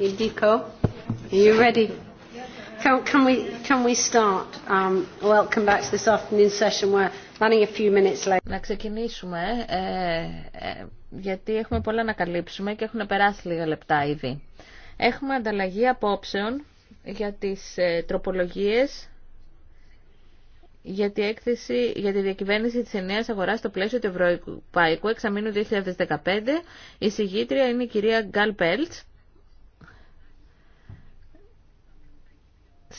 you ready? Can, can, we, can we start? Um, welcome back to this afternoon session. a few minutes late. Να ξεκινήσουμε, ε, ε, γιατί έχουμε πολλά να καλύψουμε και έχουν περάσει λίγα λεπτά ήδη. Έχουμε ανταλλαγή απόψεων για τις ε, τροπολογίες για τη, έκθεση, για τη διακυβέρνηση της ενέας αγοράς στο πλαίσιο του Ευρωπαϊκού Εξαμήνου 2015. Η συγγήτρια είναι η κυρία Γκάλ Πέλτς.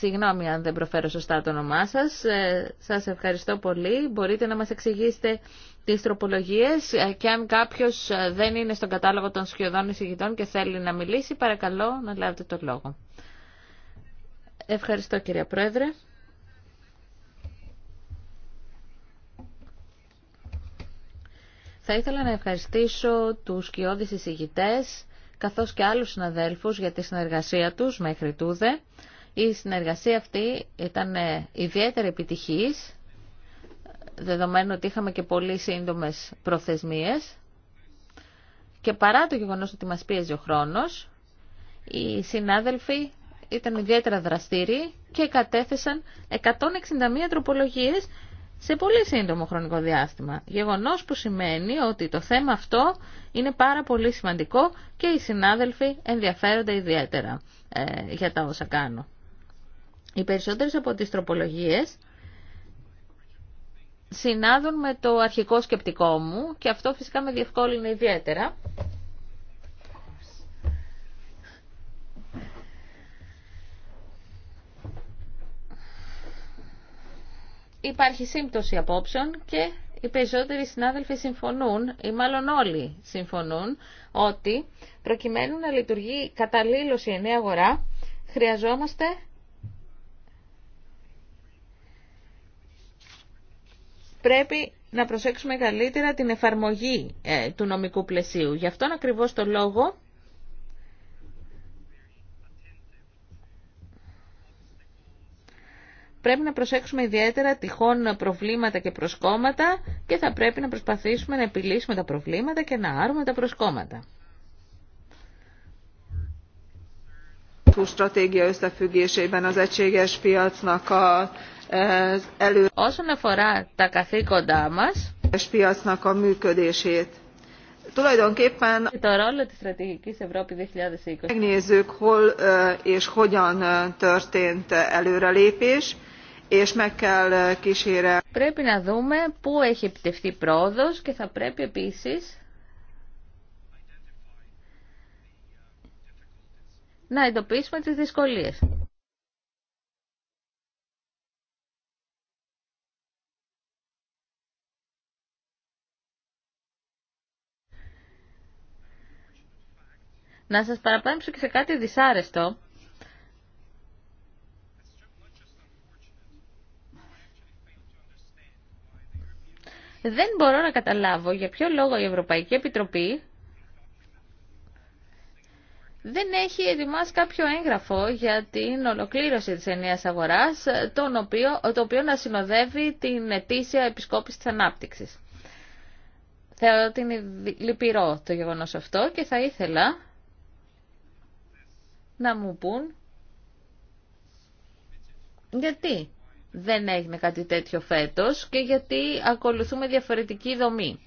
Συγγνώμη αν δεν προφέρω σωστά το όνομά σας. Ε, σας ευχαριστώ πολύ. Μπορείτε να μας εξηγήσετε τις τροπολογίες ε, και αν κάποιος ε, δεν είναι στον κατάλογο των σχεδόν εισηγητών και θέλει να μιλήσει, παρακαλώ να λάβετε τον λόγο. Ευχαριστώ κυρία Πρόεδρε. Θα ήθελα να ευχαριστήσω τους σκιώδης εισηγητές καθώς και άλλους συναδέλφους για τη συνεργασία τους μέχρι τούδε. Η συνεργασία αυτή ήταν ε, ιδιαίτερα επιτυχής, δεδομένου ότι είχαμε και πολύ σύντομες προθεσμίες και παρά το γεγονός ότι μας πίεζε ο χρόνος, οι συνάδελφοι ήταν ιδιαίτερα δραστήριοι και κατέθεσαν 161 τροπολογίες σε πολύ σύντομο χρονικό διάστημα. Γεγονός που σημαίνει ότι το θέμα αυτό είναι πάρα πολύ σημαντικό και οι συνάδελφοι ενδιαφέρονται ιδιαίτερα ε, για τα όσα κάνω. Οι περισσότερες από τις τροπολογίες συνάδουν με το αρχικό σκεπτικό μου και αυτό φυσικά με διευκόλυνε ιδιαίτερα. Υπάρχει σύμπτωση απόψεων και οι περισσότεροι συνάδελφοι συμφωνούν ή μάλλον όλοι συμφωνούν ότι προκειμένου να λειτουργεί καταλήλωση η νέα αγορά χρειαζόμαστε πρέπει να προσέξουμε καλύτερα την εφαρμογή ε, του νομικού πλαισίου. Γι' αυτόν ακριβώς το λόγο πρέπει να προσέξουμε ιδιαίτερα τυχόν προβλήματα και προσκόμματα και θα πρέπει να προσπαθήσουμε να επιλύσουμε τα προβλήματα και να άρουμε τα προσκόμματα. Όσον αφορά τα καθήκοντά μας, το ρόλο της στρατηγικής Ευρώπη 2020. Πρέπει να δούμε πού έχει επιτευχθεί πρόοδος και θα πρέπει επίσης να εντοπίσουμε τις δυσκολίες. Να σας παραπέμψω και σε κάτι δυσάρεστο. Δεν μπορώ να καταλάβω για ποιο λόγο η Ευρωπαϊκή Επιτροπή δεν έχει ετοιμάσει κάποιο έγγραφο για την ολοκλήρωση της ενίας αγοράς, τον οποίο, το οποίο να συνοδεύει την ετήσια επισκόπηση της ανάπτυξης. Θεωρώ ότι είναι λυπηρό το γεγονός αυτό και θα ήθελα να μου πούν γιατί δεν έγινε κάτι τέτοιο φέτος και γιατί ακολουθούμε διαφορετική δομή.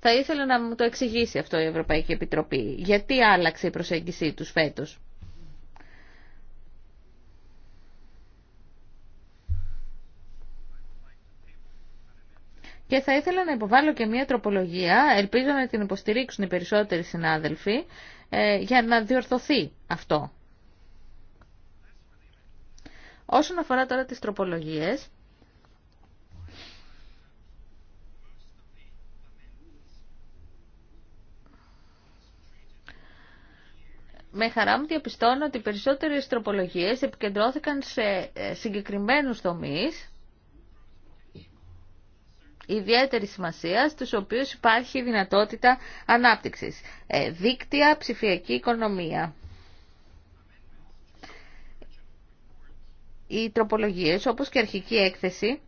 Θα ήθελα να μου το εξηγήσει αυτό η Ευρωπαϊκή Επιτροπή. Γιατί άλλαξε η προσέγγιση τους φέτος. Και θα ήθελα να υποβάλω και μία τροπολογία, ελπίζω να την υποστηρίξουν οι περισσότεροι συνάδελφοι, ε, για να διορθωθεί αυτό. Όσον αφορά τώρα τις τροπολογίες, με χαρά μου διαπιστώνω ότι οι περισσότερες τροπολογίες επικεντρώθηκαν σε ε, συγκεκριμένους τομείς ιδιαίτερη σημασία, στους οποίους υπάρχει δυνατότητα ανάπτυξης. Ε, δίκτυα, ψηφιακή οικονομία, οι τροπολογίες, όπως και η αρχική έκθεση,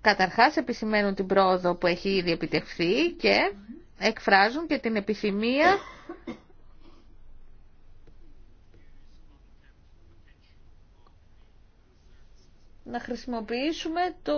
καταρχάς επισημαίνουν την πρόοδο που έχει ήδη επιτευχθεί και εκφράζουν και την επιθυμία να χρησιμοποιήσουμε το,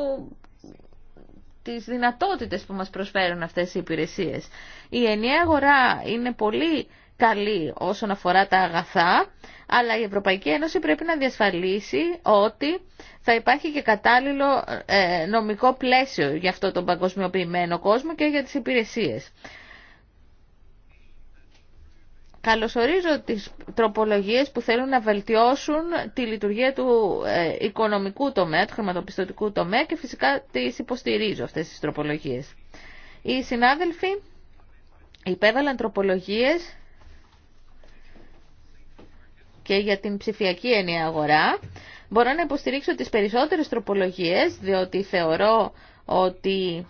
τις δυνατότητες που μας προσφέρουν αυτές οι υπηρεσίες. Η ενιαία αγορά είναι πολύ καλή όσον αφορά τα αγαθά, αλλά η Ευρωπαϊκή Ένωση πρέπει να διασφαλίσει ότι θα υπάρχει και κατάλληλο ε, νομικό πλαίσιο για αυτό τον παγκοσμιοποιημένο κόσμο και για τις υπηρεσίες. Καλωσορίζω τις τροπολογίες που θέλουν να βελτιώσουν τη λειτουργία του ε, οικονομικού τομέα, του χρηματοπιστωτικού τομέα και φυσικά τις υποστηρίζω αυτές τις τροπολογίες. Οι συνάδελφοι υπέβαλαν τροπολογίες και για την ψηφιακή έννοια αγορά. Μπορώ να υποστηρίξω τις περισσότερες τροπολογίες, διότι θεωρώ ότι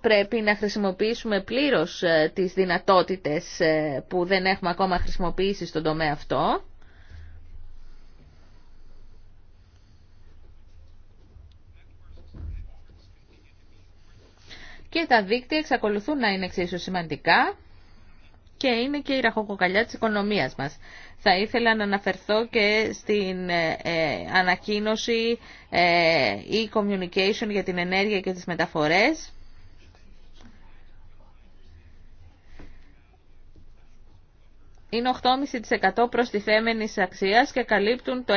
πρέπει να χρησιμοποιήσουμε πλήρως ε, τις δυνατότητες ε, που δεν έχουμε ακόμα χρησιμοποιήσει στον τομέα αυτό. Και τα δίκτυα εξακολουθούν να είναι εξίσου σημαντικά και είναι και η ραχοκοκαλιά της οικονομίας μας. Θα ήθελα να αναφερθώ και στην ε, ε, ανακοίνωση ε, e-communication για την ενέργεια και τις μεταφορές. είναι 8,5% προστιθέμενης αξίας και καλύπτουν το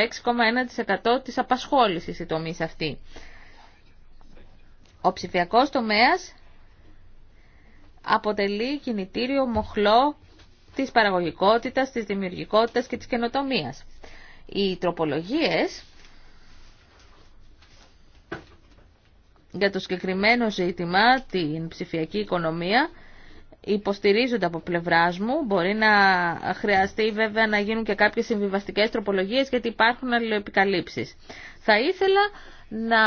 6,1% της απασχόλησης οι τομείς αυτοί. Ο ψηφιακός τομέας αποτελεί κινητήριο μοχλό της παραγωγικότητας, της δημιουργικότητας και της καινοτομίας. Οι τροπολογίες για το συγκεκριμένο ζήτημα, την ψηφιακή οικονομία, υποστηρίζονται από πλευρά μου. Μπορεί να χρειαστεί βέβαια να γίνουν και κάποιες συμβιβαστικές τροπολογίες γιατί υπάρχουν αλληλοεπικαλύψεις. Θα ήθελα να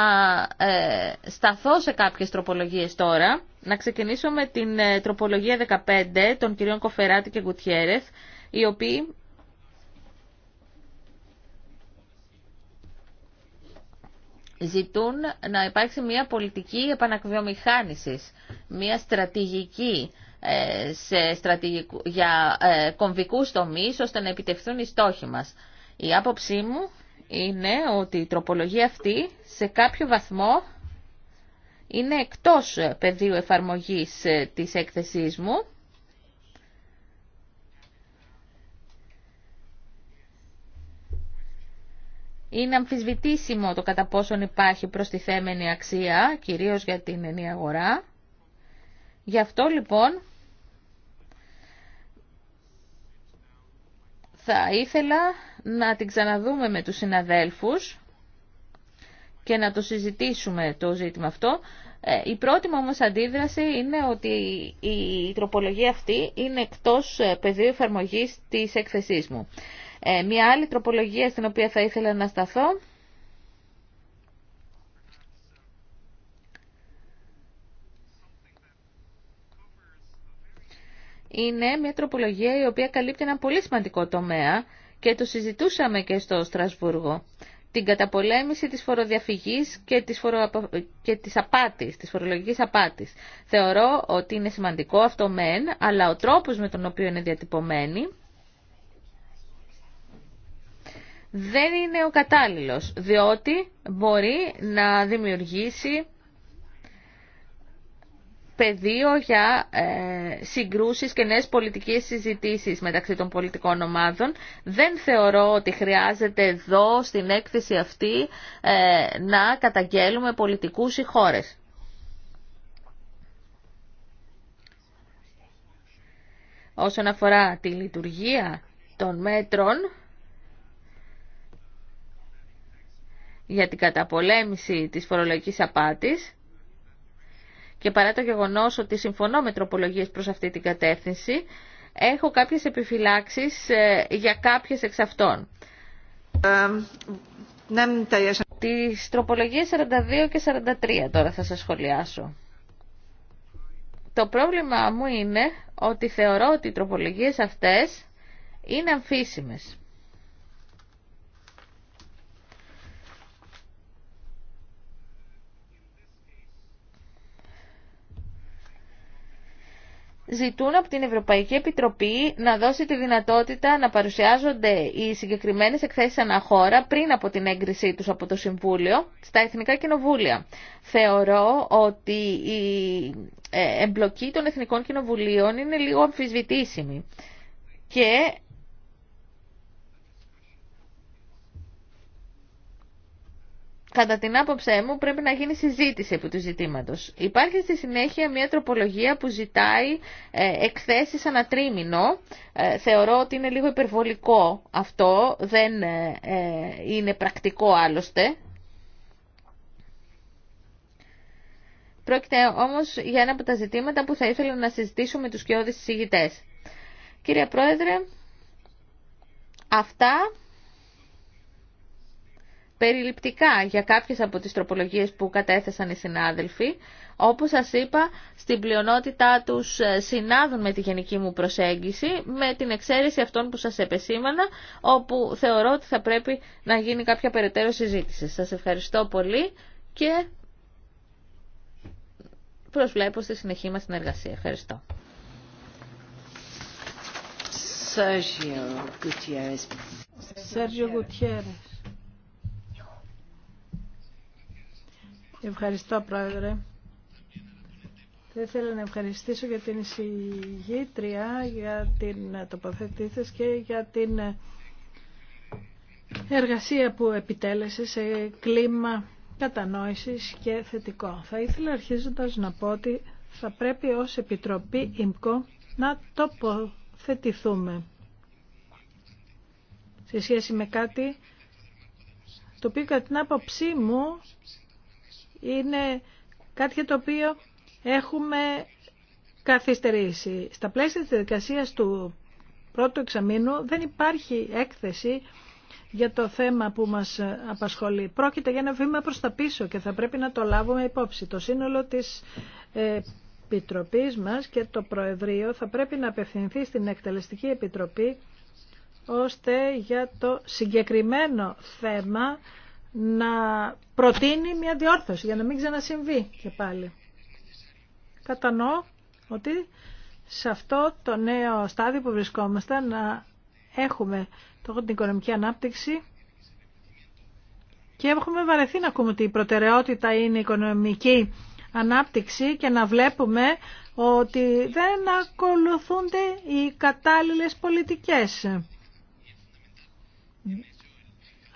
ε, σταθώ σε κάποιες τροπολογίες τώρα. Να ξεκινήσω με την ε, τροπολογία 15 των κυρίων Κοφεράτη και Γκουτιέρεθ, οι οποίοι ζητούν να υπάρξει μια πολιτική επανακβιομηχάνησης, μια στρατηγική ε, σε για κομβικούς τομείς ώστε να επιτευχθούν οι στόχοι μας. Η άποψή μου είναι ότι η τροπολογία αυτή σε κάποιο βαθμό είναι εκτός πεδίου εφαρμογής ε, της έκθεσής μου. Είναι αμφισβητήσιμο το κατά πόσον υπάρχει προστιθέμενη αξία, κυρίως για την ενή αγορά. Γι' αυτό λοιπόν θα ήθελα να την ξαναδούμε με τους συναδέλφους και να το συζητήσουμε το ζήτημα αυτό. Ε, η πρώτη μου όμως αντίδραση είναι ότι η τροπολογία αυτή είναι εκτός ε, πεδίου εφαρμογής της έκθεσής μου. Ε, μια άλλη τροπολογία στην οποία θα ήθελα να σταθώ είναι μια τροπολογία η οποία καλύπτει ένα πολύ σημαντικό τομέα και το συζητούσαμε και στο Στρασβούργο. Την καταπολέμηση της φοροδιαφυγής και της, φορο... και της απάτης, της φορολογικής απάτης. Θεωρώ ότι είναι σημαντικό αυτό μεν, αλλά ο τρόπος με τον οποίο είναι διατυπωμένη δεν είναι ο κατάλληλος, διότι μπορεί να δημιουργήσει πεδίο για ε, συγκρούσεις και νέες πολιτικές συζητήσεις μεταξύ των πολιτικών ομάδων. Δεν θεωρώ ότι χρειάζεται εδώ στην έκθεση αυτή ε, να καταγγέλουμε πολιτικούς ή χώρες. Όσον αφορά τη λειτουργία των μέτρων για την καταπολέμηση της φορολογικής απάτης, και παρά το γεγονός ότι συμφωνώ με τροπολογίες προς αυτή την κατεύθυνση, έχω κάποιες επιφυλάξεις ε, για κάποιες εξ αυτών. Ναι, Τις τροπολογίες 42 και 43 τώρα θα σας σχολιάσω. Το πρόβλημα μου είναι ότι θεωρώ ότι οι τροπολογίες αυτές είναι αμφίσιμες. ζητούν από την Ευρωπαϊκή Επιτροπή να δώσει τη δυνατότητα να παρουσιάζονται οι συγκεκριμένες εκθέσεις αναχώρα πριν από την έγκρισή τους από το Συμβούλιο στα Εθνικά Κοινοβούλια. Θεωρώ ότι η ε, εμπλοκή των Εθνικών Κοινοβουλίων είναι λίγο αμφισβητήσιμη και κατά την άποψή μου πρέπει να γίνει συζήτηση από του ζητήματος. Υπάρχει στη συνέχεια μια τροπολογία που ζητάει ε, εκθέσεις ανατρίμηνο. Ε, θεωρώ ότι είναι λίγο υπερβολικό αυτό, δεν ε, ε, είναι πρακτικό άλλωστε. Πρόκειται όμως για ένα από τα ζητήματα που θα ήθελα να συζητήσω με τους κοιόδης συζητητές. Κύριε Πρόεδρε, αυτά περιληπτικά για κάποιες από τις τροπολογίες που κατέθεσαν οι συνάδελφοι. Όπως σας είπα, στην πλειονότητά τους ε, συνάδουν με τη γενική μου προσέγγιση, με την εξαίρεση αυτών που σας επεσήμανα, όπου θεωρώ ότι θα πρέπει να γίνει κάποια περαιτέρω συζήτηση. Σας ευχαριστώ πολύ και προσβλέπω στη συνεχή μας συνεργασία. Ευχαριστώ. Sergio Gutierrez. Ευχαριστώ, Πρόεδρε. Θα ήθελα να ευχαριστήσω για την εισηγήτρια, για την τοποθετήθε και για την εργασία που επιτέλεσε σε κλίμα κατανόησης και θετικό. Θα ήθελα αρχίζοντας να πω ότι θα πρέπει ως Επιτροπή ΙΜΚΟ να τοποθετηθούμε σε σχέση με κάτι το οποίο κατά την άποψή μου είναι κάτι για το οποίο έχουμε καθυστερήσει. Στα πλαίσια της διαδικασία του πρώτου εξαμήνου δεν υπάρχει έκθεση για το θέμα που μας απασχολεί. Πρόκειται για ένα βήμα προς τα πίσω και θα πρέπει να το λάβουμε υπόψη. Το σύνολο της Επιτροπής μας και το Προεδρείο θα πρέπει να απευθυνθεί στην Εκτελεστική Επιτροπή ώστε για το συγκεκριμένο θέμα να προτείνει μια διόρθωση για να μην ξανασυμβεί και πάλι. Κατανοώ ότι σε αυτό το νέο στάδιο που βρισκόμαστε να έχουμε την οικονομική ανάπτυξη και έχουμε βαρεθεί να ακούμε ότι η προτεραιότητα είναι η οικονομική ανάπτυξη και να βλέπουμε ότι δεν ακολουθούνται οι κατάλληλες πολιτικές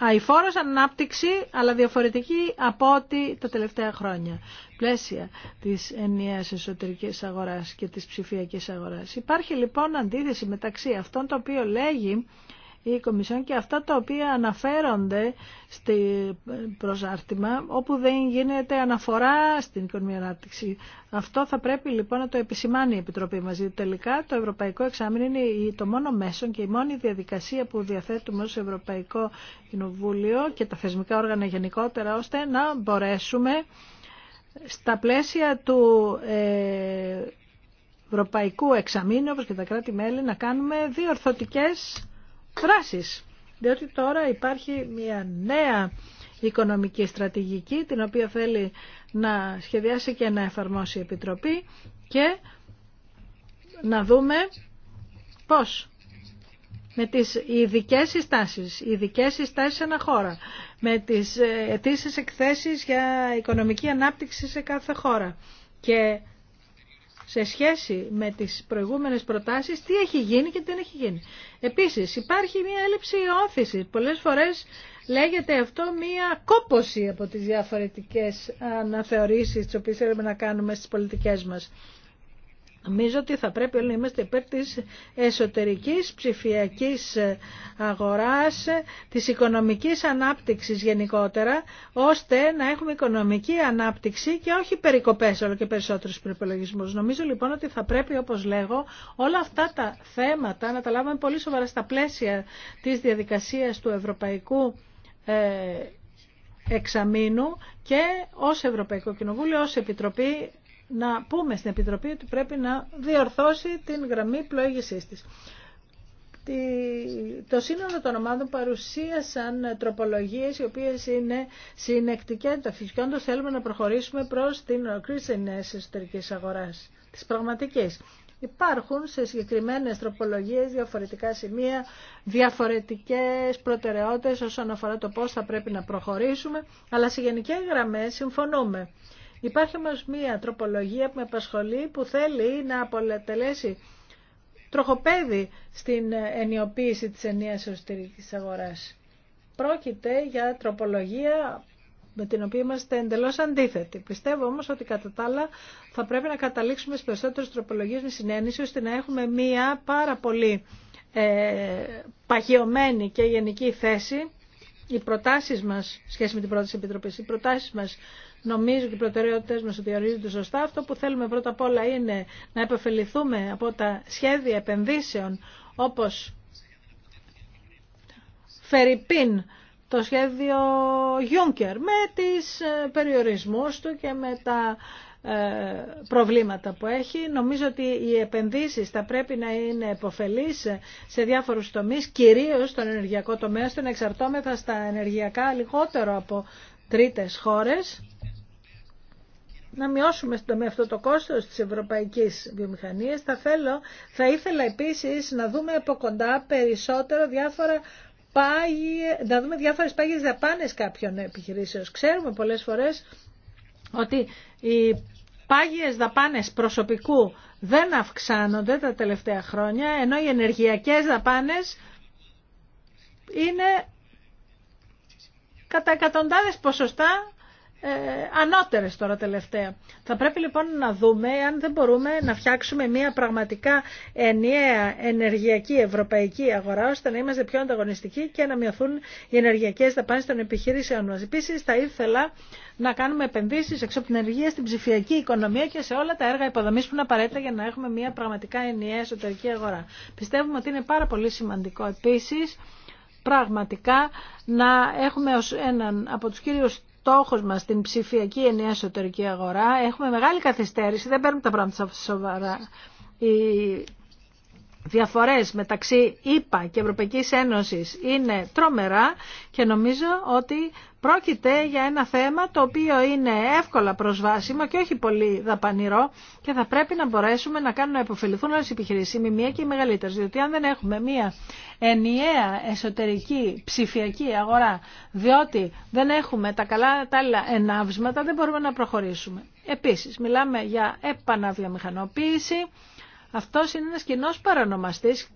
αηφόρος ανάπτυξη, αλλά διαφορετική από ό,τι τα τελευταία χρόνια. Πλαίσια της ενιαίας εσωτερικής αγοράς και της ψηφιακή αγοράς. Υπάρχει λοιπόν αντίθεση μεταξύ αυτών το οποίο λέγει η Κομισιόν και αυτά τα οποία αναφέρονται στη προσάρτημα όπου δεν γίνεται αναφορά στην οικονομική ανάπτυξη. Αυτό θα πρέπει λοιπόν να το επισημάνει η Επιτροπή μας. Γιατί τελικά το Ευρωπαϊκό Εξάμεινο είναι το μόνο μέσο και η μόνη διαδικασία που διαθέτουμε ως Ευρωπαϊκό Κοινοβούλιο και τα θεσμικά όργανα γενικότερα ώστε να μπορέσουμε στα πλαίσια του ε, Ευρωπαϊκού Εξαμήνου, όπως και τα κράτη-μέλη, να κάνουμε διορθωτικές Φράσεις, Διότι τώρα υπάρχει μια νέα οικονομική στρατηγική την οποία θέλει να σχεδιάσει και να εφαρμόσει η Επιτροπή και να δούμε πώς με τις ειδικέ συστάσεις, ειδικέ συστάσεις σε ένα χώρα, με τις ε, αιτήσει εκθέσεις για οικονομική ανάπτυξη σε κάθε χώρα και σε σχέση με τις προηγούμενες προτάσεις τι έχει γίνει και τι δεν έχει γίνει. Επίσης υπάρχει μια έλλειψη όθησης. Πολλές φορές λέγεται αυτό μια κόποση από τις διαφορετικές αναθεωρήσεις τις οποίες θέλουμε να κάνουμε στις πολιτικές μας. Νομίζω ότι θα πρέπει όλοι να είμαστε υπέρ της εσωτερικής ψηφιακής αγοράς, της οικονομικής ανάπτυξης γενικότερα, ώστε να έχουμε οικονομική ανάπτυξη και όχι περικοπές όλο και περισσότερους προπολογισμού. Νομίζω λοιπόν ότι θα πρέπει, όπως λέγω, όλα αυτά τα θέματα να τα λάβουμε πολύ σοβαρά στα πλαίσια της διαδικασίας του ευρωπαϊκού ε, εξαμήνου και ως Ευρωπαϊκό Κοινοβούλιο, ως Επιτροπή να πούμε στην Επιτροπή ότι πρέπει να διορθώσει την γραμμή πλοήγησής της. Το σύνολο των ομάδων παρουσίασαν τροπολογίες οι οποίες είναι συνεκτικές. Τα φυσικά όντως θέλουμε να προχωρήσουμε προς την κρίση της εσωτερικής αγοράς, της πραγματικής. Υπάρχουν σε συγκεκριμένες τροπολογίες διαφορετικά σημεία, διαφορετικές προτεραιότητες όσον αφορά το πώς θα πρέπει να προχωρήσουμε, αλλά σε γενικές γραμμές συμφωνούμε. Υπάρχει όμω μία τροπολογία που με απασχολεί που θέλει να αποτελέσει τροχοπέδι στην ενιοποίηση της ενία εσωτερικής αγοράς. Πρόκειται για τροπολογία με την οποία είμαστε εντελώ αντίθετοι. Πιστεύω όμω ότι κατά τα άλλα θα πρέπει να καταλήξουμε στις περισσότερε τροπολογίε με συνένεση ώστε να έχουμε μία πάρα πολύ ε, παγιωμένη και γενική θέση. Οι προτάσει μας σχέση με την πρόταση Επιτροπής, οι προτάσεις μας Νομίζω και οι προτεραιότητε μα διορίζονται σωστά. Αυτό που θέλουμε πρώτα απ' όλα είναι να επεφεληθούμε από τα σχέδια επενδύσεων όπω Φερρυπίν, το σχέδιο Juncker με τις ε, περιορισμούς του και με τα ε, προβλήματα που έχει. Νομίζω ότι οι επενδύσεις θα πρέπει να είναι επωφελείς σε διάφορους τομείς, κυρίως στον ενεργειακό τομέα, στον εξαρτώμεθα στα ενεργειακά λιγότερο από τρίτες χώρες να μειώσουμε στον τομέα αυτό το κόστος της ευρωπαϊκής βιομηχανίας. Θα, θέλω, θα ήθελα επίσης να δούμε από κοντά περισσότερο διάφορα πάγιε, να δούμε διάφορες πάγιες δαπάνες κάποιων επιχειρήσεων. Ξέρουμε πολλές φορές ότι οι πάγιες δαπάνες προσωπικού δεν αυξάνονται τα τελευταία χρόνια, ενώ οι ενεργειακές δαπάνες είναι κατά εκατοντάδες ποσοστά ε, ανώτερες τώρα τελευταία. Θα πρέπει λοιπόν να δούμε αν δεν μπορούμε να φτιάξουμε μια πραγματικά ενιαία ενεργειακή ευρωπαϊκή αγορά ώστε να είμαστε πιο ανταγωνιστικοί και να μειωθούν οι ενεργειακές δαπάνες των επιχειρήσεων μας. Επίσης θα ήθελα να κάνουμε επενδύσεις εξ από την ενεργεία στην ψηφιακή οικονομία και σε όλα τα έργα υποδομής που είναι απαραίτητα για να έχουμε μια πραγματικά ενιαία εσωτερική αγορά. Πιστεύουμε ότι είναι πάρα πολύ σημαντικό επίσης πραγματικά να έχουμε ως έναν από τους κύριους στόχο μας στην ψηφιακή ενιαία εσωτερική αγορά. Έχουμε μεγάλη καθυστέρηση, δεν παίρνουμε τα πράγματα σοβαρά διαφορές μεταξύ ΕΠΑ και Ευρωπαϊκής Ένωσης είναι τρομερά και νομίζω ότι πρόκειται για ένα θέμα το οποίο είναι εύκολα προσβάσιμο και όχι πολύ δαπανηρό και θα πρέπει να μπορέσουμε να κάνουμε να υποφεληθούν όλες οι επιχειρήσεις, οι μία και οι μεγαλύτερες, διότι αν δεν έχουμε μία ενιαία εσωτερική ψηφιακή αγορά, διότι δεν έχουμε τα καλά τα άλλα ενάβσματα, δεν μπορούμε να προχωρήσουμε. Επίσης, μιλάμε για επαναβιομηχανοποίηση, αυτός είναι ένας κοινό παρανομαστής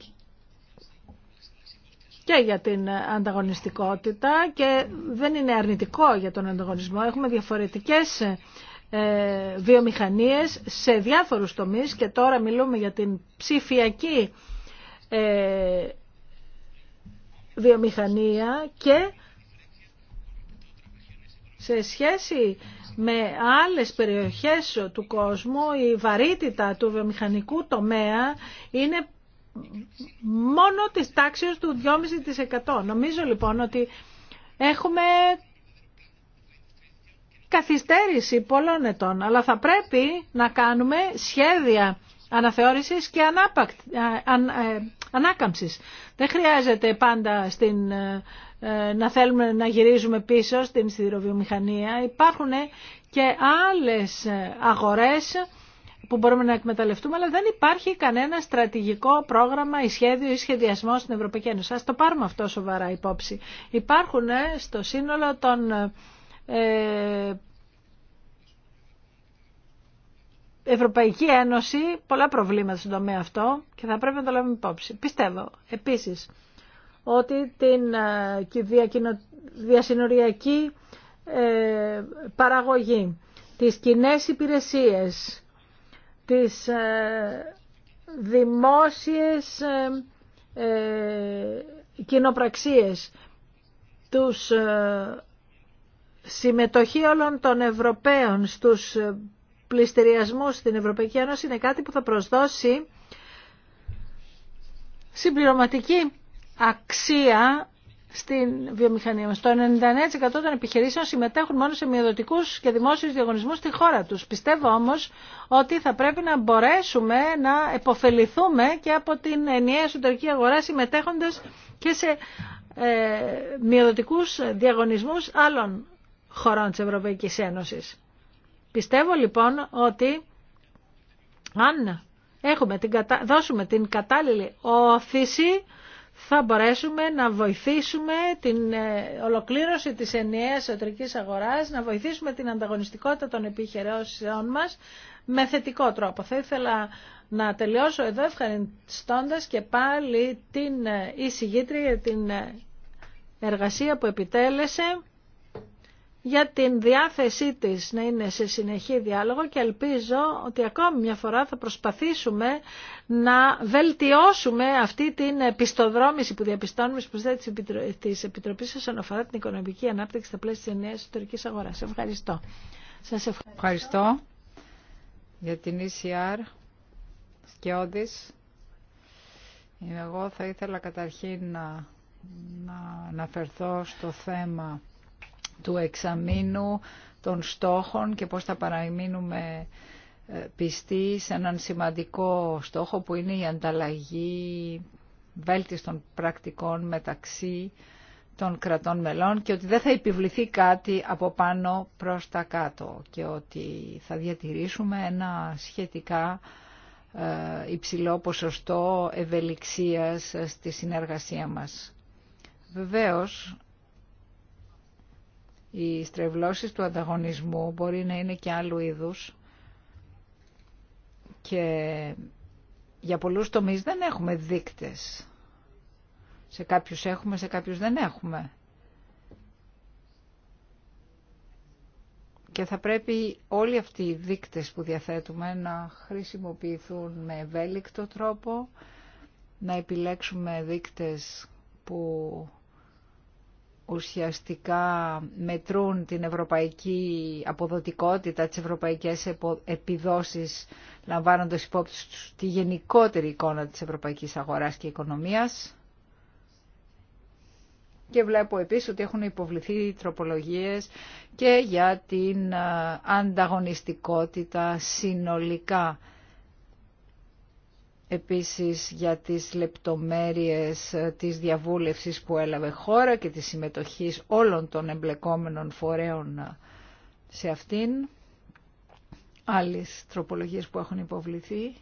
και για την ανταγωνιστικότητα και δεν είναι αρνητικό για τον ανταγωνισμό. Έχουμε διαφορετικές ε, βιομηχανίες σε διάφορους τομείς και τώρα μιλούμε για την ψηφιακή ε, βιομηχανία και σε σχέση με άλλες περιοχές του κόσμου η βαρύτητα του βιομηχανικού τομέα είναι μόνο της τάξης του 2,5%. Νομίζω λοιπόν ότι έχουμε καθυστέρηση πολλών ετών, αλλά θα πρέπει να κάνουμε σχέδια αναθεώρησης και ανάπακ, ε, ανάκαμψης. Δεν χρειάζεται πάντα στην ε, ε, να θέλουμε να γυρίζουμε πίσω στην σιδηροβιομηχανία. Υπάρχουν και άλλες αγορές που μπορούμε να εκμεταλλευτούμε, αλλά δεν υπάρχει κανένα στρατηγικό πρόγραμμα ή σχέδιο ή σχεδιασμό στην Ευρωπαϊκή Ένωση. Ας το πάρουμε αυτό σοβαρά υπόψη. Υπάρχουν ε, στο σύνολο των ε, Ευρωπαϊκή Ένωση πολλά προβλήματα στον τομέα αυτό και θα πρέπει να το λάβουμε υπόψη. Πιστεύω επίσης ότι την ε, διασυνοριακή ε, παραγωγή, τις κοινέ υπηρεσίες, τις ε, δημόσιες κοινοπραξίες, τους συμμετοχή όλων των Ευρωπαίων στους πληστηριασμούς στην Ευρωπαϊκή Ένωση είναι κάτι που θα προσδώσει συμπληρωματική αξία στην βιομηχανία μας. Το 99% των επιχειρήσεων συμμετέχουν μόνο σε μειοδοτικούς και δημόσιους διαγωνισμούς στη χώρα τους. Πιστεύω όμως ότι θα πρέπει να μπορέσουμε να επωφεληθούμε και από την ενιαία εσωτερική αγορά συμμετέχοντας και σε ε, μειοδοτικούς διαγωνισμούς άλλων χωρών της Ευρωπαϊκής Ένωσης. Πιστεύω λοιπόν ότι αν έχουμε την δώσουμε την κατάλληλη όθηση θα μπορέσουμε να βοηθήσουμε την ε, ολοκλήρωση της ενιαίας εσωτερικής αγοράς, να βοηθήσουμε την ανταγωνιστικότητα των επιχειρήσεών μας με θετικό τρόπο. Θα ήθελα να τελειώσω εδώ ευχαριστώντας και πάλι την ε, εισηγήτρια για την ε, εργασία που επιτέλεσε για την διάθεσή της να είναι σε συνεχή διάλογο και ελπίζω ότι ακόμη μια φορά θα προσπαθήσουμε να βελτιώσουμε αυτή την επιστοδρόμηση που διαπιστώνουμε στις προσθέσεις της Επιτροπής όσον αφορά την οικονομική ανάπτυξη στα πλαίσια της νέας εσωτερικής αγοράς. Ευχαριστώ. Σας ευχαριστώ. για την ECR Σκιώδης. Εγώ θα ήθελα καταρχήν να αναφερθώ στο θέμα του εξαμήνου των στόχων και πώς θα παραμείνουμε ε, πιστοί σε έναν σημαντικό στόχο που είναι η ανταλλαγή βέλτιστων πρακτικών μεταξύ των κρατών μελών και ότι δεν θα επιβληθεί κάτι από πάνω προς τα κάτω και ότι θα διατηρήσουμε ένα σχετικά ε, υψηλό ποσοστό ευελιξίας στη συνεργασία μας. Βεβαίως, οι στρεβλώσεις του ανταγωνισμού μπορεί να είναι και άλλου είδους και για πολλούς τομείς δεν έχουμε δείκτες. Σε κάποιους έχουμε, σε κάποιους δεν έχουμε. Και θα πρέπει όλοι αυτοί οι δείκτες που διαθέτουμε να χρησιμοποιηθούν με ευέλικτο τρόπο, να επιλέξουμε δείκτες που ουσιαστικά μετρούν την ευρωπαϊκή αποδοτικότητα, τις ευρωπαϊκές επιδόσεις, λαμβάνοντας υπόψη τη γενικότερη εικόνα της ευρωπαϊκής αγοράς και οικονομίας. Και βλέπω επίσης ότι έχουν υποβληθεί τροπολογίες και για την ε, ανταγωνιστικότητα συνολικά επίσης για τις λεπτομέρειες ε, της διαβούλευσης που έλαβε χώρα και της συμμετοχής όλων των εμπλεκόμενων φορέων ε, σε αυτήν. Άλλες τροπολογίες που έχουν υποβληθεί.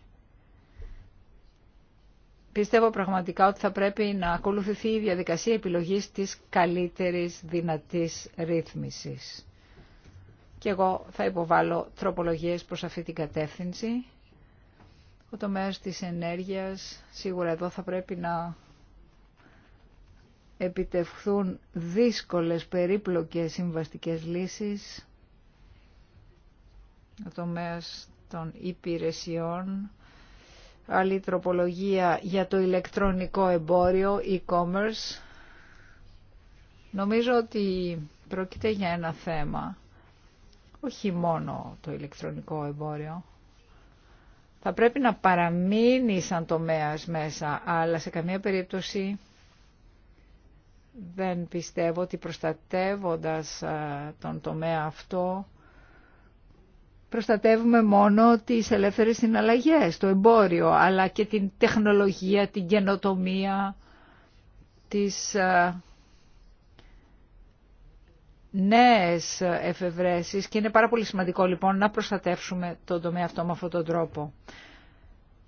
Πιστεύω πραγματικά ότι θα πρέπει να ακολουθηθεί η διαδικασία επιλογής της καλύτερης δυνατής ρύθμισης. Και εγώ θα υποβάλω τροπολογίες προς αυτή την κατεύθυνση. Ο τομέας της ενέργειας, σίγουρα εδώ θα πρέπει να επιτευχθούν δύσκολες περίπλοκες συμβαστικές λύσεις. Ο τομέας των υπηρεσιών, άλλη τροπολογία για το ηλεκτρονικό εμπόριο, e-commerce. Νομίζω ότι πρόκειται για ένα θέμα, όχι μόνο το ηλεκτρονικό εμπόριο θα πρέπει να παραμείνει σαν τομέας μέσα, αλλά σε καμία περίπτωση δεν πιστεύω ότι προστατεύοντας τον τομέα αυτό προστατεύουμε μόνο τις ελεύθερες συναλλαγές, το εμπόριο, αλλά και την τεχνολογία, την καινοτομία, τις νέες εφευρέσεις και είναι πάρα πολύ σημαντικό λοιπόν να προστατεύσουμε τον τομέα αυτό με αυτόν τον τρόπο.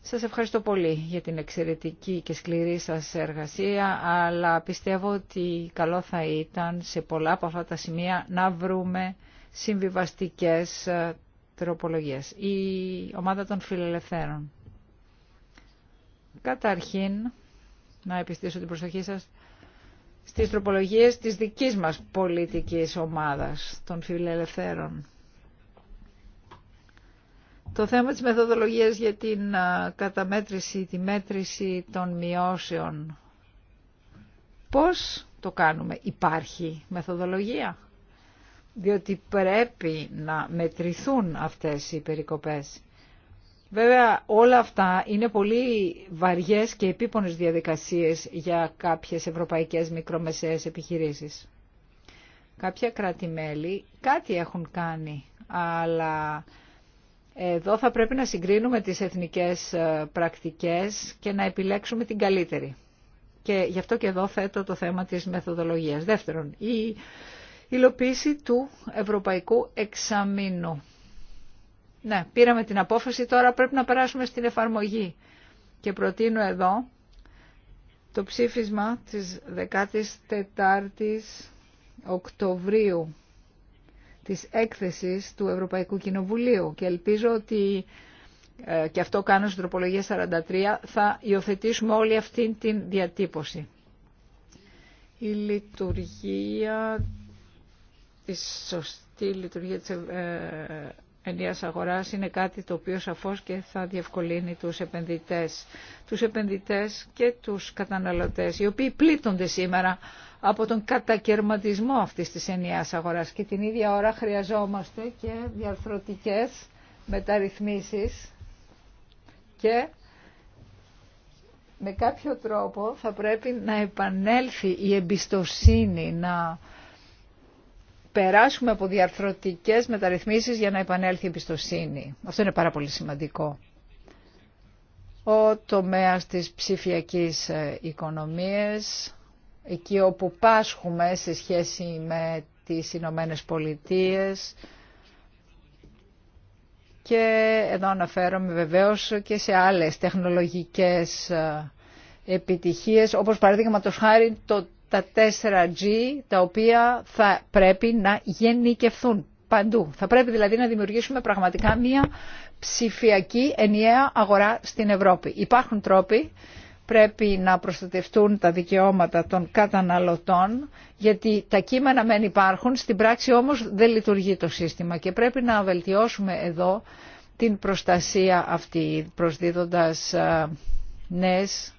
Σας ευχαριστώ πολύ για την εξαιρετική και σκληρή σας εργασία, αλλά πιστεύω ότι καλό θα ήταν σε πολλά από αυτά τα σημεία να βρούμε συμβιβαστικές ε, τροπολογίες. Η ομάδα των φιλελευθέρων. Καταρχήν, να επιστήσω την προσοχή σας στις τροπολογίες της δικής μας πολιτικής ομάδας των φιλελευθέρων. Το θέμα της μεθοδολογίας για την καταμέτρηση, τη μέτρηση των μειώσεων. Πώς το κάνουμε, υπάρχει μεθοδολογία, διότι πρέπει να μετρηθούν αυτές οι περικοπές. Βέβαια όλα αυτά είναι πολύ βαριές και επίπονες διαδικασίες για κάποιες ευρωπαϊκές μικρομεσαίες επιχειρήσεις. Κάποια κράτη-μέλη κάτι έχουν κάνει, αλλά εδώ θα πρέπει να συγκρίνουμε τις εθνικές ε, πρακτικές και να επιλέξουμε την καλύτερη. Και γι' αυτό και εδώ θέτω το θέμα της μεθοδολογίας. Δεύτερον, η υλοποίηση του ευρωπαϊκού εξαμήνου ναι, πήραμε την απόφαση, τώρα πρέπει να περάσουμε στην εφαρμογή. Και προτείνω εδώ το ψήφισμα της 14ης Οκτωβρίου της έκθεσης του Ευρωπαϊκού Κοινοβουλίου και ελπίζω ότι ε, και αυτό κάνω στην τροπολογία 43 θα υιοθετήσουμε όλη αυτή την διατύπωση. Η λειτουργία, η σωστή λειτουργία της ε, Ενίας αγοράς είναι κάτι το οποίο σαφώς και θα διευκολύνει τους επενδυτές. Τους επενδυτές και τους καταναλωτές, οι οποίοι πλήττονται σήμερα από τον κατακαιρματισμό αυτής της ενιαίας αγοράς. Και την ίδια ώρα χρειαζόμαστε και διαρθρωτικές μεταρρυθμίσεις και με κάποιο τρόπο θα πρέπει να επανέλθει η εμπιστοσύνη, να περάσουμε από διαρθρωτικές μεταρρυθμίσεις για να επανέλθει η εμπιστοσύνη. Αυτό είναι πάρα πολύ σημαντικό. Ο τομέας της ψηφιακής ε, οικονομίας, εκεί όπου πάσχουμε σε σχέση με τις Ηνωμένε Πολιτείες και εδώ αναφέρομαι βεβαίως και σε άλλες τεχνολογικές ε, επιτυχίες όπως το χάρη το τα 4G τα οποία θα πρέπει να γενικευθούν παντού. Θα πρέπει δηλαδή να δημιουργήσουμε πραγματικά μια ψηφιακή ενιαία αγορά στην Ευρώπη. Υπάρχουν τρόποι, πρέπει να προστατευτούν τα δικαιώματα των καταναλωτών, γιατί τα κείμενα μεν υπάρχουν, στην πράξη όμως δεν λειτουργεί το σύστημα και πρέπει να βελτιώσουμε εδώ την προστασία αυτή, προσδίδοντας ε, νέες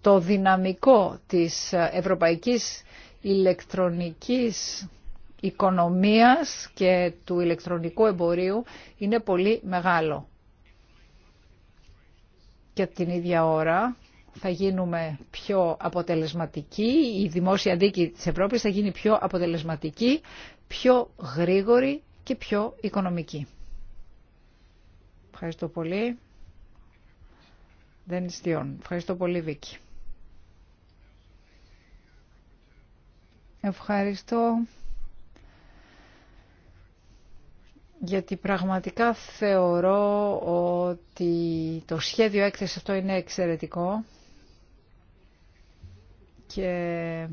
το δυναμικό της ευρωπαϊκής ηλεκτρονικής οικονομίας και του ηλεκτρονικού εμπορίου είναι πολύ μεγάλο. Και την ίδια ώρα θα γίνουμε πιο αποτελεσματικοί, η δημόσια δίκη της Ευρώπης θα γίνει πιο αποτελεσματική, πιο γρήγορη και πιο οικονομική. Ευχαριστώ πολύ δεν ιστιών. Ευχαριστώ πολύ Βίκη. Ευχαριστώ γιατί πραγματικά θεωρώ ότι το σχέδιο έκθεση αυτό είναι εξαιρετικό και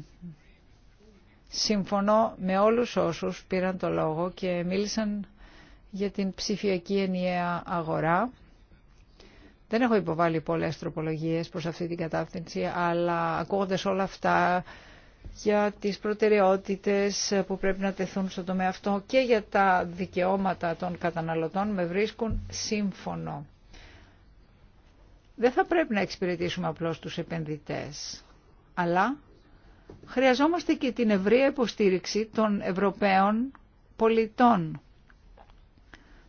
συμφωνώ με όλους όσους πήραν το λόγο και μίλησαν για την ψηφιακή ενιαία αγορά δεν έχω υποβάλει πολλές τροπολογίες προς αυτή την κατάφτυνση, αλλά ακούγοντας όλα αυτά για τις προτεραιότητες που πρέπει να τεθούν στο τομέα αυτό και για τα δικαιώματα των καταναλωτών με βρίσκουν σύμφωνο. Δεν θα πρέπει να εξυπηρετήσουμε απλώς τους επενδυτές, αλλά χρειαζόμαστε και την ευρεία υποστήριξη των Ευρωπαίων πολιτών.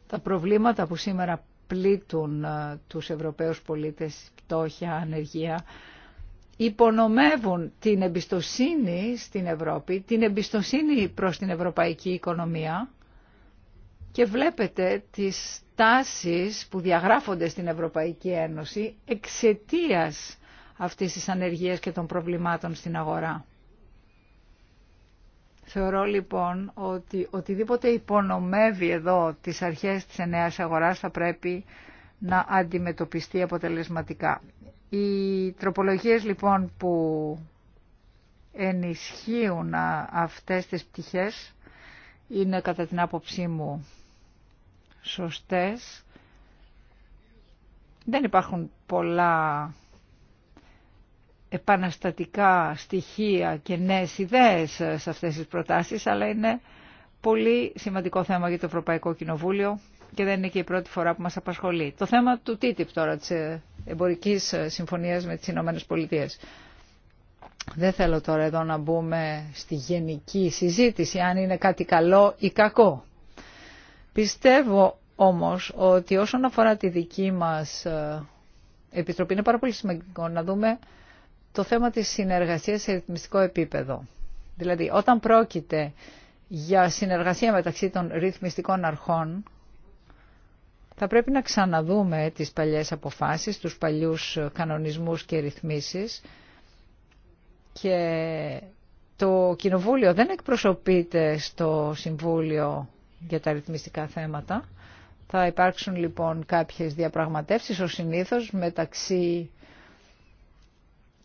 Τα προβλήματα που σήμερα πλήττουν ε, τους Ευρωπαίους πολίτες πτώχεια, ανεργία, υπονομεύουν την εμπιστοσύνη στην Ευρώπη, την εμπιστοσύνη προς την ευρωπαϊκή οικονομία και βλέπετε τις τάσεις που διαγράφονται στην Ευρωπαϊκή Ένωση εξαιτίας αυτής της ανεργίας και των προβλημάτων στην αγορά. Θεωρώ λοιπόν ότι οτιδήποτε υπονομεύει εδώ τις αρχές της ενέας αγοράς θα πρέπει να αντιμετωπιστεί αποτελεσματικά. Οι τροπολογίες λοιπόν που ενισχύουν αυτές τις πτυχές είναι κατά την άποψή μου σωστές. Δεν υπάρχουν πολλά επαναστατικά στοιχεία και νέες ιδέες ε, σε αυτές τις προτάσεις, αλλά είναι πολύ σημαντικό θέμα για το Ευρωπαϊκό Κοινοβούλιο και δεν είναι και η πρώτη φορά που μας απασχολεί. Το θέμα του TTIP τώρα, της ε, εμπορικής ε, συμφωνίας με τις Ηνωμένες Πολιτείες. Δεν θέλω τώρα εδώ να μπούμε στη γενική συζήτηση αν είναι κάτι καλό ή κακό. Πιστεύω όμως ότι όσον αφορά τη δική μας Επιτροπή είναι πάρα πολύ σημαντικό να δούμε το θέμα της συνεργασίας σε ρυθμιστικό επίπεδο. Δηλαδή, όταν πρόκειται για συνεργασία μεταξύ των ρυθμιστικών αρχών, θα πρέπει να ξαναδούμε τις παλιές αποφάσεις, τους παλιούς κανονισμούς και ρυθμίσεις και το Κοινοβούλιο δεν εκπροσωπείται στο Συμβούλιο για τα ρυθμιστικά θέματα. Θα υπάρξουν λοιπόν κάποιες διαπραγματεύσεις ως συνήθως μεταξύ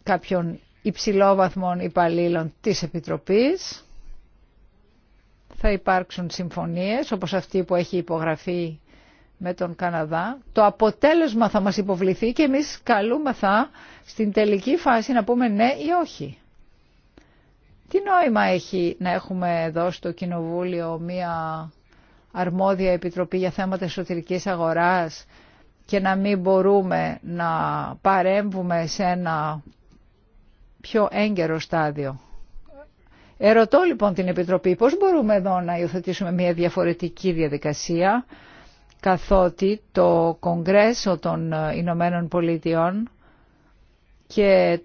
κάποιων υψηλόβαθμων υπαλλήλων της Επιτροπής. Θα υπάρξουν συμφωνίες όπως αυτή που έχει υπογραφεί με τον Καναδά. Το αποτέλεσμα θα μας υποβληθεί και εμείς καλούμεθα στην τελική φάση να πούμε ναι ή όχι. Τι νόημα έχει να έχουμε εδώ στο Κοινοβούλιο μία αρμόδια επιτροπή για θέματα εσωτερικής αγοράς και να μην μπορούμε να παρέμβουμε σε ένα πιο έγκαιρο στάδιο. Ερωτώ λοιπόν την Επιτροπή πώς μπορούμε εδώ να υιοθετήσουμε μια διαφορετική διαδικασία καθότι το Κογκρέσο των Ηνωμένων Πολιτειών και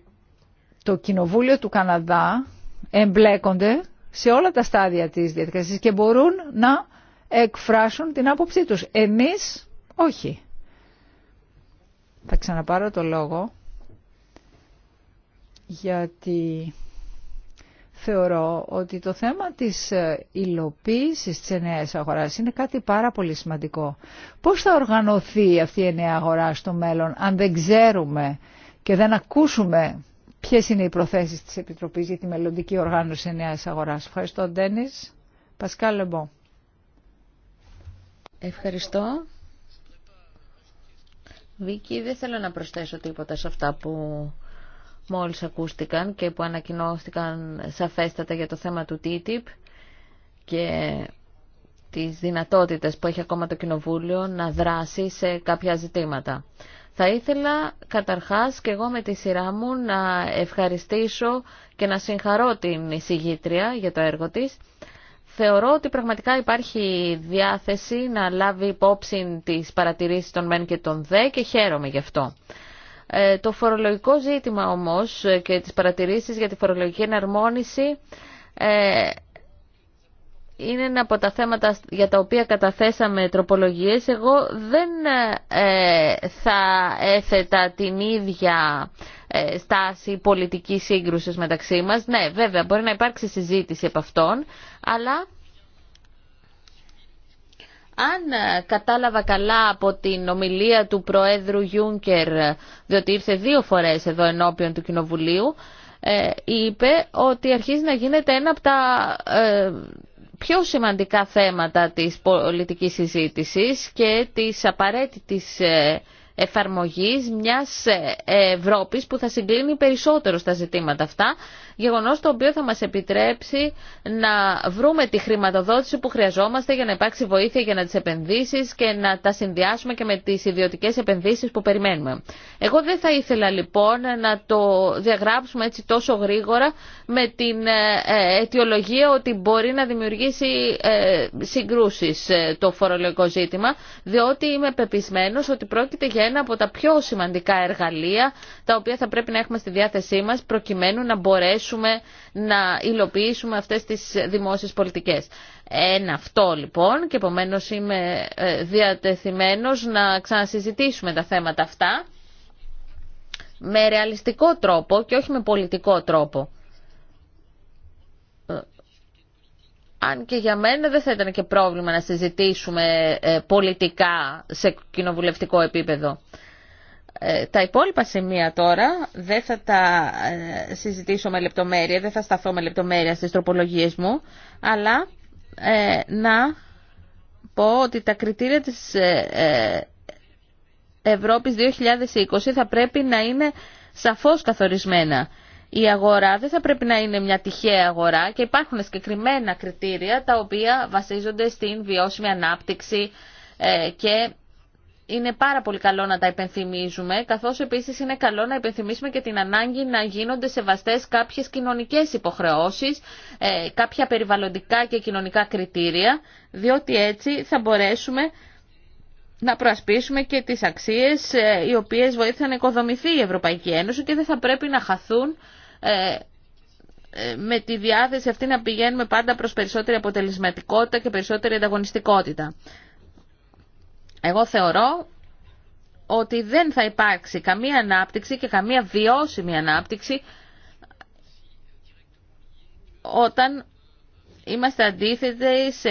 το Κοινοβούλιο του Καναδά εμπλέκονται σε όλα τα στάδια της διαδικασίας και μπορούν να εκφράσουν την άποψή τους. Εμείς όχι. Θα ξαναπάρω το λόγο γιατί θεωρώ ότι το θέμα της ε, υλοποίησης της νέα αγοράς είναι κάτι πάρα πολύ σημαντικό. Πώς θα οργανωθεί αυτή η νέα αγορά στο μέλλον αν δεν ξέρουμε και δεν ακούσουμε ποιες είναι οι προθέσεις της Επιτροπής για τη μελλοντική οργάνωση της αγοράς. Ευχαριστώ Ντένις. Πασκάλ Λεμπό. Ευχαριστώ. Βίκυ, δεν θέλω να προσθέσω τίποτα σε αυτά που μόλις ακούστηκαν και που ανακοινώθηκαν σαφέστατα για το θέμα του TTIP και τις δυνατότητες που έχει ακόμα το Κοινοβούλιο να δράσει σε κάποια ζητήματα. Θα ήθελα καταρχάς και εγώ με τη σειρά μου να ευχαριστήσω και να συγχαρώ την εισηγήτρια για το έργο της. Θεωρώ ότι πραγματικά υπάρχει διάθεση να λάβει υπόψη τις παρατηρήσεις των ΜΕΝ και των ΔΕ και χαίρομαι γι' αυτό. Ε, το φορολογικό ζήτημα όμως ε, και τις παρατηρήσεις για τη φορολογική εναρμόνιση ε, είναι ένα από τα θέματα για τα οποία καταθέσαμε τροπολογίες. Εγώ δεν θα έθετα την ίδια στάση πολιτικής σύγκρουσης μεταξύ μας. Ναι, βέβαια, μπορεί να υπάρξει συζήτηση από αυτόν, αλλά αν ε, κατάλαβα καλά από την ομιλία του Προέδρου Γιούνκερ, διότι ήρθε δύο φορές εδώ ενώπιον του Κοινοβουλίου, ε, είπε ότι αρχίζει να γίνεται ένα από τα ε, πιο σημαντικά θέματα της πολιτικής συζήτησης και της απαραίτητης εφαρμογής μιας Ευρώπης που θα συγκλίνει περισσότερο στα ζητήματα αυτά γεγονός το οποίο θα μας επιτρέψει να βρούμε τη χρηματοδότηση που χρειαζόμαστε για να υπάρξει βοήθεια για να τις επενδύσεις και να τα συνδυάσουμε και με τις ιδιωτικές επενδύσεις που περιμένουμε. Εγώ δεν θα ήθελα λοιπόν να το διαγράψουμε έτσι τόσο γρήγορα με την ε, ε, αιτιολογία ότι μπορεί να δημιουργήσει ε, συγκρούσεις το φορολογικό ζήτημα, διότι είμαι πεπισμένος ότι πρόκειται για ένα από τα πιο σημαντικά εργαλεία τα οποία θα πρέπει να έχουμε στη διάθεσή μας προκειμένου να μπορέσουμε μπορέσουμε να υλοποιήσουμε αυτές τις δημόσιες πολιτικές. Ένα αυτό λοιπόν και επομένω είμαι ε, διατεθειμένος να ξανασυζητήσουμε τα θέματα αυτά με ρεαλιστικό τρόπο και όχι με πολιτικό τρόπο. Ε, αν και για μένα δεν θα ήταν και πρόβλημα να συζητήσουμε ε, πολιτικά σε κοινοβουλευτικό επίπεδο. Ε, τα υπόλοιπα σημεία τώρα δεν θα τα ε, συζητήσω με λεπτομέρεια, δεν θα σταθώ με λεπτομέρεια στις τροπολογίες μου, αλλά ε, να πω ότι τα κριτήρια της ε, Ευρώπης 2020 θα πρέπει να είναι σαφώς καθορισμένα. Η αγορά δεν θα πρέπει να είναι μια τυχαία αγορά και υπάρχουν συγκεκριμένα κριτήρια τα οποία βασίζονται στην βιώσιμη ανάπτυξη και είναι πάρα πολύ καλό να τα υπενθυμίζουμε, καθώς επίσης είναι καλό να υπενθυμίσουμε και την ανάγκη να γίνονται σεβαστές κάποιες κοινωνικές υποχρεώσεις, ε, κάποια περιβαλλοντικά και κοινωνικά κριτήρια, διότι έτσι θα μπορέσουμε να προασπίσουμε και τις αξίες ε, οι οποίες βοήθησαν να οικοδομηθεί η Ευρωπαϊκή Ένωση και δεν θα πρέπει να χαθούν ε, με τη διάθεση αυτή να πηγαίνουμε πάντα προς περισσότερη αποτελεσματικότητα και περισσότερη ανταγωνιστικότητα. Εγώ θεωρώ ότι δεν θα υπάρξει καμία ανάπτυξη και καμία βιώσιμη ανάπτυξη όταν είμαστε αντίθετοι σε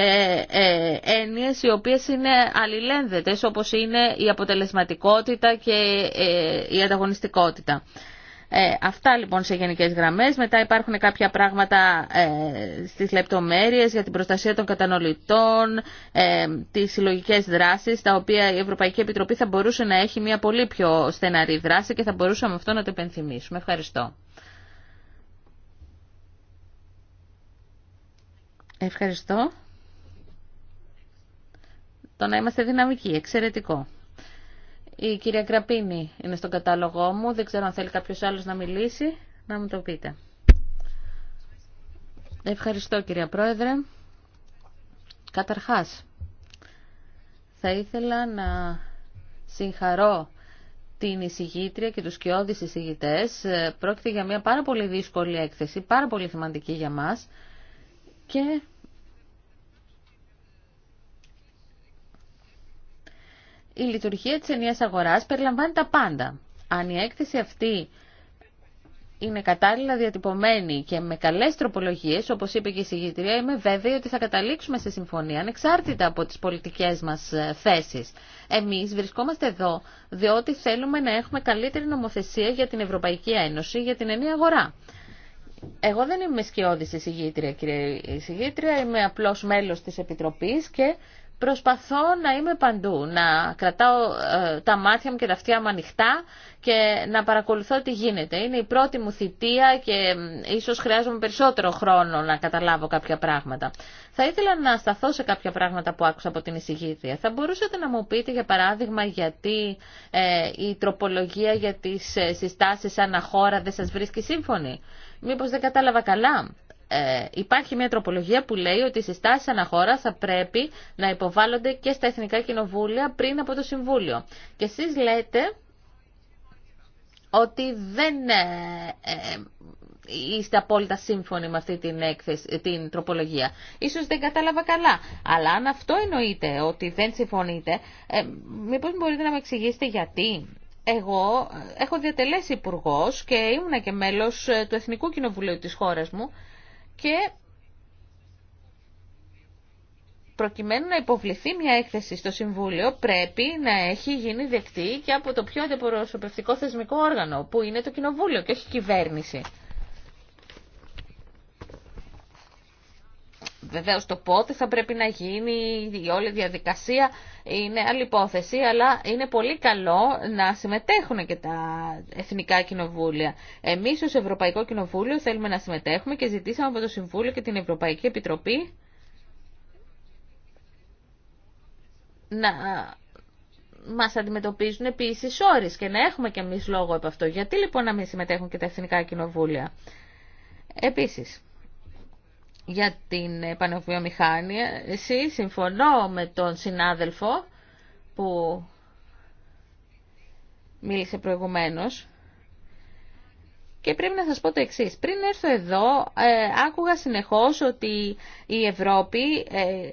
ε, έννοιες οι οποίες είναι αλληλένδετες όπως είναι η αποτελεσματικότητα και ε, η ανταγωνιστικότητα. Ε, αυτά λοιπόν σε γενικές γραμμές. Μετά υπάρχουν κάποια πράγματα ε, στις λεπτομέρειες για την προστασία των κατανολητών, ε, τις συλλογικέ δράσεις, τα οποία η Ευρωπαϊκή Επιτροπή θα μπορούσε να έχει μια πολύ πιο στεναρή δράση και θα μπορούσαμε αυτό να το επενθυμίσουμε. Ευχαριστώ. Ευχαριστώ. Το να είμαστε δυναμικοί, εξαιρετικό. Η κυρία Κραπίνη είναι στον κατάλογό μου. Δεν ξέρω αν θέλει κάποιο άλλο να μιλήσει. Να μου το πείτε. Ευχαριστώ κυρία Πρόεδρε. Καταρχάς, θα ήθελα να συγχαρώ την εισηγήτρια και τους σκιώδεις εισηγητές. Πρόκειται για μια πάρα πολύ δύσκολη έκθεση, πάρα πολύ σημαντική για μας και η λειτουργία της ενιαίας αγοράς περιλαμβάνει τα πάντα. Αν η έκθεση αυτή είναι κατάλληλα διατυπωμένη και με καλές τροπολογίες, όπως είπε και η συγγητρία, είμαι βέβαιη ότι θα καταλήξουμε σε συμφωνία, ανεξάρτητα από τις πολιτικές μας ε, θέσεις. Εμείς βρισκόμαστε εδώ, διότι θέλουμε να έχουμε καλύτερη νομοθεσία για την Ευρωπαϊκή Ένωση, για την ενία αγορά. Εγώ δεν είμαι σκιώδης εισηγήτρια, κύριε εισηγήτρια, είμαι απλώς μέλος της Επιτροπής και Προσπαθώ να είμαι παντού, να κρατάω ε, τα μάτια μου και τα αυτιά μου ανοιχτά και να παρακολουθώ τι γίνεται. Είναι η πρώτη μου θητεία και ε, ίσως χρειάζομαι περισσότερο χρόνο να καταλάβω κάποια πράγματα. Θα ήθελα να σταθώ σε κάποια πράγματα που άκουσα από την εισηγήτρια. Θα μπορούσατε να μου πείτε για παράδειγμα γιατί ε, η τροπολογία για τις ε, συστάσεις αναχώρα δεν σας βρίσκει σύμφωνη. Μήπως δεν κατάλαβα καλά. Ε, υπάρχει μια τροπολογία που λέει ότι οι συστάσει αναχώρα θα πρέπει να υποβάλλονται και στα Εθνικά Κοινοβούλια πριν από το Συμβούλιο. Και εσείς λέτε ότι δεν ε, ε, είστε απόλυτα σύμφωνοι με αυτή την, έκθεση, την τροπολογία. Ίσως δεν κατάλαβα καλά. Αλλά αν αυτό εννοείτε ότι δεν συμφωνείτε, ε, μήπως μπορείτε να με εξηγήσετε γιατί. Εγώ έχω διατελέσει υπουργό και ήμουνα και μέλος του Εθνικού Κοινοβουλίου της χώρας μου και προκειμένου να υποβληθεί μια έκθεση στο Συμβούλιο πρέπει να έχει γίνει δεκτή και από το πιο αντιπροσωπευτικό θεσμικό όργανο που είναι το Κοινοβούλιο και όχι η κυβέρνηση. Βεβαίως το πότε θα πρέπει να γίνει η όλη διαδικασία είναι άλλη υπόθεση, αλλά είναι πολύ καλό να συμμετέχουν και τα εθνικά κοινοβούλια. Εμείς ως Ευρωπαϊκό Κοινοβούλιο θέλουμε να συμμετέχουμε και ζητήσαμε από το Συμβούλιο και την Ευρωπαϊκή Επιτροπή να μας αντιμετωπίζουν επίσης όρις και να έχουμε κι εμείς λόγο από αυτό. Γιατί λοιπόν να μην συμμετέχουν και τα εθνικά κοινοβούλια. Επίσης, για την επανεβιομηχάνεια. Εσύ συμφωνώ με τον συνάδελφο που μίλησε προηγουμένως. Και πρέπει να σας πω το εξής. Πριν έρθω εδώ, ε, άκουγα συνεχώς ότι η Ευρώπη ε,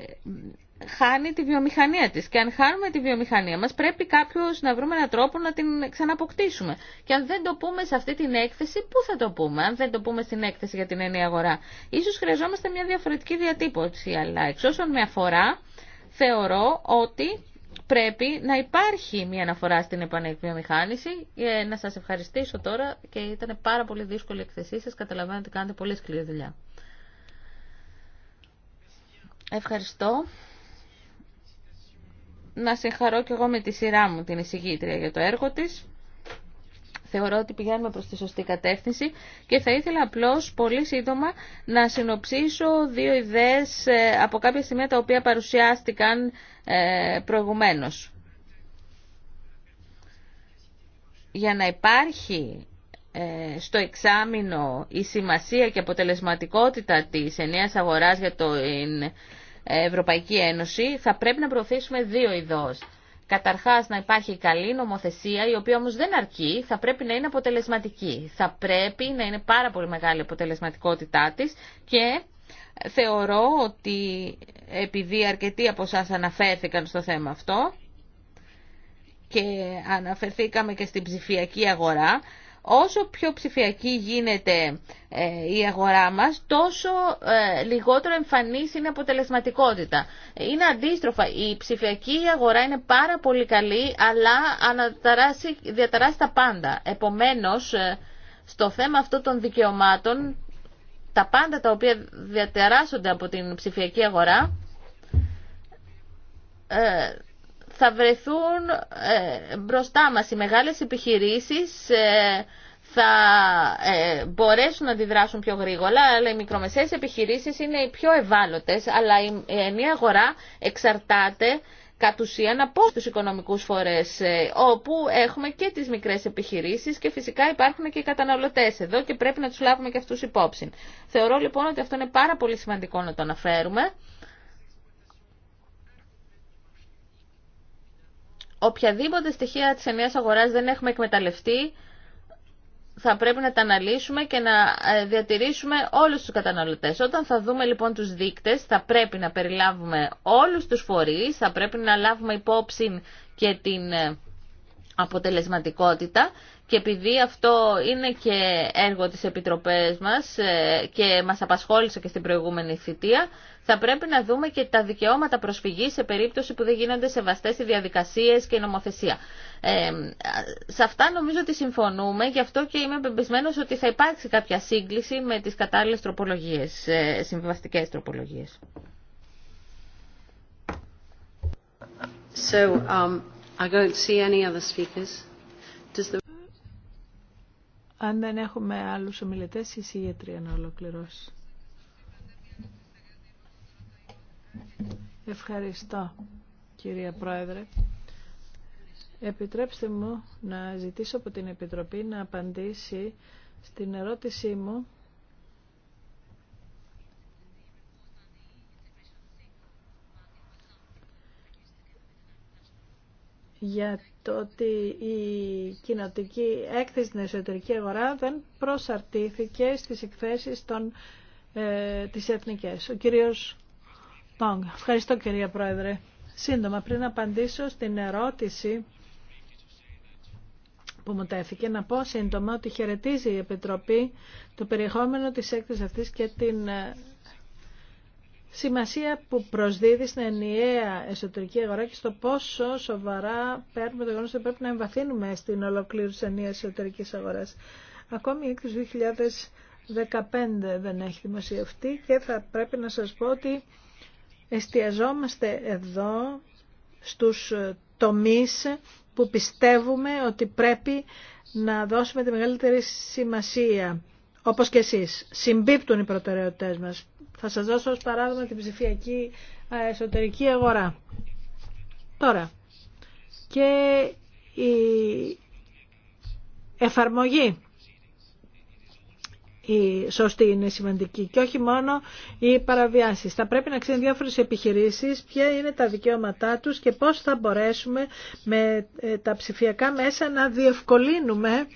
χάνει τη βιομηχανία της. Και αν χάνουμε τη βιομηχανία μας πρέπει κάποιος να βρούμε έναν τρόπο να την ξαναποκτήσουμε. Και αν δεν το πούμε σε αυτή την έκθεση, πού θα το πούμε, αν δεν το πούμε στην έκθεση για την ενή αγορά. Ίσως χρειαζόμαστε μια διαφορετική διατύπωση, αλλά εξ όσων με αφορά θεωρώ ότι πρέπει να υπάρχει μια αναφορά στην επανεκβιομηχάνηση. Ε, να σας ευχαριστήσω τώρα και ήταν πάρα πολύ δύσκολη η εκθεσή σας. Καταλαβαίνω ότι κάνετε πολύ σκληρή δουλειά. Ευχαριστώ να συγχαρώ κι εγώ με τη σειρά μου την εισηγήτρια για το έργο της. Θεωρώ ότι πηγαίνουμε προς τη σωστή κατεύθυνση και θα ήθελα απλώς πολύ σύντομα να συνοψίσω δύο ιδέες ε, από κάποια σημεία τα οποία παρουσιάστηκαν ε, προηγουμένως. Για να υπάρχει ε, στο εξάμεινο η σημασία και αποτελεσματικότητα της ενιαίας αγοράς για το, Ευρωπαϊκή Ένωση, θα πρέπει να προωθήσουμε δύο ειδώς. Καταρχάς να υπάρχει καλή νομοθεσία, η οποία όμως δεν αρκεί, θα πρέπει να είναι αποτελεσματική. Θα πρέπει να είναι πάρα πολύ μεγάλη η αποτελεσματικότητά της και θεωρώ ότι επειδή αρκετοί από εσά αναφέρθηκαν στο θέμα αυτό και αναφερθήκαμε και στην ψηφιακή αγορά, όσο πιο ψηφιακή γίνεται ε, η αγορά μας, τόσο ε, λιγότερο εμφανής είναι η αποτελεσματικότητα. Είναι αντίστροφα. Η ψηφιακή αγορά είναι πάρα πολύ καλή, αλλά αναταράσει, διαταράσει τα πάντα. Επομένως, ε, στο θέμα αυτό των δικαιωμάτων, τα πάντα τα οποία διαταράσσονται από την ψηφιακή αγορά, θα βρεθούν ε, μπροστά μας οι μεγάλες επιχειρήσεις ε, θα ε, μπορέσουν να αντιδράσουν πιο γρήγορα, αλλά οι μικρομεσαίες επιχειρήσεις είναι οι πιο ευάλωτες, αλλά η ενιαία αγορά εξαρτάται κατ' ουσίαν από τους οικονομικούς φορές, όπου έχουμε και τις μικρές επιχειρήσεις και φυσικά υπάρχουν και οι καταναλωτές εδώ και πρέπει να τους λάβουμε και αυτούς υπόψη. Θεωρώ λοιπόν ότι αυτό είναι πάρα πολύ σημαντικό να το αναφέρουμε. οποιαδήποτε στοιχεία της ενιαίας αγοράς δεν έχουμε εκμεταλλευτεί, θα πρέπει να τα αναλύσουμε και να ε, διατηρήσουμε όλους τους καταναλωτές. Όταν θα δούμε λοιπόν τους δείκτες, θα πρέπει να περιλάβουμε όλους τους φορείς, θα πρέπει να λάβουμε υπόψη και την ε, αποτελεσματικότητα και επειδή αυτό είναι και έργο της Επιτροπές μας ε, και μας απασχόλησε και στην προηγούμενη θητεία, θα πρέπει να δούμε και τα δικαιώματα προσφυγής σε περίπτωση που δεν γίνονται σεβαστές οι διαδικασίες και η νομοθεσία. Ε, σε αυτά νομίζω ότι συμφωνούμε, γι' αυτό και είμαι πεμπισμένος ότι θα υπάρξει κάποια σύγκληση με τις κατάλληλες τροπολογίες, ε, συμβαστικές τροπολογίες. So, um, I don't see any other speakers. Does αν δεν έχουμε άλλους ομιλητές, η συγγετρία να ολοκληρώσει. Ευχαριστώ, κυρία Πρόεδρε. Επιτρέψτε μου να ζητήσω από την Επιτροπή να απαντήσει στην ερώτησή μου για το ότι η κοινοτική έκθεση στην εσωτερική αγορά δεν προσαρτήθηκε στις εκθέσεις των, ε, της εθνικές. Ο κύριος Τόγκ. Ευχαριστώ κυρία Πρόεδρε. Σύντομα, πριν απαντήσω στην ερώτηση που μου τέθηκε, να πω σύντομα ότι χαιρετίζει η Επιτροπή το περιεχόμενο της έκθεσης αυτής και την ε, σημασία που προσδίδει στην ενιαία εσωτερική αγορά και στο πόσο σοβαρά παίρνουμε το γεγονό ότι πρέπει να εμβαθύνουμε στην ολοκλήρωση της ενιαίας εσωτερικής αγοράς. Ακόμη η έκθεση 2015 δεν έχει δημοσιευτεί και θα πρέπει να σας πω ότι εστιαζόμαστε εδώ στους τομείς που πιστεύουμε ότι πρέπει να δώσουμε τη μεγαλύτερη σημασία. Όπως και εσείς, συμπίπτουν οι προτεραιότητες μας. Θα σας δώσω ως παράδειγμα την ψηφιακή ε, εσωτερική αγορά. Τώρα, και η εφαρμογή η σωστή είναι σημαντική και όχι μόνο οι παραβιάσεις. Θα πρέπει να ξέρουν διάφορε επιχειρήσεις ποια είναι τα δικαιώματά τους και πώς θα μπορέσουμε με ε, τα ψηφιακά μέσα να διευκολύνουμε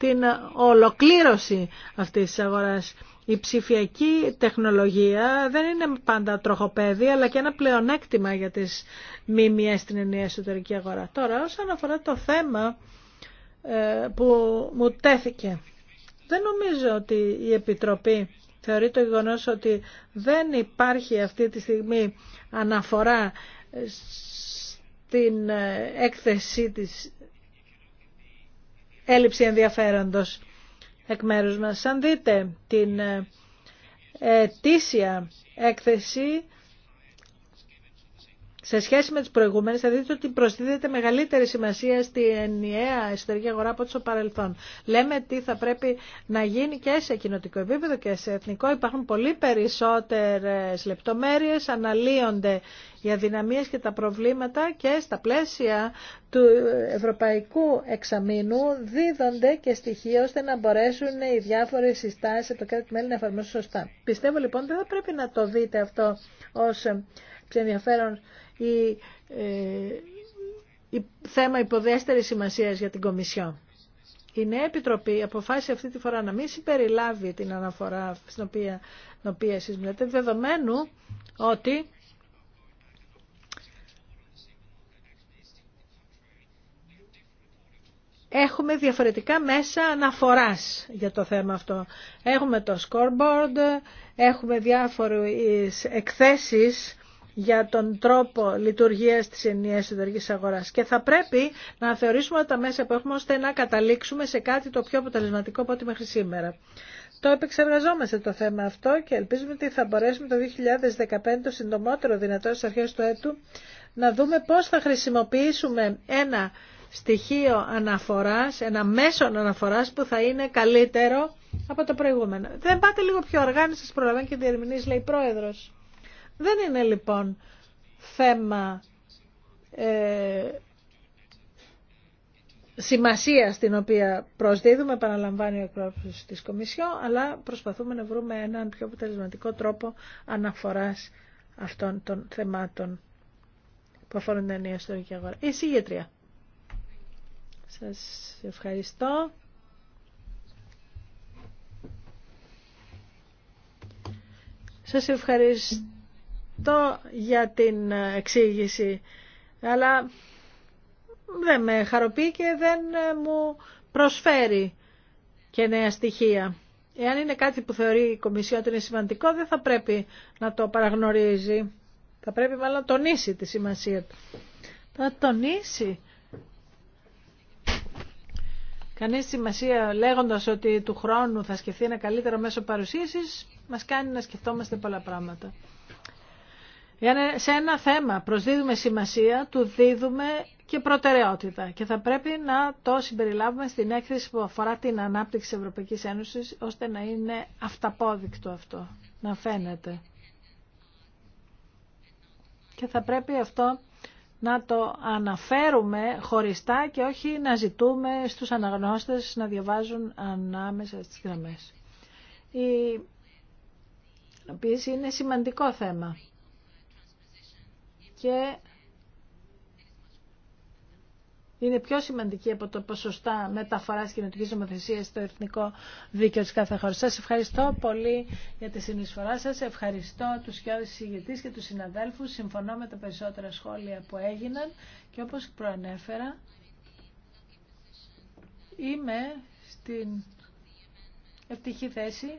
την ολοκλήρωση αυτής της αγοράς. Η ψηφιακή τεχνολογία δεν είναι πάντα τροχοπέδι, αλλά και ένα πλεονέκτημα για τις μίμιες στην ενιαία εσωτερική αγορά. Τώρα, όσον αφορά το θέμα ε, που μου τέθηκε, δεν νομίζω ότι η Επιτροπή θεωρεί το γεγονό ότι δεν υπάρχει αυτή τη στιγμή αναφορά στην ε, έκθεσή της έλλειψη ενδιαφέροντος εκ μέρους μας. Αν δείτε την ε, ετήσια έκθεση σε σχέση με τις προηγούμενες θα δείτε ότι προσδίδεται μεγαλύτερη σημασία στη ενιαία εσωτερική αγορά από ό,τι παρελθόν. Λέμε τι θα πρέπει να γίνει και σε κοινοτικό επίπεδο και σε εθνικό. Υπάρχουν πολύ περισσότερες λεπτομέρειες, αναλύονται οι αδυναμίες και τα προβλήματα και στα πλαίσια του Ευρωπαϊκού Εξαμήνου δίδονται και στοιχεία ώστε να μπορέσουν οι διάφορες συστάσεις από το κράτη-μέλη να εφαρμόσουν σωστά. Πιστεύω λοιπόν δεν θα πρέπει να το δείτε αυτό ως ενδιαφέρον ε, η, θέμα υποδέστερης σημασίας για την Κομισιό. Η νέα Επιτροπή αποφάσισε αυτή τη φορά να μην συμπεριλάβει την αναφορά στην οποία, την οποία εσείς μιλάτε, δεδομένου ότι έχουμε διαφορετικά μέσα αναφοράς για το θέμα αυτό. Έχουμε το scoreboard, έχουμε διάφορες εκθέσεις για τον τρόπο λειτουργίας της ενιαίας συνταγής αγοράς. Και θα πρέπει να θεωρήσουμε τα μέσα που έχουμε ώστε να καταλήξουμε σε κάτι το πιο αποτελεσματικό από ό,τι μέχρι σήμερα. Το επεξεργαζόμαστε το θέμα αυτό και ελπίζουμε ότι θα μπορέσουμε το 2015 το συντομότερο δυνατό στις αρχές του έτου να δούμε πώς θα χρησιμοποιήσουμε ένα στοιχείο αναφοράς, ένα μέσο αναφοράς που θα είναι καλύτερο από το προηγούμενο. Δεν πάτε λίγο πιο αργά, σας προλαβαίνει και διερμηνείς, λέει πρόεδρος. Δεν είναι λοιπόν θέμα ε, σημασία στην οποία προσδίδουμε, επαναλαμβάνει ο εκπρόσωπο της Κομισιό, αλλά προσπαθούμε να βρούμε έναν πιο αποτελεσματικό τρόπο αναφοράς αυτών των θεμάτων που αφορούν την ενιαία ιστορική αγορά. Εσύ γιατρία. Σας ευχαριστώ. Σας ευχαριστώ ευχαριστώ για την εξήγηση, αλλά δεν με χαροποιεί και δεν ε, μου προσφέρει και νέα στοιχεία. Εάν είναι κάτι που θεωρεί η Κομισιό ότι είναι σημαντικό, δεν θα πρέπει να το παραγνωρίζει. Θα πρέπει μάλλον να τονίσει τη σημασία του. Θα τονίσει. Κανείς σημασία λέγοντας ότι του χρόνου θα σκεφτεί ένα καλύτερο μέσο παρουσίασης, μας κάνει να σκεφτόμαστε πολλά πράγματα σε ένα θέμα προσδίδουμε σημασία, του δίδουμε και προτεραιότητα και θα πρέπει να το συμπεριλάβουμε στην έκθεση που αφορά την ανάπτυξη της Ευρωπαϊκής Ένωσης ώστε να είναι αυταπόδεικτο αυτό, να φαίνεται. Και θα πρέπει αυτό να το αναφέρουμε χωριστά και όχι να ζητούμε στους αναγνώστες να διαβάζουν ανάμεσα στις γραμμές. Η... οποία είναι σημαντικό θέμα και είναι πιο σημαντική από το ποσοστά μεταφοράς κοινωτικής νομοθεσίας στο εθνικό δίκαιο της κάθε χώρα. Σας ευχαριστώ πολύ για τη συνεισφορά σας. Ευχαριστώ τους συγγετή και τους συναδέλφους. Συμφωνώ με τα περισσότερα σχόλια που έγιναν και όπως προανέφερα είμαι στην ευτυχή θέση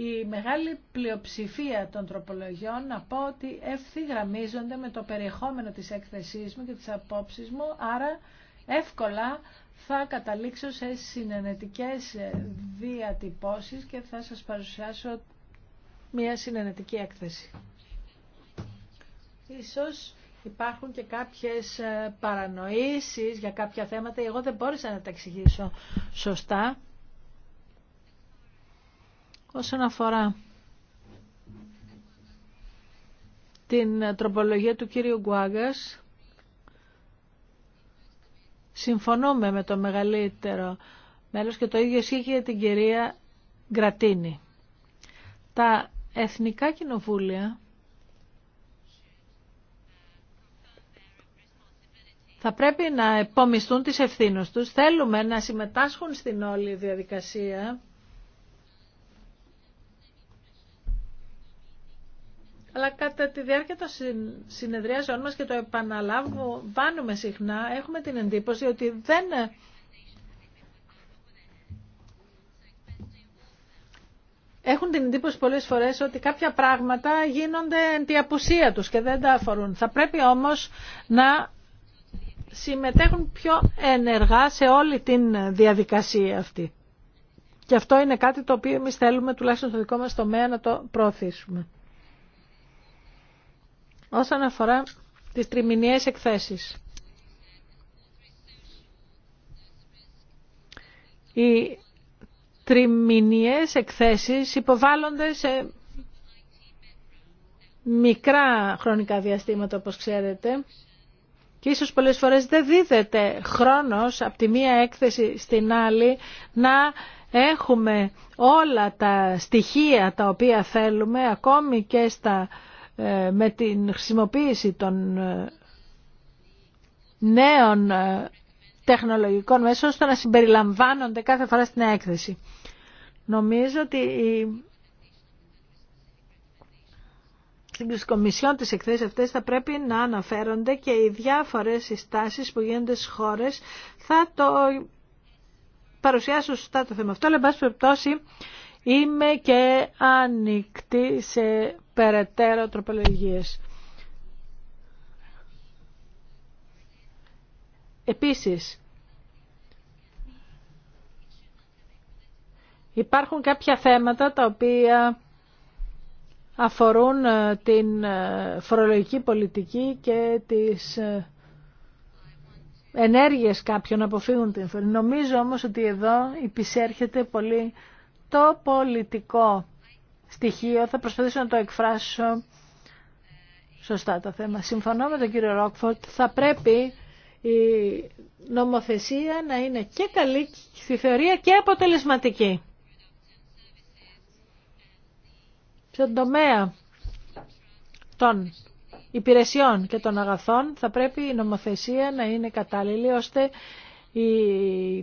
η μεγάλη πλειοψηφία των τροπολογιών να πω ότι ευθυγραμμίζονται με το περιεχόμενο της έκθεσής μου και της απόψης μου, άρα εύκολα θα καταλήξω σε συνενετικές διατυπώσεις και θα σας παρουσιάσω μια συνενετική έκθεση. Ίσως υπάρχουν και κάποιες ε, παρανοήσεις για κάποια θέματα. Εγώ δεν μπόρεσα να τα εξηγήσω σωστά. Όσον αφορά την τροπολογία του κύριου Γκουάγκας, συμφωνούμε με το μεγαλύτερο μέλος και το ίδιο ισχύει για την κυρία Γκρατίνη. Τα εθνικά κοινοβούλια θα πρέπει να επομιστούν τις ευθύνες τους. Θέλουμε να συμμετάσχουν στην όλη διαδικασία αλλά κατά τη διάρκεια των συνεδριάσεων μας και το επαναλάβω, βάνουμε συχνά, έχουμε την εντύπωση ότι δεν έχουν την εντύπωση πολλές φορές ότι κάποια πράγματα γίνονται εν τη απουσία τους και δεν τα αφορούν. Θα πρέπει όμως να συμμετέχουν πιο ενεργά σε όλη την διαδικασία αυτή. Και αυτό είναι κάτι το οποίο εμείς θέλουμε τουλάχιστον στο δικό μας τομέα να το προωθήσουμε όσον αφορά τις τριμηνιές εκθέσεις. Οι τριμηνιές εκθέσεις υποβάλλονται σε μικρά χρονικά διαστήματα, όπως ξέρετε, και ίσως πολλές φορές δεν δίδεται χρόνος από τη μία έκθεση στην άλλη να έχουμε όλα τα στοιχεία τα οποία θέλουμε, ακόμη και στα ε, με την χρησιμοποίηση των ε, νέων ε, τεχνολογικών μέσων ώστε να συμπεριλαμβάνονται κάθε φορά στην έκθεση. Νομίζω ότι η στην κομισιόν της εκθέσεις αυτές θα πρέπει να αναφέρονται και οι διάφορες συστάσεις που γίνονται στις χώρες θα το παρουσιάσω σωστά το θέμα αυτό, αλλά εν είμαι και ανοιχτή σε περαιτέρω τροπολογίες. Επίσης, υπάρχουν κάποια θέματα τα οποία αφορούν ε, την ε, φορολογική πολιτική και τις ε, ενέργειες κάποιων αποφύγουν την φορολογία. Νομίζω όμως ότι εδώ υπησέρχεται πολύ το πολιτικό στοιχείο θα προσπαθήσω να το εκφράσω σωστά το θέμα. Συμφωνώ με τον κύριο Ρόκφορτ, θα πρέπει η νομοθεσία να είναι και καλή στη θεωρία και αποτελεσματική. Στον τομέα των υπηρεσιών και των αγαθών θα πρέπει η νομοθεσία να είναι κατάλληλη ώστε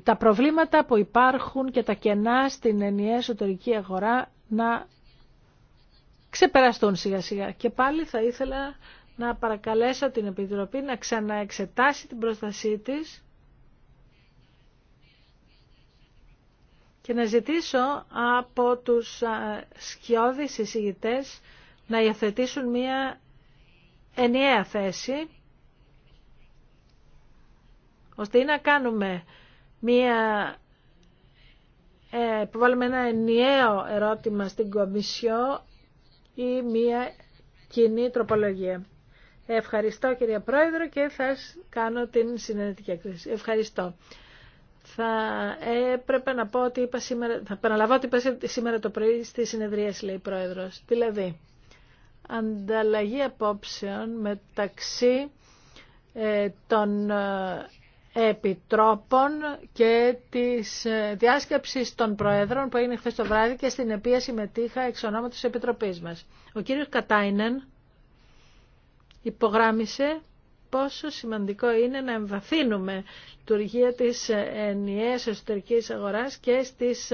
τα προβλήματα που υπάρχουν και τα κενά στην ενιαία εσωτερική αγορά να ξεπεραστούν σιγά σιγά. Και πάλι θα ήθελα να παρακαλέσω την Επιτροπή να ξαναεξετάσει την προστασή της και να ζητήσω από τους σκιώδεις εισηγητές να υιοθετήσουν μία ενιαία θέση ώστε ή να κάνουμε μία ε, που βάλουμε ένα ενιαίο ερώτημα στην Κομισιό ή μία κοινή τροπολογία. Ευχαριστώ κυρία Πρόεδρο και θα κάνω την συνενετική έκθεση. Ευχαριστώ. Θα έπρεπε να πω ότι είπα σήμερα, θα επαναλαβώ ότι είπα σήμερα το πρωί στη συνεδρία, λέει η Πρόεδρος. Δηλαδή, ανταλλαγή απόψεων μεταξύ ε, των ε, Επιτρόπων και της ε, διάσκεψης των Προέδρων που έγινε χθε το βράδυ και στην οποία συμμετείχα εξ ονόματος της Επιτροπής μας. Ο κύριος Κατάινεν υπογράμμισε πόσο σημαντικό είναι να εμβαθύνουμε τη λειτουργία της ε, ενιαίας εσωτερικής αγοράς και στις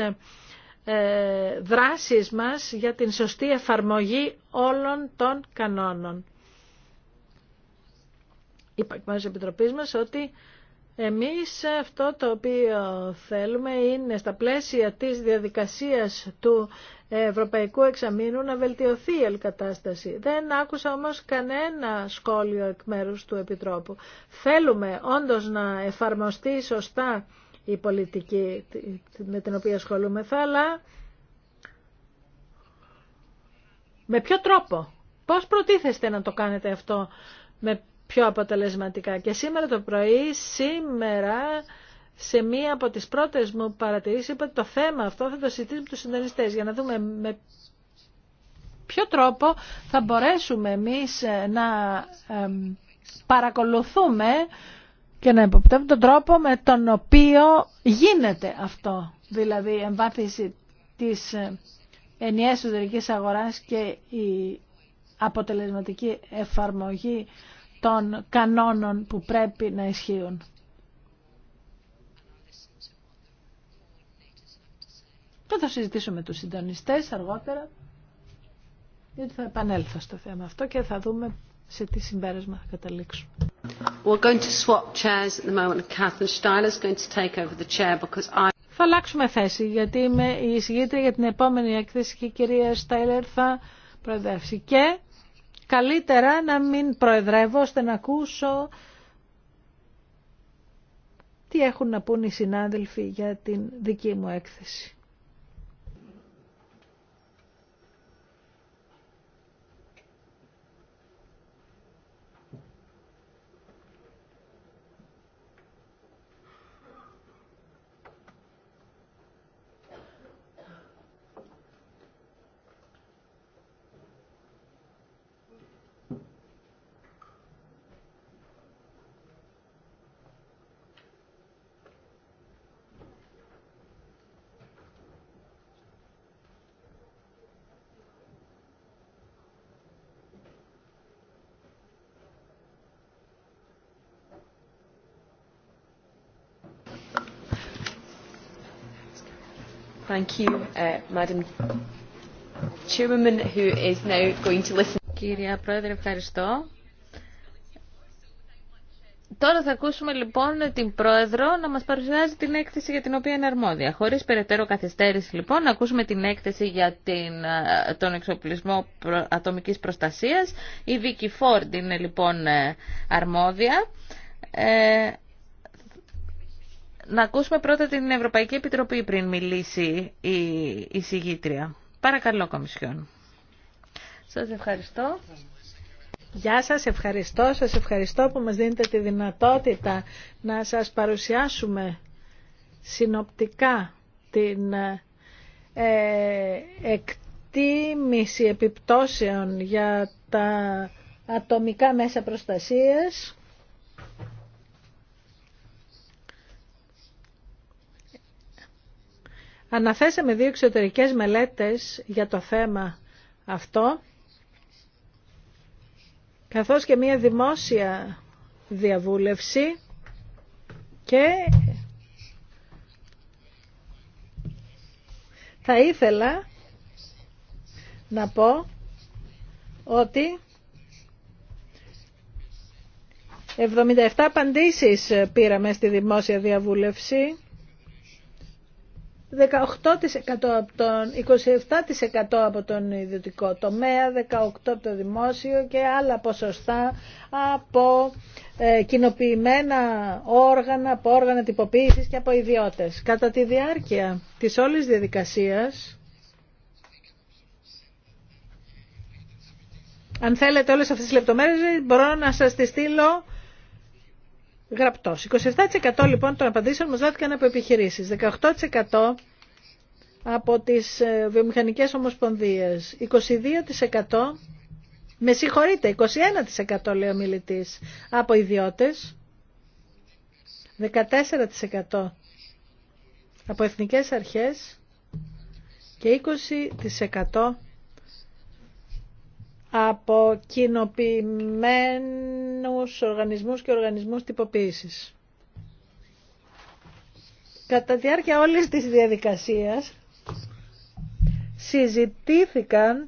ε, δράσεις μας για την σωστή εφαρμογή όλων των κανόνων. Είπα και Επιτροπής μας ότι εμείς αυτό το οποίο θέλουμε είναι στα πλαίσια της διαδικασίας του Ευρωπαϊκού Εξαμήνου να βελτιωθεί η κατάσταση. Δεν άκουσα όμως κανένα σχόλιο εκ μέρους του Επιτρόπου. Θέλουμε όντως να εφαρμοστεί σωστά η πολιτική με την οποία ασχολούμεθα, αλλά με ποιο τρόπο, πώς προτίθεστε να το κάνετε αυτό, με πιο αποτελεσματικά. Και σήμερα το πρωί, σήμερα, σε μία από τις πρώτες μου παρατηρήσεις, είπα ότι το θέμα αυτό θα το συζητήσουμε με τους συντονιστές για να δούμε με ποιο τρόπο θα μπορέσουμε εμείς ε, να παρακολουθούμε και να υποπτεύουμε τον τρόπο με τον οποίο γίνεται αυτό, δηλαδή η εμβάθυνση της ε, ενιαίας εσωτερικής αγοράς και η αποτελεσματική εφαρμογή των κανόνων που πρέπει να ισχύουν. Και θα συζητήσω με τους συντονιστές αργότερα, γιατί θα επανέλθω στο θέμα αυτό και θα δούμε σε τι συμπέρασμα θα καταλήξουμε. Θα αλλάξουμε θέση, γιατί είμαι η εισηγήτρια για την επόμενη έκθεση και η κυρία Στάιλερ θα προεδρεύσει. Και καλύτερα να μην προεδρεύω ώστε να ακούσω τι έχουν να πούν οι συνάδελφοι για την δική μου έκθεση. Κυρία Πρόεδρε, ευχαριστώ. Τώρα θα ακούσουμε λοιπόν την Πρόεδρο να μας παρουσιάζει την έκθεση για την οποία είναι αρμόδια. Χωρίς περαιτέρω καθυστέρηση λοιπόν, να ακούσουμε την έκθεση για την, ε, τον εξοπλισμό ατομικής προστασίας. Η Βίκη Φόρντ είναι λοιπόν ε, αρμόδια. Ε, να ακούσουμε πρώτα την Ευρωπαϊκή Επιτροπή πριν μιλήσει η, η συγγήτρια. Παρακαλώ, Κομισιόν. Σας ευχαριστώ. Γεια σας, ευχαριστώ. Σας ευχαριστώ που μας δίνετε τη δυνατότητα να σας παρουσιάσουμε συνοπτικά την ε, εκτίμηση επιπτώσεων για τα ατομικά μέσα προστασίας Αναθέσαμε δύο εξωτερικές μελέτες για το θέμα αυτό, καθώς και μία δημόσια διαβούλευση και θα ήθελα να πω ότι 77 απαντήσεις πήραμε στη δημόσια διαβούλευση 18% από τον, 27% από τον ιδιωτικό τομέα, 18% από το δημόσιο και άλλα ποσοστά από ε, κοινοποιημένα όργανα, από όργανα τυποποίησης και από ιδιώτες. Κατά τη διάρκεια της όλης διαδικασίας, αν θέλετε όλες αυτές τις λεπτομέρειες μπορώ να σας τη στείλω 27% λοιπόν των απαντήσεων μας δόθηκαν από επιχειρήσει, 18% από τις ε, βιομηχανικές ομοσπονδίες, 22% με συγχωρείτε, 21% λέει ο μιλητή από ιδιώτες, 14% από εθνικές αρχές και 20% από κοινοποιημένους οργανισμούς και οργανισμούς τυποποίησης. Κατά τη διάρκεια όλης της διαδικασίας συζητήθηκαν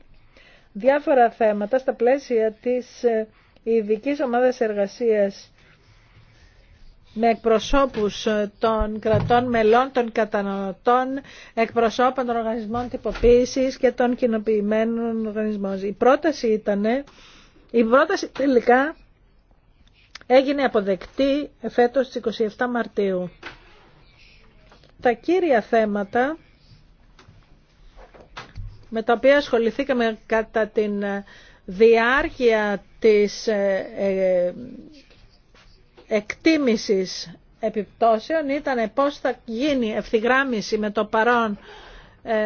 διάφορα θέματα στα πλαίσια της ε, ειδική ομάδας εργασίας με εκπροσώπους των κρατών μελών, των καταναλωτών, εκπροσώπων των οργανισμών τυποποίησης και των κοινοποιημένων οργανισμών. Η πρόταση ήταν, η πρόταση τελικά έγινε αποδεκτή φέτος στις 27 Μαρτίου. Τα κύρια θέματα με τα οποία ασχοληθήκαμε κατά την διάρκεια της ε, ε, εκτίμησης επιπτώσεων ήταν πώς θα γίνει ευθυγράμμιση με το παρόν ε,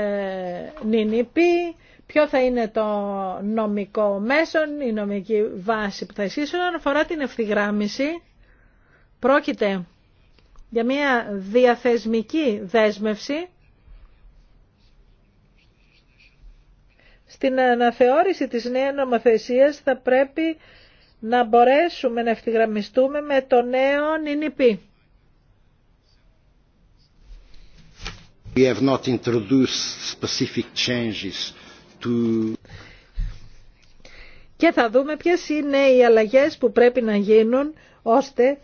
νινιπή, ποιο θα είναι το νομικό μέσον, η νομική βάση που θα ισχύσουν. Αν αφορά την ευθυγράμμιση, πρόκειται για μια διαθεσμική δέσμευση Στην αναθεώρηση της νέας νομοθεσίας θα πρέπει να μπορέσουμε να ευθυγραμμιστούμε με το νέο NINIP. Και θα δούμε ποιες είναι οι αλλαγές που πρέπει να γίνουν ώστε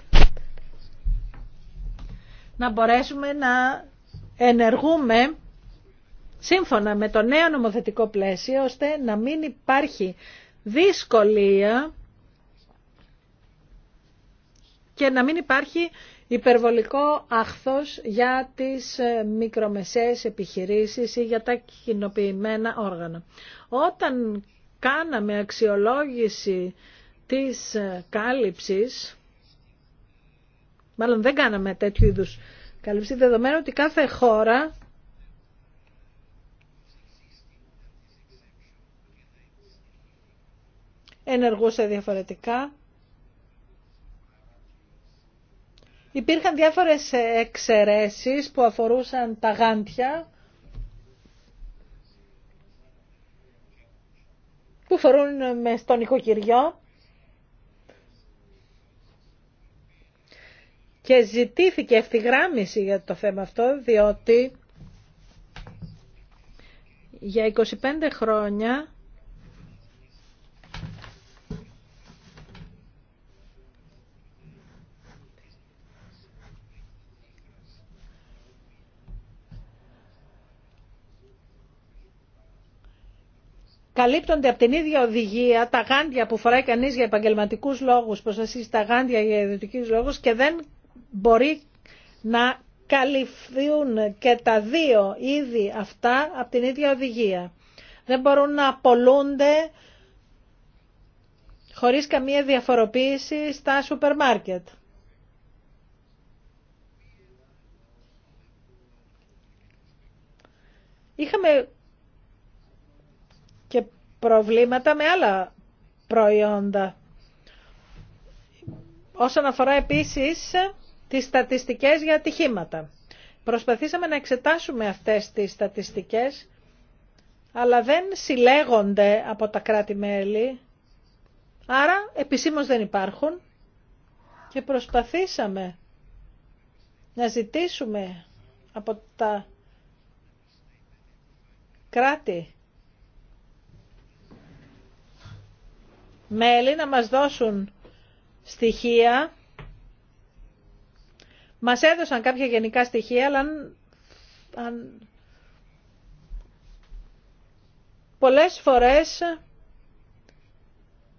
να μπορέσουμε να ενεργούμε σύμφωνα με το νέο νομοθετικό πλαίσιο ώστε να μην υπάρχει δυσκολία και να μην υπάρχει υπερβολικό άχθος για τις ε, μικρομεσαίες επιχειρήσεις ή για τα κοινοποιημένα όργανα. Όταν κάναμε αξιολόγηση της ε, κάλυψης, μάλλον δεν κάναμε τέτοιου είδους κάλυψη, δεδομένου ότι κάθε χώρα ενεργούσε διαφορετικά Υπήρχαν διάφορες εξαιρέσεις που αφορούσαν τα γάντια, που φορούν με στον οικοκυριό και ζητήθηκε ευθυγράμμιση για το θέμα αυτό, διότι για 25 χρόνια καλύπτονται από την ίδια οδηγία τα γάντια που φοράει κανεί για επαγγελματικούς λόγους, προστασία τα γάντια για ιδιωτικού λόγους και δεν μπορεί να καλυφθούν και τα δύο ήδη αυτά από την ίδια οδηγία. Δεν μπορούν να απολούνται χωρίς καμία διαφοροποίηση στα σούπερ μάρκετ. Είχαμε προβλήματα με άλλα προϊόντα. Όσον αφορά επίσης τις στατιστικές για ατυχήματα. Προσπαθήσαμε να εξετάσουμε αυτές τις στατιστικές, αλλά δεν συλλέγονται από τα κράτη-μέλη, άρα επισήμως δεν υπάρχουν και προσπαθήσαμε να ζητήσουμε από τα κράτη μέλη να μας δώσουν στοιχεία. Μας έδωσαν κάποια γενικά στοιχεία, αλλά αν... πολλές φορές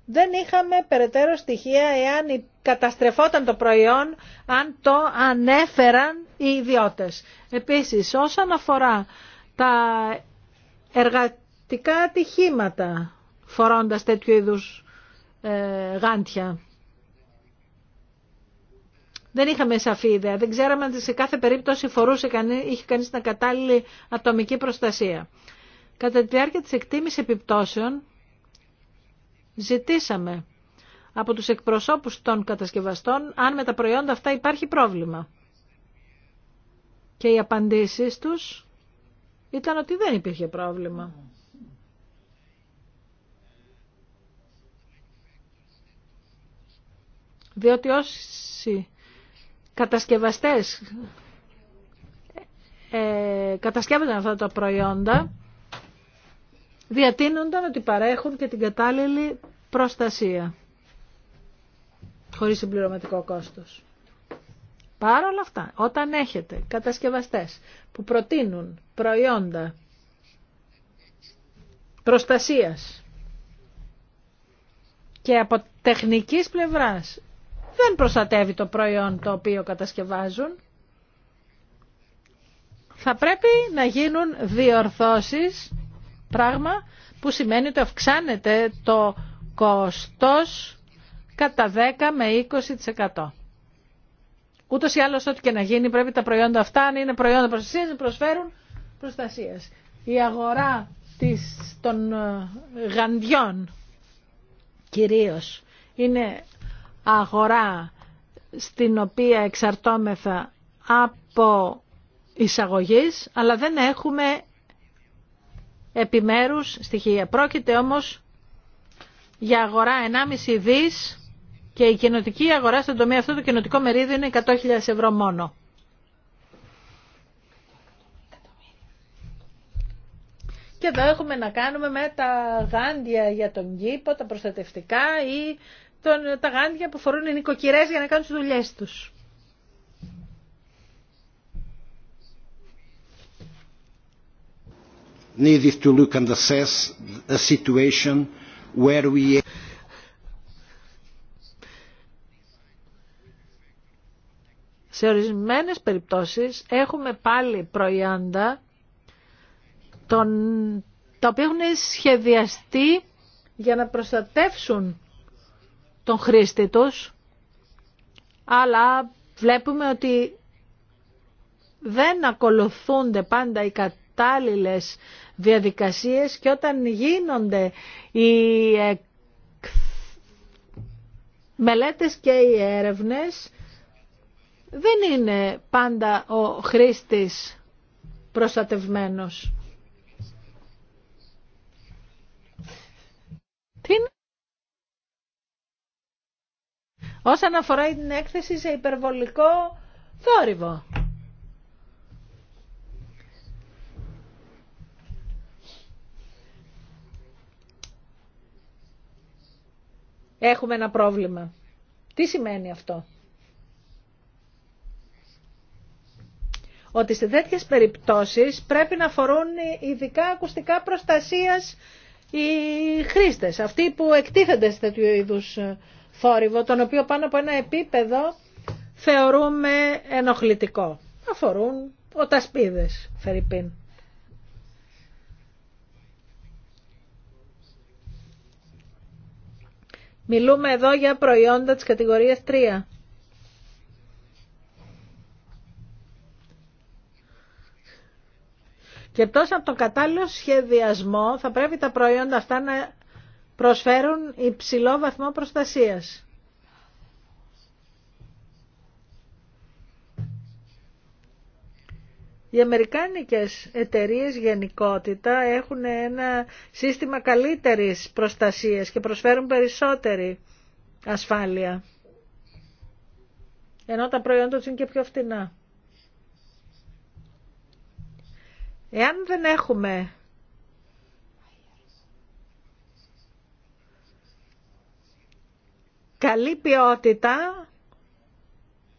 δεν είχαμε περαιτέρω στοιχεία εάν καταστρεφόταν το προϊόν, αν το ανέφεραν οι ιδιώτες. Επίσης, όσον αφορά τα εργατικά ατυχήματα φορώντας τέτοιου είδους ε, γάντια. Δεν είχαμε σαφή ιδέα. Δεν ξέραμε ότι σε κάθε περίπτωση φορούσε κανεί, είχε κανείς την κατάλληλη ατομική προστασία. Κατά τη διάρκεια της εκτίμησης επιπτώσεων ζητήσαμε από τους εκπροσώπους των κατασκευαστών αν με τα προϊόντα αυτά υπάρχει πρόβλημα. Και οι απαντήσεις τους ήταν ότι δεν υπήρχε πρόβλημα. Διότι όσοι κατασκευαστές ε, κατασκεύονταν αυτά τα προϊόντα, διατείνονταν ότι παρέχουν και την κατάλληλη προστασία, χωρίς συμπληρωματικό κόστος. Παρ' όλα αυτά, όταν έχετε κατασκευαστές που προτείνουν προϊόντα προστασίας και από τεχνικής πλευράς δεν προστατεύει το προϊόν το οποίο κατασκευάζουν. Θα πρέπει να γίνουν διορθώσεις, πράγμα που σημαίνει ότι αυξάνεται το κόστος κατά 10 με 20%. Ούτως ή άλλως ό,τι και να γίνει, πρέπει τα προϊόντα αυτά, να είναι προϊόντα προστασίας, να προσφέρουν προστασία. Η αγορά της, των ε, γαντιών κυρίως είναι αγορά στην οποία εξαρτώμεθα από εισαγωγής, αλλά δεν έχουμε επιμέρους στοιχεία. Πρόκειται όμως για αγορά 1,5 δις και η κοινοτική αγορά στον τομέα αυτό το κοινοτικό μερίδιο είναι 100.000 ευρώ μόνο. Και εδώ έχουμε να κάνουμε με τα γάντια για τον κήπο, τα προστατευτικά ή τον, τα γάντια που φορούν οι νοικοκυρέ για να κάνουν τι δουλειέ του. Σε ορισμένες περιπτώσεις έχουμε πάλι προϊόντα τα οποία έχουν σχεδιαστεί για να προστατεύσουν τον χρήστη τους, αλλά βλέπουμε ότι δεν ακολουθούνται πάντα οι κατάλληλες διαδικασίες και όταν γίνονται οι μελέτες και οι έρευνες δεν είναι πάντα ο χρήστης προστατευμένος. Τι όσον αφορά την έκθεση σε υπερβολικό θόρυβο. Έχουμε ένα πρόβλημα. Τι σημαίνει αυτό. Ότι σε τέτοιες περιπτώσεις πρέπει να φορούν ειδικά ακουστικά προστασίας οι χρήστες, αυτοί που εκτίθενται σε τέτοιου είδους θόρυβο, τον οποίο πάνω από ένα επίπεδο θεωρούμε ενοχλητικό. Αφορούν τασπίδες, Φερρυπίν. Μιλούμε εδώ για προϊόντα της κατηγορίας 3. Και εκτός από τον κατάλληλο σχεδιασμό θα πρέπει τα προϊόντα αυτά να προσφέρουν υψηλό βαθμό προστασίας. Οι αμερικάνικες εταιρείες γενικότητα έχουν ένα σύστημα καλύτερης προστασίας και προσφέρουν περισσότερη ασφάλεια. Ενώ τα προϊόντα τους είναι και πιο φτηνά. Εάν δεν έχουμε καλή ποιότητα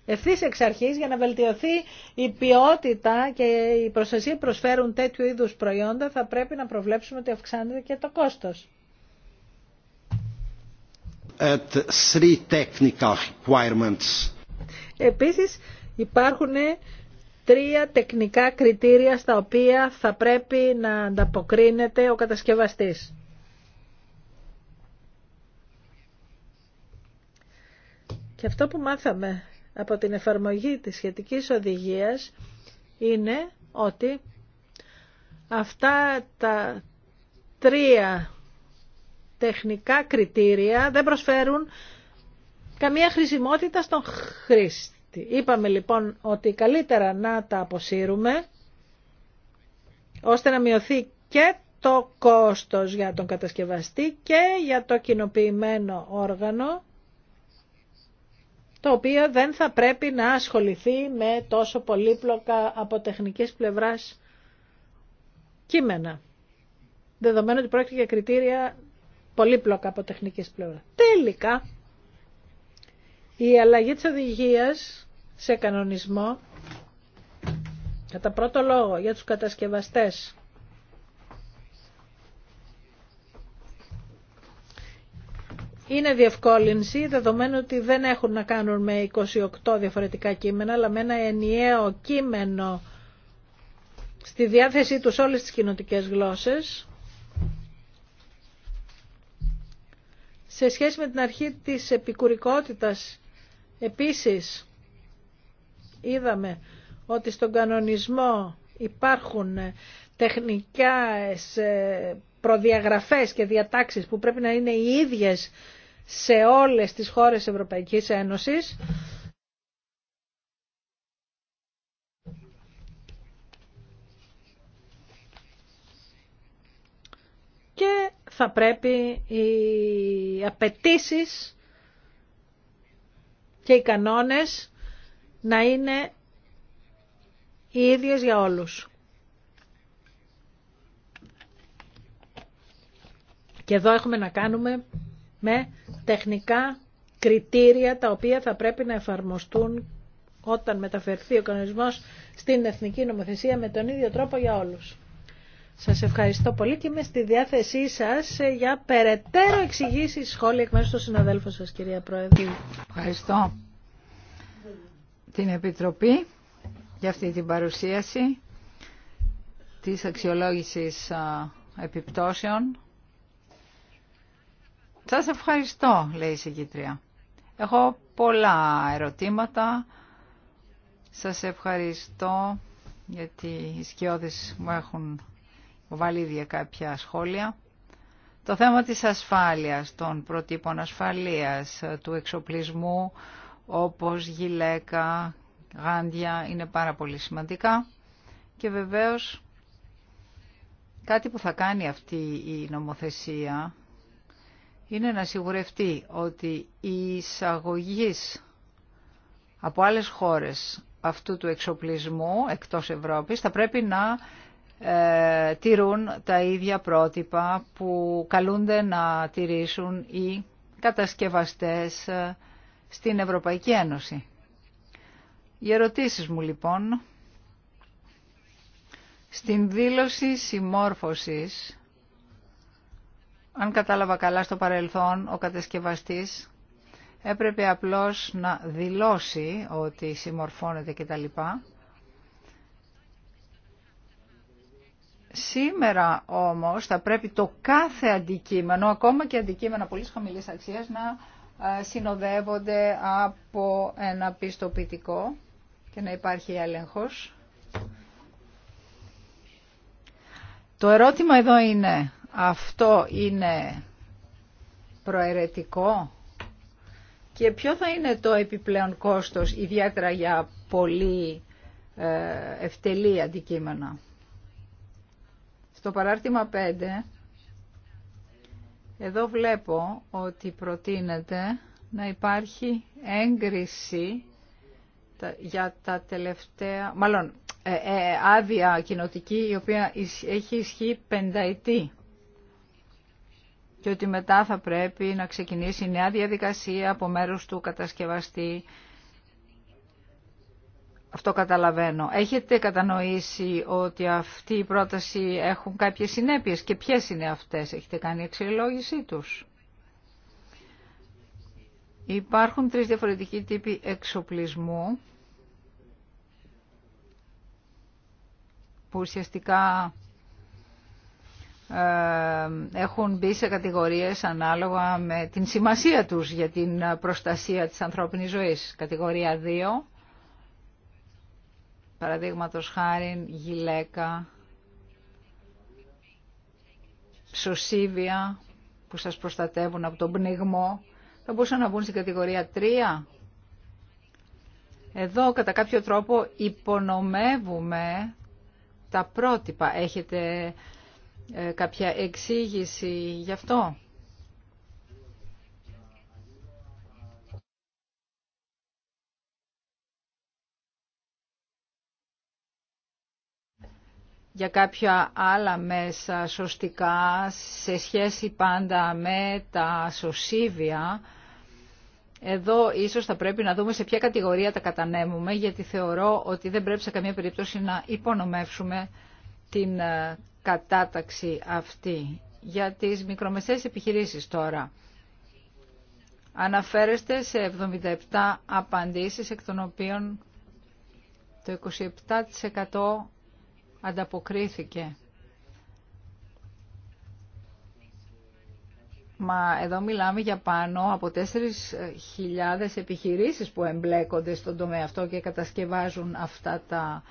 ευθύς εξ αρχής για να βελτιωθεί η ποιότητα και η προστασία προσφέρουν τέτοιου είδους προϊόντα θα πρέπει να προβλέψουμε ότι αυξάνεται και το κόστος. At Επίσης υπάρχουν τρία τεχνικά κριτήρια στα οποία θα πρέπει να ανταποκρίνεται ο κατασκευαστής. Και αυτό που μάθαμε από την εφαρμογή της σχετικής οδηγίας είναι ότι αυτά τα τρία τεχνικά κριτήρια δεν προσφέρουν καμία χρησιμότητα στον χρήστη. Είπαμε λοιπόν ότι καλύτερα να τα αποσύρουμε ώστε να μειωθεί και το κόστος για τον κατασκευαστή και για το κοινοποιημένο όργανο το οποίο δεν θα πρέπει να ασχοληθεί με τόσο πολύπλοκα από τεχνικής πλευράς κείμενα. Δεδομένου ότι πρόκειται για κριτήρια πολύπλοκα από τεχνικής πλευράς. Τελικά, η αλλαγή της οδηγίας σε κανονισμό, κατά πρώτο λόγο για τους κατασκευαστές είναι διευκόλυνση, δεδομένου ότι δεν έχουν να κάνουν με 28 διαφορετικά κείμενα, αλλά με ένα ενιαίο κείμενο στη διάθεσή τους όλες τις κοινοτικές γλώσσες. Σε σχέση με την αρχή της επικουρικότητας, επίσης, είδαμε ότι στον κανονισμό υπάρχουν τεχνικά ε, προδιαγραφές και διατάξεις που πρέπει να είναι οι ίδιες σε όλες τις χώρες Ευρωπαϊκής Ένωσης. Και θα πρέπει οι απαιτήσει και οι κανόνες να είναι οι ίδιες για όλους. Και εδώ έχουμε να κάνουμε με τεχνικά κριτήρια τα οποία θα πρέπει να εφαρμοστούν όταν μεταφερθεί ο κανονισμός στην Εθνική Νομοθεσία με τον ίδιο τρόπο για όλους. Σας ευχαριστώ πολύ και είμαι στη διάθεσή σας για περαιτέρω εξηγήσει σχόλια εκ μέρους του συναδέλφου σας, κυρία Πρόεδρε. Ευχαριστώ την Επιτροπή για αυτή την παρουσίαση της αξιολόγησης επιπτώσεων σας ευχαριστώ, λέει η συγκήτρια. Έχω πολλά ερωτήματα. Σας ευχαριστώ γιατί οι σκιώδεις μου έχουν βάλει ήδη κάποια σχόλια. Το θέμα της ασφάλειας, των προτύπων ασφαλείας, του εξοπλισμού όπως γυλαίκα, γάντια είναι πάρα πολύ σημαντικά και βεβαίως κάτι που θα κάνει αυτή η νομοθεσία είναι να σιγουρευτεί ότι οι εισαγωγή από άλλες χώρες αυτού του εξοπλισμού εκτός Ευρώπης θα πρέπει να ε, τηρούν τα ίδια πρότυπα που καλούνται να τηρήσουν οι κατασκευαστές ε, στην Ευρωπαϊκή Ένωση. Οι ερωτήσεις μου λοιπόν, στην δήλωση συμμόρφωσης αν κατάλαβα καλά στο παρελθόν, ο κατεσκευαστής έπρεπε απλώς να δηλώσει ότι συμμορφώνεται κτλ. Σήμερα όμως θα πρέπει το κάθε αντικείμενο, ακόμα και αντικείμενα πολύ χαμηλής αξίας, να ε, συνοδεύονται από ένα πιστοποιητικό και να υπάρχει έλεγχος. Το ερώτημα εδώ είναι αυτό είναι προαιρετικό και ποιο θα είναι το επιπλέον κόστος ιδιαίτερα για πολύ ε, ευτελή αντικείμενα. Στο παράρτημα 5 εδώ βλέπω ότι προτείνεται να υπάρχει έγκριση για τα τελευταία, μάλλον ε, ε, άδεια κοινοτική η οποία έχει ισχύει πενταετή και ότι μετά θα πρέπει να ξεκινήσει νέα διαδικασία από μέρους του κατασκευαστή. Αυτό καταλαβαίνω. Έχετε κατανοήσει ότι αυτή η πρόταση έχουν κάποιες συνέπειες και ποιες είναι αυτές. Έχετε κάνει εξελόγησή τους. Υπάρχουν τρεις διαφορετικοί τύποι εξοπλισμού που ουσιαστικά ε, έχουν μπει σε κατηγορίες ανάλογα με την σημασία τους για την προστασία της ανθρώπινης ζωής. Κατηγορία 2, παραδείγματος χάριν, γυλαίκα, σωσίβια που σας προστατεύουν από τον πνιγμό, θα μπορούσαν να μπουν στην κατηγορία 3. Εδώ κατά κάποιο τρόπο υπονομεύουμε τα πρότυπα. Έχετε ε, κάποια εξήγηση γι' αυτό. για κάποια άλλα μέσα σωστικά σε σχέση πάντα με τα σωσίβια. Εδώ ίσως θα πρέπει να δούμε σε ποια κατηγορία τα κατανέμουμε γιατί θεωρώ ότι δεν πρέπει σε καμία περίπτωση να υπονομεύσουμε την ε, κατάταξη αυτή. Για τις μικρομεσαίες επιχειρήσεις τώρα. Αναφέρεστε σε 77 απαντήσεις, εκ των οποίων το 27% ανταποκρίθηκε. Μα εδώ μιλάμε για πάνω από 4.000 επιχειρήσεις που εμπλέκονται στον τομέα αυτό και κατασκευάζουν αυτά τα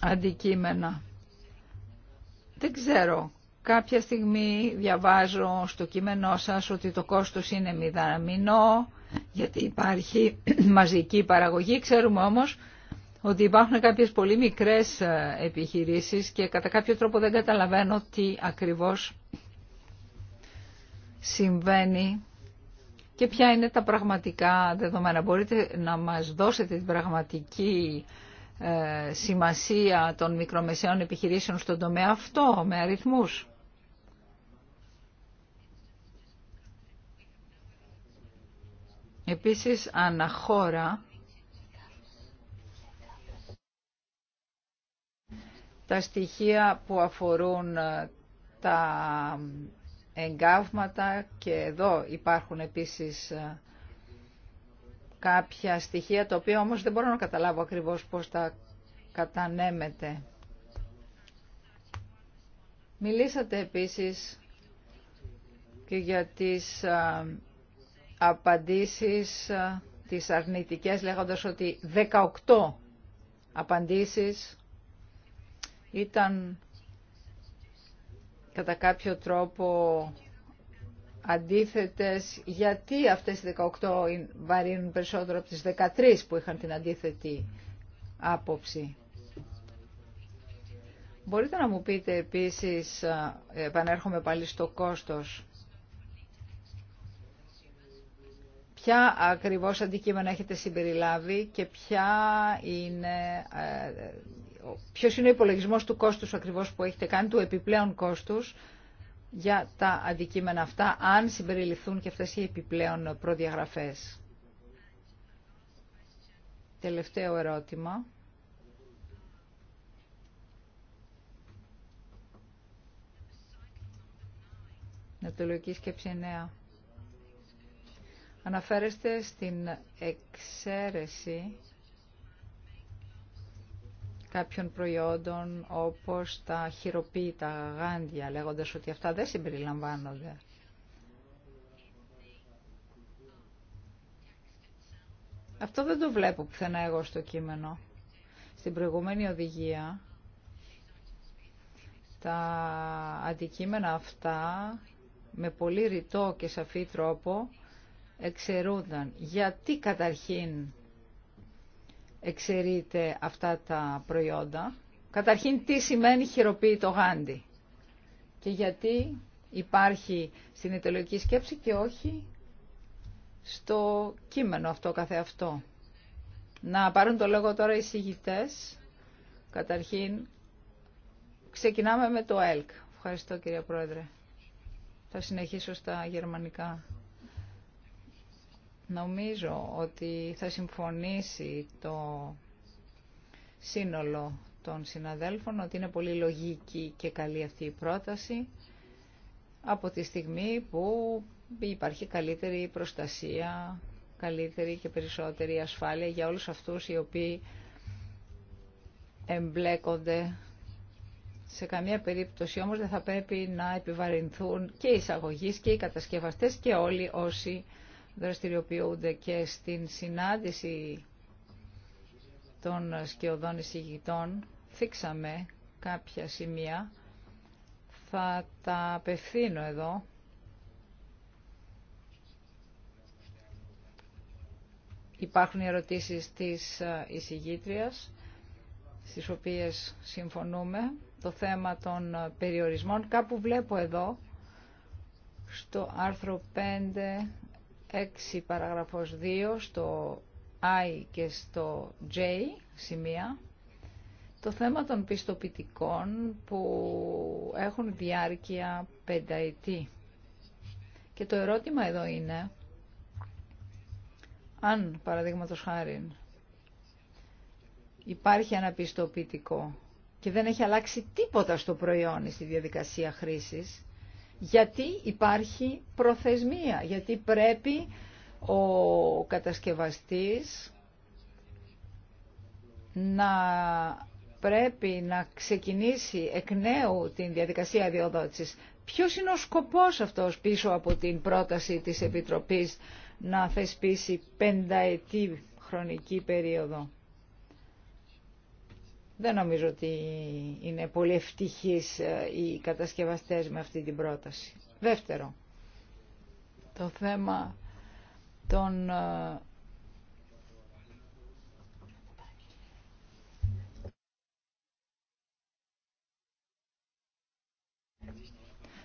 αντικείμενα. Δεν ξέρω. Κάποια στιγμή διαβάζω στο κείμενό σας ότι το κόστος είναι μηδαμινό, γιατί υπάρχει μαζική παραγωγή. Ξέρουμε όμως ότι υπάρχουν κάποιες πολύ μικρές ε, επιχειρήσεις και κατά κάποιο τρόπο δεν καταλαβαίνω τι ακριβώς συμβαίνει και ποια είναι τα πραγματικά δεδομένα. Μπορείτε να μας δώσετε την πραγματική ε, σημασία των μικρομεσαίων επιχειρήσεων στον τομέα αυτό, με αριθμούς. Επίσης, αναχώρα τα στοιχεία που αφορούν ε, τα εγκάβματα και εδώ υπάρχουν επίσης ε, κάποια στοιχεία τα οποία όμως δεν μπορώ να καταλάβω ακριβώς πώς τα κατανέμετε. Μιλήσατε επίσης και για τις απαντήσεις, τις αρνητικές, λέγοντας ότι 18 απαντήσεις ήταν κατά κάποιο τρόπο αντίθετες, γιατί αυτές οι 18 βαρύνουν περισσότερο από τις 13 που είχαν την αντίθετη άποψη. Μπορείτε να μου πείτε επίσης, επανέρχομαι πάλι στο κόστος, ποια ακριβώς αντικείμενα έχετε συμπεριλάβει και ποια είναι, ε, ποιος είναι ο υπολογισμός του κόστους ακριβώς που έχετε κάνει, του επιπλέον κόστους, για τα αντικείμενα αυτά, αν συμπεριληφθούν και αυτές οι επιπλέον προδιαγραφές. Τελευταίο ερώτημα. Νατολογική σκέψη 9. Αναφέρεστε στην εξαίρεση κάποιων προϊόντων όπως τα χειροποίητα γάντια, λέγοντας ότι αυτά δεν συμπεριλαμβάνονται. Αυτό δεν το βλέπω πουθενά εγώ στο κείμενο. Στην προηγούμενη οδηγία τα αντικείμενα αυτά με πολύ ρητό και σαφή τρόπο εξαιρούνταν. Γιατί καταρχήν εξαιρείται αυτά τα προϊόντα. Καταρχήν τι σημαίνει χειροποίητο γάντι και γιατί υπάρχει στην ιτελογική σκέψη και όχι στο κείμενο αυτό καθεαυτό. Να πάρουν το λόγο τώρα οι συγητές. Καταρχήν ξεκινάμε με το ΕΛΚ. Ευχαριστώ κυρία Πρόεδρε. Θα συνεχίσω στα γερμανικά. Νομίζω ότι θα συμφωνήσει το σύνολο των συναδέλφων ότι είναι πολύ λογική και καλή αυτή η πρόταση από τη στιγμή που υπάρχει καλύτερη προστασία, καλύτερη και περισσότερη ασφάλεια για όλους αυτούς οι οποίοι εμπλέκονται. Σε καμία περίπτωση όμως δεν θα πρέπει να επιβαρυνθούν και οι εισαγωγείς και οι κατασκευαστές και όλοι όσοι δραστηριοποιούνται και στην συνάντηση των σκιωδών εισηγητών θίξαμε κάποια σημεία. Θα τα απευθύνω εδώ. Υπάρχουν οι ερωτήσεις της εισηγήτριας, στις οποίες συμφωνούμε. Το θέμα των περιορισμών. Κάπου βλέπω εδώ, στο άρθρο 5, 6 παραγραφός 2 στο I και στο J σημεία το θέμα των πιστοποιητικών που έχουν διάρκεια πενταετή. Και το ερώτημα εδώ είναι αν παραδείγματο χάρη υπάρχει ένα πιστοποιητικό και δεν έχει αλλάξει τίποτα στο προϊόν στη διαδικασία χρήσης γιατί υπάρχει προθεσμία, γιατί πρέπει ο κατασκευαστής να πρέπει να ξεκινήσει εκ νέου την διαδικασία αδειοδότησης. Ποιος είναι ο σκοπός αυτός πίσω από την πρόταση της Επιτροπής να θεσπίσει πενταετή χρονική περίοδο. Δεν νομίζω ότι είναι πολύ ευτυχείς ε, οι κατασκευαστές με αυτή την πρόταση. Δεύτερο, το θέμα των ε,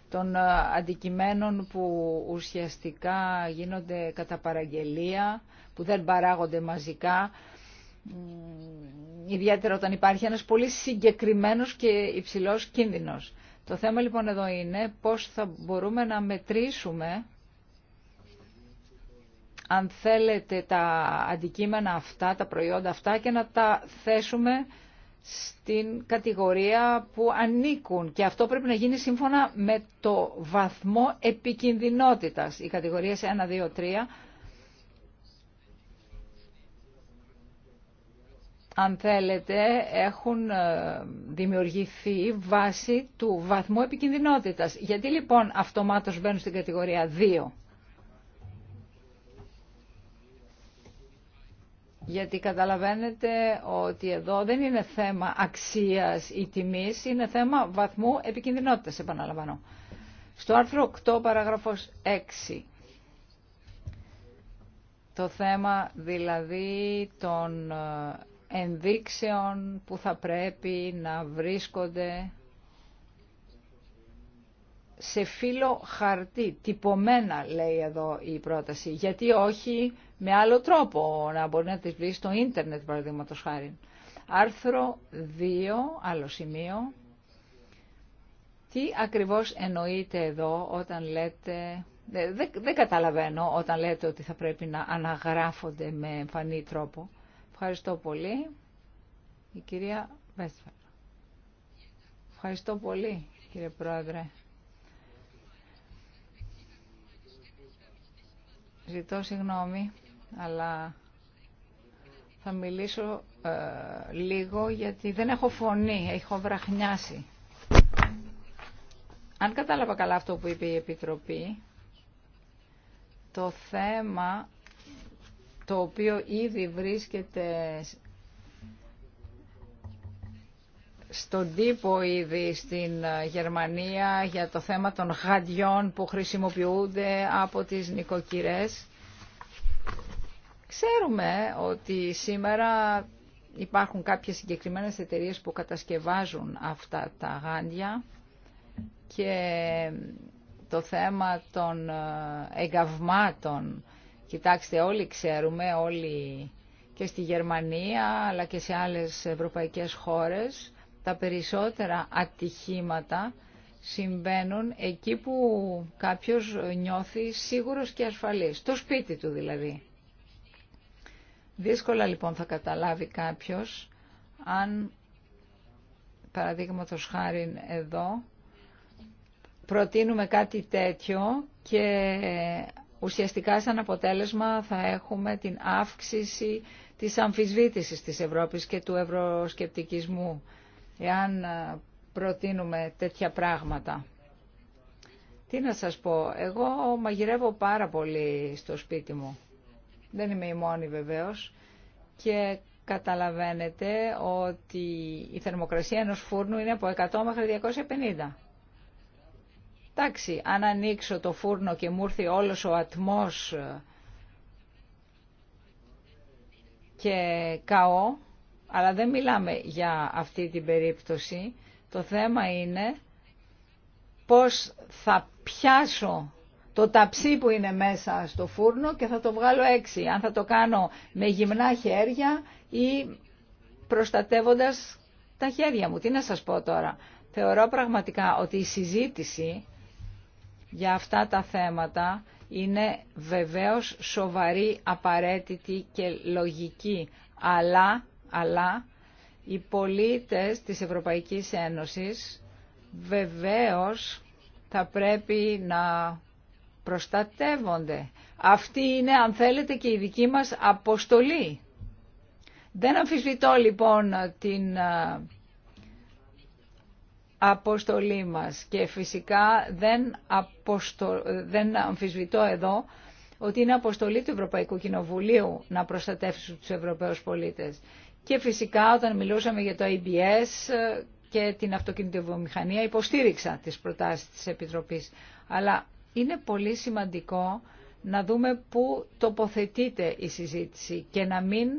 των ε, αντικειμένων που ουσιαστικά γίνονται κατά παραγγελία, που δεν παράγονται μαζικά ιδιαίτερα όταν υπάρχει ένας πολύ συγκεκριμένος και υψηλός κίνδυνος. Το θέμα λοιπόν εδώ είναι πώς θα μπορούμε να μετρήσουμε αν θέλετε τα αντικείμενα αυτά, τα προϊόντα αυτά και να τα θέσουμε στην κατηγορία που ανήκουν. Και αυτό πρέπει να γίνει σύμφωνα με το βαθμό επικινδυνότητας. Οι κατηγορίες 1, 2, 3 αν θέλετε, έχουν ε, δημιουργηθεί βάσει του βαθμού επικινδυνότητας. Γιατί λοιπόν αυτομάτως μπαίνουν στην κατηγορία 2. Γιατί καταλαβαίνετε ότι εδώ δεν είναι θέμα αξίας ή τιμής, είναι θέμα βαθμού επικινδυνότητας, επαναλαμβάνω. Στο άρθρο 8, παράγραφος 6, το θέμα δηλαδή των ε, ενδείξεων που θα πρέπει να βρίσκονται σε φύλλο χαρτί, τυπωμένα λέει εδώ η πρόταση, γιατί όχι με άλλο τρόπο να μπορεί να τις βρει στο ίντερνετ παραδείγματος χάρη. Άρθρο 2, άλλο σημείο. Τι ακριβώς εννοείται εδώ όταν λέτε... Δεν, δεν καταλαβαίνω όταν λέτε ότι θα πρέπει να αναγράφονται με εμφανή τρόπο. Ευχαριστώ πολύ. Η κυρία Βέσφαλ. Ευχαριστώ πολύ, κύριε Πρόεδρε. Ζητώ συγγνώμη, αλλά θα μιλήσω ε, λίγο γιατί δεν έχω φωνή, έχω βραχνιάσει. Αν κατάλαβα καλά αυτό που είπε η Επιτροπή, το θέμα το οποίο ήδη βρίσκεται στον τύπο ήδη στην ε, Γερμανία για το θέμα των γαντιών που χρησιμοποιούνται από τις νοικοκυρές. Ξέρουμε ότι σήμερα υπάρχουν κάποιες συγκεκριμένες εταιρείες που κατασκευάζουν αυτά τα γάντια και το θέμα των ε, εγκαυμάτων Κοιτάξτε, όλοι ξέρουμε, όλοι και στη Γερμανία αλλά και σε άλλες ευρωπαϊκές χώρες, τα περισσότερα ατυχήματα συμβαίνουν εκεί που κάποιος νιώθει σίγουρος και ασφαλής, στο σπίτι του δηλαδή. Δύσκολα λοιπόν θα καταλάβει κάποιος αν παραδείγματο χάρη εδώ προτείνουμε κάτι τέτοιο και Ουσιαστικά σαν αποτέλεσμα θα έχουμε την αύξηση της αμφισβήτησης της Ευρώπης και του ευρωσκεπτικισμού, εάν ε, προτείνουμε τέτοια πράγματα. Τι να σας πω, εγώ μαγειρεύω πάρα πολύ στο σπίτι μου. Δεν είμαι η μόνη βεβαίως και καταλαβαίνετε ότι η θερμοκρασία ενός φούρνου είναι από 100 μέχρι 250. Εντάξει, αν ανοίξω το φούρνο και μου έρθει όλος ο ατμός ε, και καώ, αλλά δεν μιλάμε για αυτή την περίπτωση. Το θέμα είναι πώς θα πιάσω το ταψί που είναι μέσα στο φούρνο και θα το βγάλω έξι. Αν θα το κάνω με γυμνά χέρια ή προστατεύοντας τα χέρια μου. Τι να σας πω τώρα. Θεωρώ πραγματικά ότι η συζήτηση για αυτά τα θέματα είναι βεβαίως σοβαρή, απαραίτητη και λογική. Αλλά, αλλά οι πολίτες της Ευρωπαϊκής Ένωσης βεβαίως θα πρέπει να προστατεύονται. Αυτή είναι, αν θέλετε, και η δική μας αποστολή. Δεν αμφισβητώ λοιπόν την αποστολή μας. Και φυσικά δεν, αποστο... δεν αμφισβητώ εδώ ότι είναι αποστολή του Ευρωπαϊκού Κοινοβουλίου να προστατεύσουν τους Ευρωπαίους πολίτες. Και φυσικά όταν μιλούσαμε για το ABS ε, και την αυτοκινητοβιομηχανία υποστήριξα τις προτάσεις της Επιτροπής. Αλλά είναι πολύ σημαντικό να δούμε πού τοποθετείται η συζήτηση και να μην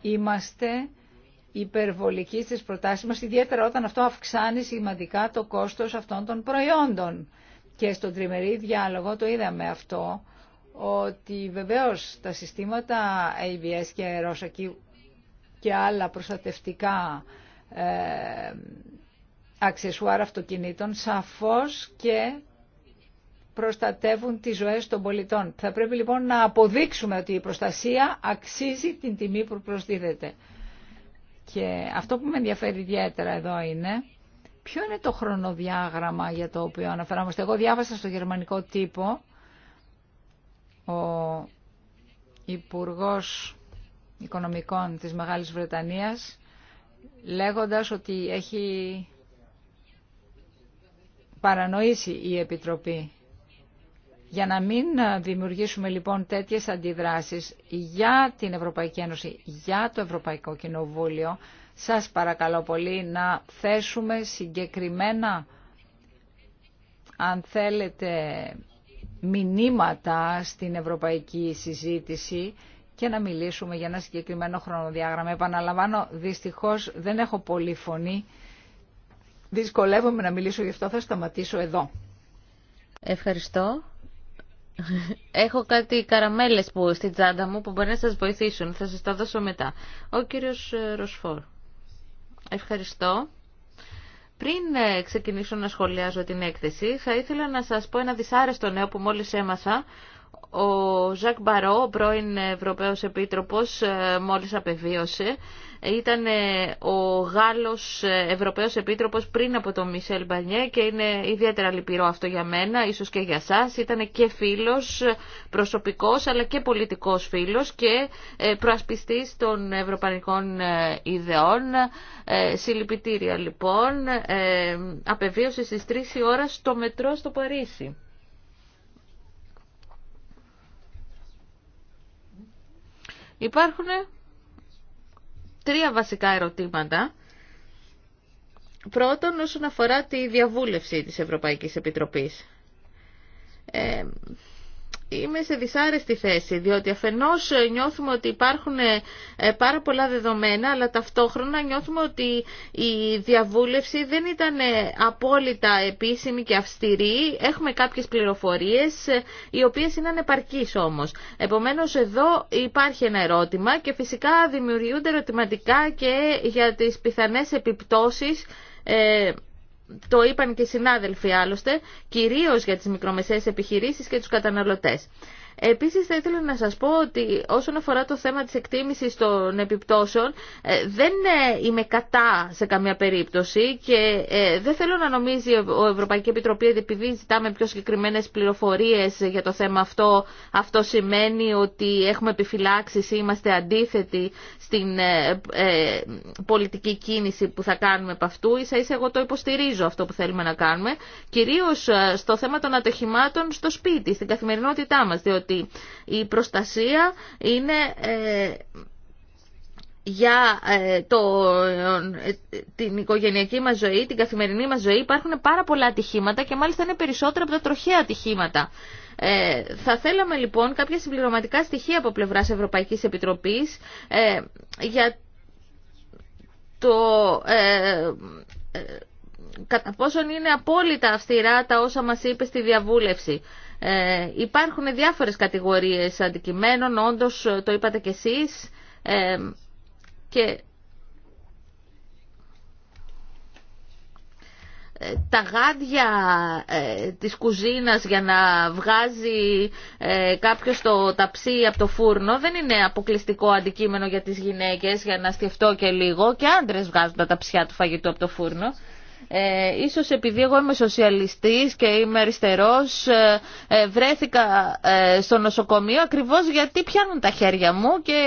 είμαστε υπερβολική στις προτάσεις μας, ιδιαίτερα όταν αυτό αυξάνει σημαντικά το κόστος αυτών των προϊόντων. Και στον τριμερή διάλογο το είδαμε αυτό, ότι βεβαίως τα συστήματα ABS και αερόσακη και άλλα προστατευτικά ε, αξεσουάρ αυτοκινήτων σαφώς και προστατεύουν τις ζωές των πολιτών. Θα πρέπει λοιπόν να αποδείξουμε ότι η προστασία αξίζει την τιμή που προσδίδεται. Και αυτό που με ενδιαφέρει ιδιαίτερα εδώ είναι ποιο είναι το χρονοδιάγραμμα για το οποίο αναφεράμαστε. Εγώ διάβασα στο γερμανικό τύπο ο υπουργό Οικονομικών της Μεγάλης Βρετανίας λέγοντας ότι έχει παρανοήσει η Επιτροπή για να μην ε, δημιουργήσουμε λοιπόν τέτοιες αντιδράσεις για την Ευρωπαϊκή Ένωση, για το Ευρωπαϊκό Κοινοβούλιο, σας παρακαλώ πολύ να θέσουμε συγκεκριμένα, αν θέλετε, μηνύματα στην ευρωπαϊκή συζήτηση και να μιλήσουμε για ένα συγκεκριμένο χρονοδιάγραμμα. Επαναλαμβάνω, δυστυχώς δεν έχω πολύ φωνή. Δυσκολεύομαι να μιλήσω γι' αυτό, θα σταματήσω εδώ. Ευχαριστώ. Έχω κάτι καραμέλες που στη τσάντα μου που μπορεί να σας βοηθήσουν. Θα σας τα δώσω μετά. Ο κύριος ε, Ροσφόρ. Ευχαριστώ. Πριν ε, ξεκινήσω να σχολιάζω την έκθεση, θα ήθελα να σας πω ένα δυσάρεστο νέο που μόλις έμαθα ο Ζακ Μπαρό, ο πρώην Ευρωπαίος Επίτροπος, ε, μόλις απεβίωσε. Ήταν ε, ο Γάλλος ε, Ευρωπαίος Επίτροπος πριν από τον Μισελ Μπανιέ και είναι ιδιαίτερα λυπηρό αυτό για μένα, ίσως και για σας. Ήταν και φίλος προσωπικός αλλά και πολιτικός φίλος και προασπιστής των ευρωπαϊκών ιδεών. Συλληπιτήρια λοιπόν. Απεβίωσε στις 3 η ώρα στο μετρό στο Παρίσι. Υπάρχουν τρία βασικά ερωτήματα. Πρώτον, όσον αφορά τη διαβούλευση της Ευρωπαϊκής Επιτροπής. Ε, είμαι σε δυσάρεστη θέση, διότι αφενός νιώθουμε ότι υπάρχουν ε, πάρα πολλά δεδομένα, αλλά ταυτόχρονα νιώθουμε ότι η διαβούλευση δεν ήταν ε, απόλυτα επίσημη και αυστηρή. Έχουμε κάποιες πληροφορίες, ε, οι οποίες είναι ανεπαρκείς όμως. Επομένως εδώ υπάρχει ένα ερώτημα και φυσικά δημιουργούνται ερωτηματικά και για τις πιθανές επιπτώσεις το είπαν και οι συνάδελφοι άλλωστε, κυρίως για τις μικρομεσαίες επιχειρήσεις και τους καταναλωτές. Επίσης θα ήθελα να σας πω ότι όσον αφορά το θέμα της εκτίμησης των επιπτώσεων ε, δεν ε, είμαι κατά σε καμία περίπτωση και ε, δεν θέλω να νομίζει η Ευρωπαϊκή Επιτροπή επειδή ζητάμε πιο συγκεκριμένε πληροφορίες για το θέμα αυτό αυτό σημαίνει ότι έχουμε επιφυλάξει ή είμαστε αντίθετοι στην πολιτική κίνηση που θα κάνουμε από αυτού ίσα ίσα εγώ το υποστηρίζω αυτό που θέλουμε να κάνουμε κυρίως στο θέμα των ατοχημάτων στο σπίτι, στην καθημερινότητά μας ότι η προστασία είναι ε, για ε, το, ε, την οικογενειακή μας ζωή, την καθημερινή μας ζωή υπάρχουν πάρα πολλά ατυχήματα και μάλιστα είναι περισσότερα από τα τροχαία ατυχήματα. Ε, θα θέλαμε λοιπόν κάποια συμπληρωματικά στοιχεία από πλευράς Ευρωπαϊκής Επιτροπής ε, για το... Ε, κατά πόσον είναι απόλυτα αυστηρά τα όσα μας είπε στη διαβούλευση. Ε, υπάρχουν διάφορες κατηγορίες αντικειμένων, όντως ε, το είπατε κι εσείς. Ε, και ε, τα γάντια ε, της κουζίνας για να βγάζει ε, κάποιος το ταψί από το φούρνο δεν είναι αποκλειστικό αντικείμενο για τις γυναίκες για να σκεφτώ και λίγο και άντρες βγάζουν τα ταψιά του φαγητού από το φούρνο ε, ίσως επειδή εγώ είμαι σοσιαλιστής και είμαι αριστερός ε, ε, βρέθηκα ε, στο νοσοκομείο ακριβώς γιατί πιάνουν τα χέρια μου και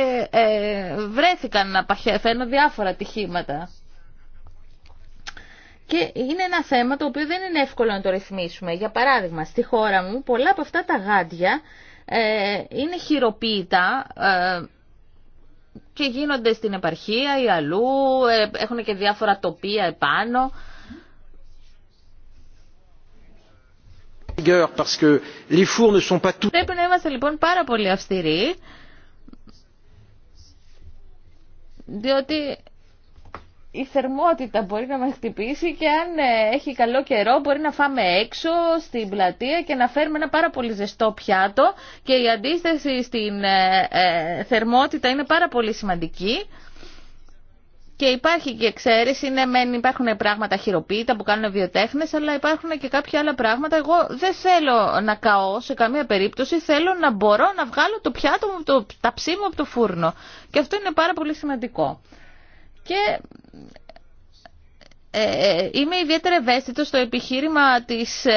βρέθηκαν να φαίνω διάφορα τυχήματα. Και είναι ένα θέμα το οποίο δεν είναι εύκολο να το ρυθμίσουμε. Για παράδειγμα, στη χώρα μου πολλά από αυτά τα γάντια είναι χειροποίητα και γίνονται στην επαρχία ή αλλού, έχουν και διάφορα τοπία επάνω. Πρέπει να είμαστε λοιπόν πάρα πολύ αυστηροί, διότι η θερμότητα μπορεί να μας χτυπήσει και αν ε, έχει καλό καιρό μπορεί να φάμε έξω στην πλατεία και να φέρουμε ένα πάρα πολύ ζεστό πιάτο και η αντίσταση στην ε, ε, θερμότητα είναι πάρα πολύ σημαντική. Και υπάρχει και εξαίρεση, ναι, μεν υπάρχουν πράγματα χειροποίητα που κάνουν βιοτέχνε, αλλά υπάρχουν και κάποια άλλα πράγματα. Εγώ δεν θέλω να καώ σε καμία περίπτωση. Θέλω να μπορώ να βγάλω το πιάτο μου, το ταψί μου από το φούρνο. Και αυτό είναι πάρα πολύ σημαντικό. Και ε, ε, είμαι ιδιαίτερα ευαίσθητο στο επιχείρημα της ε,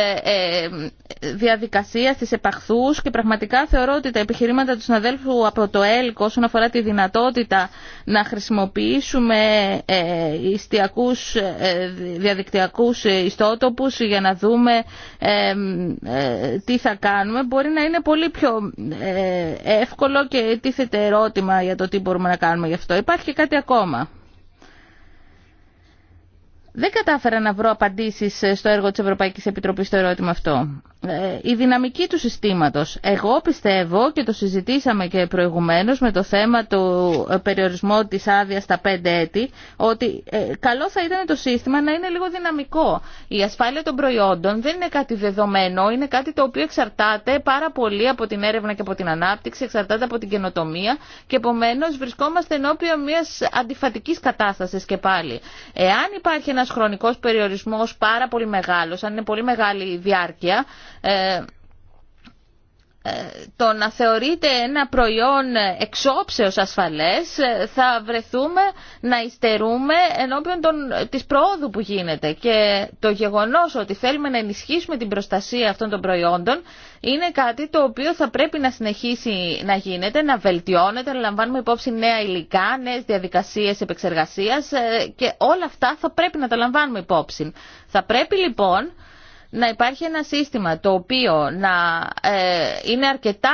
διαδικασίας, της επαχθούς και πραγματικά θεωρώ ότι τα επιχειρήματα του συναδέλφου από το ΕΛΚ όσον αφορά τη δυνατότητα να χρησιμοποιήσουμε ιστιακούς, διαδικτυακούς ιστότοπους για να δούμε τι θα κάνουμε μπορεί να είναι πολύ πιο εύκολο και τίθεται ερώτημα για το τι μπορούμε να κάνουμε γι' αυτό. Υπάρχει και κάτι ακόμα. Δεν κατάφερα να βρω απαντήσεις ε, στο έργο της Ευρωπαϊκής Επιτροπής στο ερώτημα αυτό. Ε, η δυναμική του συστήματος. Εγώ πιστεύω και το συζητήσαμε και προηγουμένως με το θέμα του ε, περιορισμού της άδεια στα 5 έτη ότι καλό θα ήταν το σύστημα να είναι λίγο δυναμικό. Η ασφάλεια των προϊόντων δεν είναι κάτι δεδομένο, είναι κάτι το οποίο εξαρτάται πάρα πολύ από την έρευνα και από την ανάπτυξη, εξαρτάται από την καινοτομία και επομένω βρισκόμαστε ενώπιον μιας αντιφατικής κατάσταση και πάλι. Εάν υπάρχει ένας χρονικός περιορισμός πάρα πολύ μεγάλος, αν είναι πολύ μεγάλη η διάρκεια, ε, ε, το να θεωρείται ένα προϊόν εξόψεως ασφαλές ε, θα βρεθούμε να υστερούμε ενώπιον των, της προόδου που γίνεται και το γεγονός ότι θέλουμε να ενισχύσουμε την προστασία αυτών των προϊόντων είναι κάτι το οποίο θα πρέπει να συνεχίσει να γίνεται, να βελτιώνεται, να λαμβάνουμε υπόψη νέα υλικά, νέες διαδικασίες επεξεργασίας ε, και όλα αυτά θα πρέπει να τα λαμβάνουμε υπόψη. Θα πρέπει λοιπόν να υπάρχει ένα σύστημα το οποίο να ε, είναι αρκετά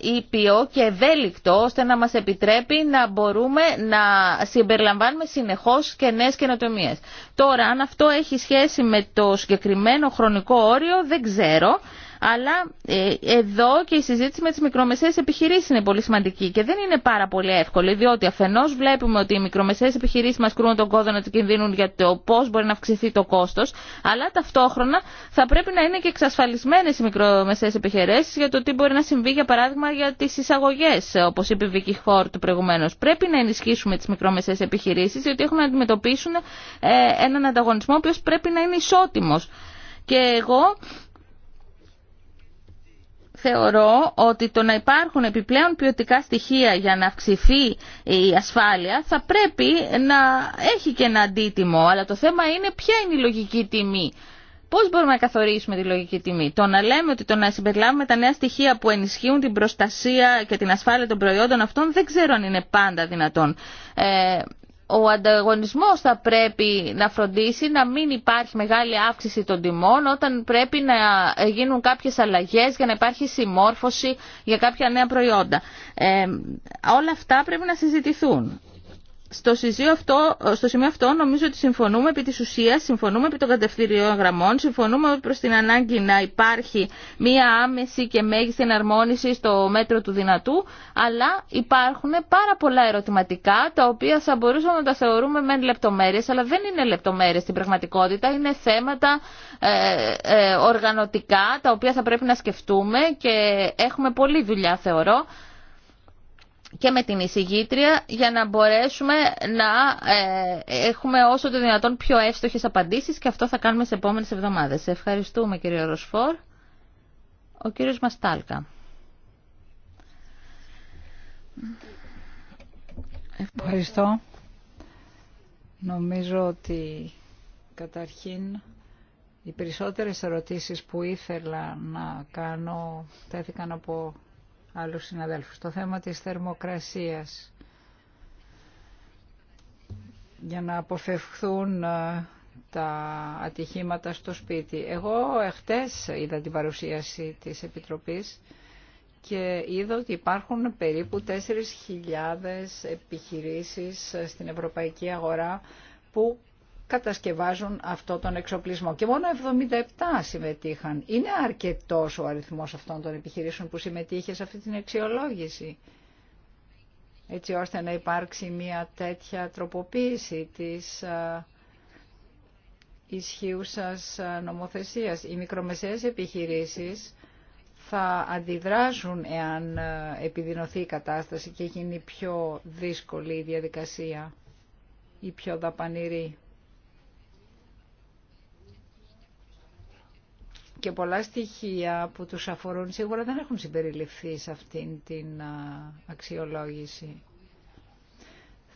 ήπιο και ευέλικτο ώστε να μας επιτρέπει να μπορούμε να συμπεριλαμβάνουμε συνεχώς και νέες καινοτομίες. Τώρα, αν αυτό έχει σχέση με το συγκεκριμένο χρονικό όριο, δεν ξέρω. Αλλά ε, εδώ και η συζήτηση με τις μικρομεσαίες επιχειρήσεις είναι πολύ σημαντική και δεν είναι πάρα πολύ εύκολη, διότι αφενός βλέπουμε ότι οι μικρομεσαίες επιχειρήσεις μας κρούν τον κόδωνα του κινδύνου για το πώς μπορεί να αυξηθεί το κόστος, αλλά ταυτόχρονα θα πρέπει να είναι και εξασφαλισμένες οι μικρομεσαίες επιχειρήσεις για το τι μπορεί να συμβεί, για παράδειγμα, για τις εισαγωγές, όπως είπε η Βίκυ Χόρτ προηγουμένω. Πρέπει να ενισχύσουμε τις μικρομεσαίες επιχειρήσεις, διότι έχουν να αντιμετωπίσουν ε, έναν ανταγωνισμό ο οποίος πρέπει να είναι ισότιμος. Και εγώ θεωρώ ότι το να υπάρχουν επιπλέον ποιοτικά στοιχεία για να αυξηθεί η ασφάλεια θα πρέπει να έχει και ένα αντίτιμο. Αλλά το θέμα είναι ποια είναι η λογική τιμή. Πώς μπορούμε να καθορίσουμε τη λογική τιμή. Το να λέμε ότι το να συμπεριλάβουμε τα νέα στοιχεία που ενισχύουν την προστασία και την ασφάλεια των προϊόντων αυτών δεν ξέρω αν είναι πάντα δυνατόν. Ε, ο ανταγωνισμός θα πρέπει να φροντίσει να μην υπάρχει μεγάλη αύξηση των τιμών όταν πρέπει να γίνουν κάποιες αλλαγές για να υπάρχει συμμόρφωση για κάποια νέα προϊόντα. Ε, όλα αυτά πρέπει να συζητηθούν στο, αυτό, στο σημείο αυτό νομίζω ότι συμφωνούμε επί της ουσίας, συμφωνούμε επί των κατευθυντηριών γραμμών, συμφωνούμε προς την ανάγκη να υπάρχει μία άμεση και μέγιστη εναρμόνιση στο μέτρο του δυνατού, αλλά υπάρχουν πάρα πολλά ερωτηματικά τα οποία θα μπορούσαμε να τα θεωρούμε με λεπτομέρειες, αλλά δεν είναι λεπτομέρειες στην πραγματικότητα, είναι θέματα ε, ε, οργανωτικά τα οποία θα πρέπει να σκεφτούμε και έχουμε πολλή δουλειά θεωρώ και με την εισηγήτρια για να μπορέσουμε να ε, έχουμε όσο το δυνατόν πιο εύστοχες απαντήσεις και αυτό θα κάνουμε σε επόμενες εβδομάδες. Ευχαριστούμε κύριε Ροσφόρ. Ο κύριος Μαστάλκα. Ευχαριστώ. Νομίζω ότι καταρχήν οι περισσότερες ερωτήσεις που ήθελα να κάνω τέθηκαν από άλλους συναδέλφους. Το θέμα της θερμοκρασίας για να αποφευχθούν ε, τα ατυχήματα στο σπίτι. Εγώ εχθές είδα την παρουσίαση της Επιτροπής και είδα ότι υπάρχουν περίπου 4.000 επιχειρήσεις στην ευρωπαϊκή αγορά που κατασκευάζουν αυτό τον εξοπλισμό. Και μόνο 77 συμμετείχαν. Είναι αρκετός ο αριθμός αυτών των επιχειρήσεων που συμμετείχε σε αυτή την αξιολόγηση. Έτσι ώστε να υπάρξει μια τέτοια τροποποίηση της ισχύουσας νομοθεσίας. Οι μικρομεσαίες επιχειρήσεις θα αντιδράσουν εάν επιδεινωθεί η κατάσταση και γίνει πιο δύσκολη η διαδικασία ή πιο δαπανηρή. και πολλά στοιχεία που τους αφορούν σίγουρα δεν έχουν συμπεριληφθεί σε αυτήν την αξιολόγηση.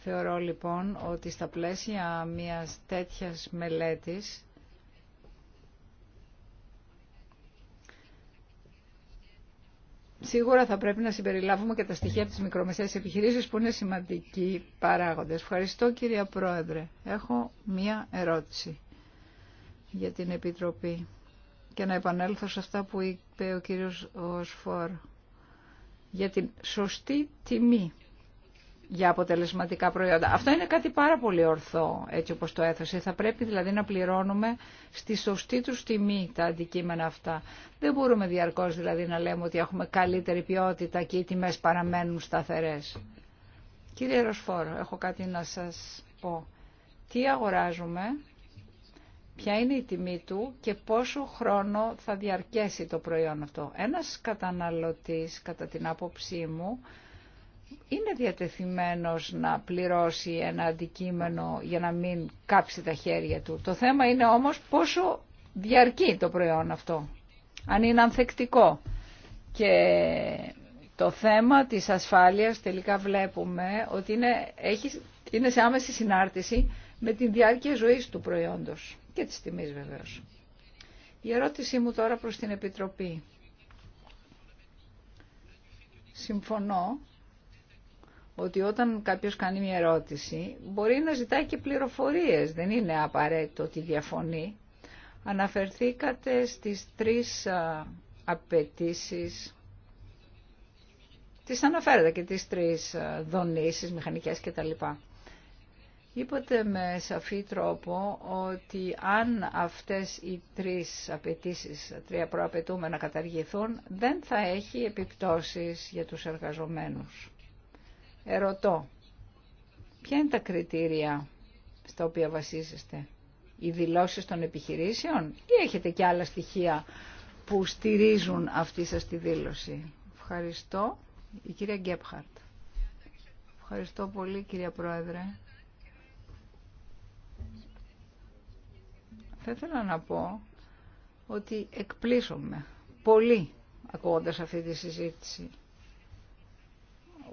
Θεωρώ λοιπόν ότι στα πλαίσια μιας τέτοιας μελέτης Σίγουρα θα πρέπει να συμπεριλάβουμε και τα στοιχεία από τις μικρομεσαίες επιχειρήσεις που είναι σημαντικοί παράγοντες. Ευχαριστώ κυρία Πρόεδρε. Έχω μία ερώτηση για την Επιτροπή και να επανέλθω σε αυτά που είπε ο κύριος Οσφόρ για την σωστή τιμή για αποτελεσματικά προϊόντα. Αυτό είναι κάτι πάρα πολύ ορθό, έτσι όπως το έθεσε. Θα πρέπει δηλαδή να πληρώνουμε στη σωστή τους τιμή τα αντικείμενα αυτά. Δεν μπορούμε διαρκώς δηλαδή να λέμε ότι έχουμε καλύτερη ποιότητα και οι τιμές παραμένουν σταθερές. Κύριε Ροσφόρο, έχω κάτι να σας πω. Τι αγοράζουμε ποια είναι η τιμή του και πόσο χρόνο θα διαρκέσει το προϊόν αυτό. Ένας καταναλωτής, κατά την άποψή μου, είναι διατεθειμένος να πληρώσει ένα αντικείμενο για να μην κάψει τα χέρια του. Το θέμα είναι όμως πόσο διαρκεί το προϊόν αυτό, αν είναι ανθεκτικό. Και το θέμα της ασφάλειας τελικά βλέπουμε ότι είναι, έχει, είναι σε άμεση συνάρτηση με την διάρκεια ζωής του προϊόντος και της τιμής βεβαίως. Η ερώτησή μου τώρα προς την Επιτροπή. Συμφωνώ ότι όταν κάποιος κάνει μια ερώτηση μπορεί να ζητάει και πληροφορίες, δεν είναι απαραίτητο ότι διαφωνεί. Αναφερθήκατε στις τρεις απαιτήσει. Τις αναφέρατε και τις τρεις δονήσεις, μηχανικές κτλ. Είπατε με σαφή τρόπο ότι αν αυτές οι τρεις απαιτήσεις, τρία προαπαιτούμενα καταργηθούν, δεν θα έχει επιπτώσεις για τους εργαζομένους. Ερωτώ, ποια είναι τα κριτήρια στα οποία βασίζεστε, οι δηλώσεις των επιχειρήσεων ή έχετε και άλλα στοιχεία που στηρίζουν αυτή σας τη δήλωση. Ευχαριστώ. Η κυρία Γκέπχαρτ. Ευχαριστώ πολύ κυρία Πρόεδρε. θα ήθελα να πω ότι εκπλήσωμαι πολύ ακούγοντας αυτή τη συζήτηση.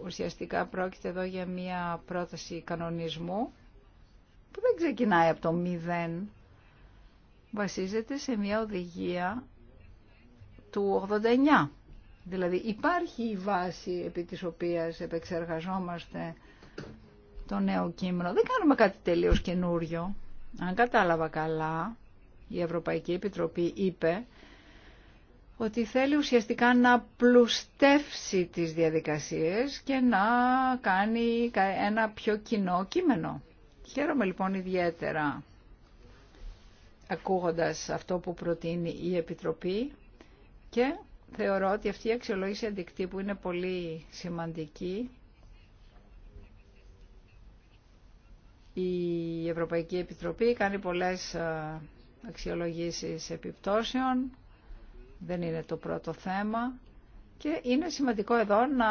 Ουσιαστικά πρόκειται εδώ για μία πρόταση κανονισμού που δεν ξεκινάει από το μηδέν. Βασίζεται σε μία οδηγία του 89. Δηλαδή υπάρχει η βάση επί της οποίας επεξεργαζόμαστε το νέο κείμενο. Δεν κάνουμε κάτι τελείως καινούριο. Αν κατάλαβα καλά, η Ευρωπαϊκή Επιτροπή είπε ότι θέλει ουσιαστικά να πλουστεύσει τις διαδικασίες και να κάνει ένα πιο κοινό κείμενο. Χαίρομαι λοιπόν ιδιαίτερα ακούγοντας αυτό που προτείνει η Επιτροπή και θεωρώ ότι αυτή η αξιολόγηση αντικτύπου είναι πολύ σημαντική. Η Ευρωπαϊκή Επιτροπή κάνει πολλές ε, αξιολογήσεις επιπτώσεων, δεν είναι το πρώτο θέμα και είναι σημαντικό εδώ να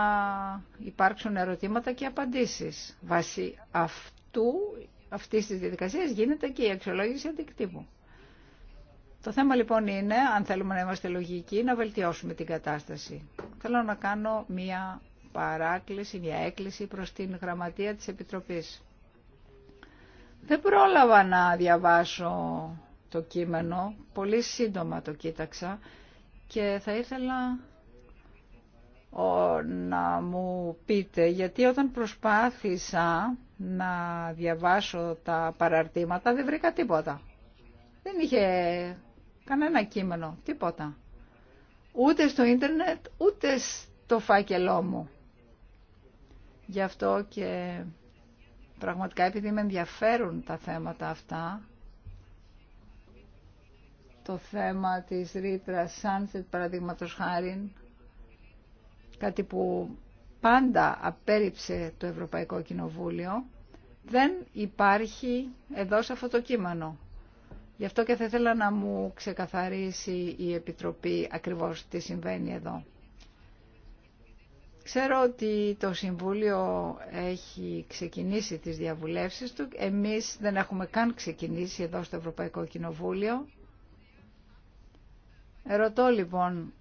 υπάρξουν ερωτήματα και απαντήσεις. Βάσει αυτού, αυτής της διαδικασίας γίνεται και η αξιολόγηση αντικτύπου. Το θέμα λοιπόν είναι, αν θέλουμε να είμαστε λογικοί, να βελτιώσουμε την κατάσταση. Θέλω να κάνω μία παράκληση, μία έκκληση προς την γραμματεία της Επιτροπής. Δεν πρόλαβα να διαβάσω το κείμενο. Πολύ σύντομα το κοίταξα και θα ήθελα να μου πείτε, γιατί όταν προσπάθησα να διαβάσω τα παραρτήματα δεν βρήκα τίποτα. Δεν είχε κανένα κείμενο, τίποτα. Ούτε στο ίντερνετ, ούτε στο φάκελό μου. Γι' αυτό και πραγματικά επειδή με ενδιαφέρουν τα θέματα αυτά, το θέμα της ρήτρα Sunset παραδείγματο χάρη, κάτι που πάντα απέριψε το Ευρωπαϊκό Κοινοβούλιο, δεν υπάρχει εδώ σε αυτό το κείμενο. Γι' αυτό και θα ήθελα να μου ξεκαθαρίσει η Επιτροπή ακριβώς τι συμβαίνει εδώ. Ξέρω ότι το Συμβούλιο έχει ξεκινήσει τις διαβουλεύσεις του. Εμείς δεν έχουμε καν ξεκινήσει εδώ στο Ευρωπαϊκό Κοινοβούλιο. Ρωτώ λοιπόν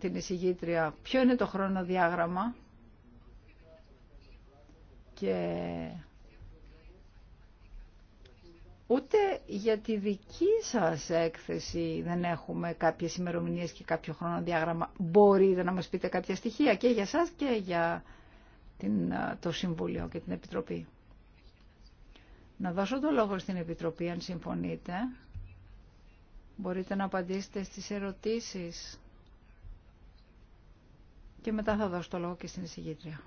την εισηγήτρια ποιο είναι το χρονοδιάγραμμα και ούτε για τη δική σας έκθεση δεν έχουμε κάποιες ημερομηνίες και κάποιο χρονοδιάγραμμα. Μπορείτε να μας πείτε κάποια στοιχεία και για σας και για την, το Συμβούλιο και την Επιτροπή. Να δώσω το λόγο στην Επιτροπή αν συμφωνείτε. Μπορείτε να απαντήσετε στις ερωτήσεις και μετά θα δώσω το λόγο και στην εισηγήτρια.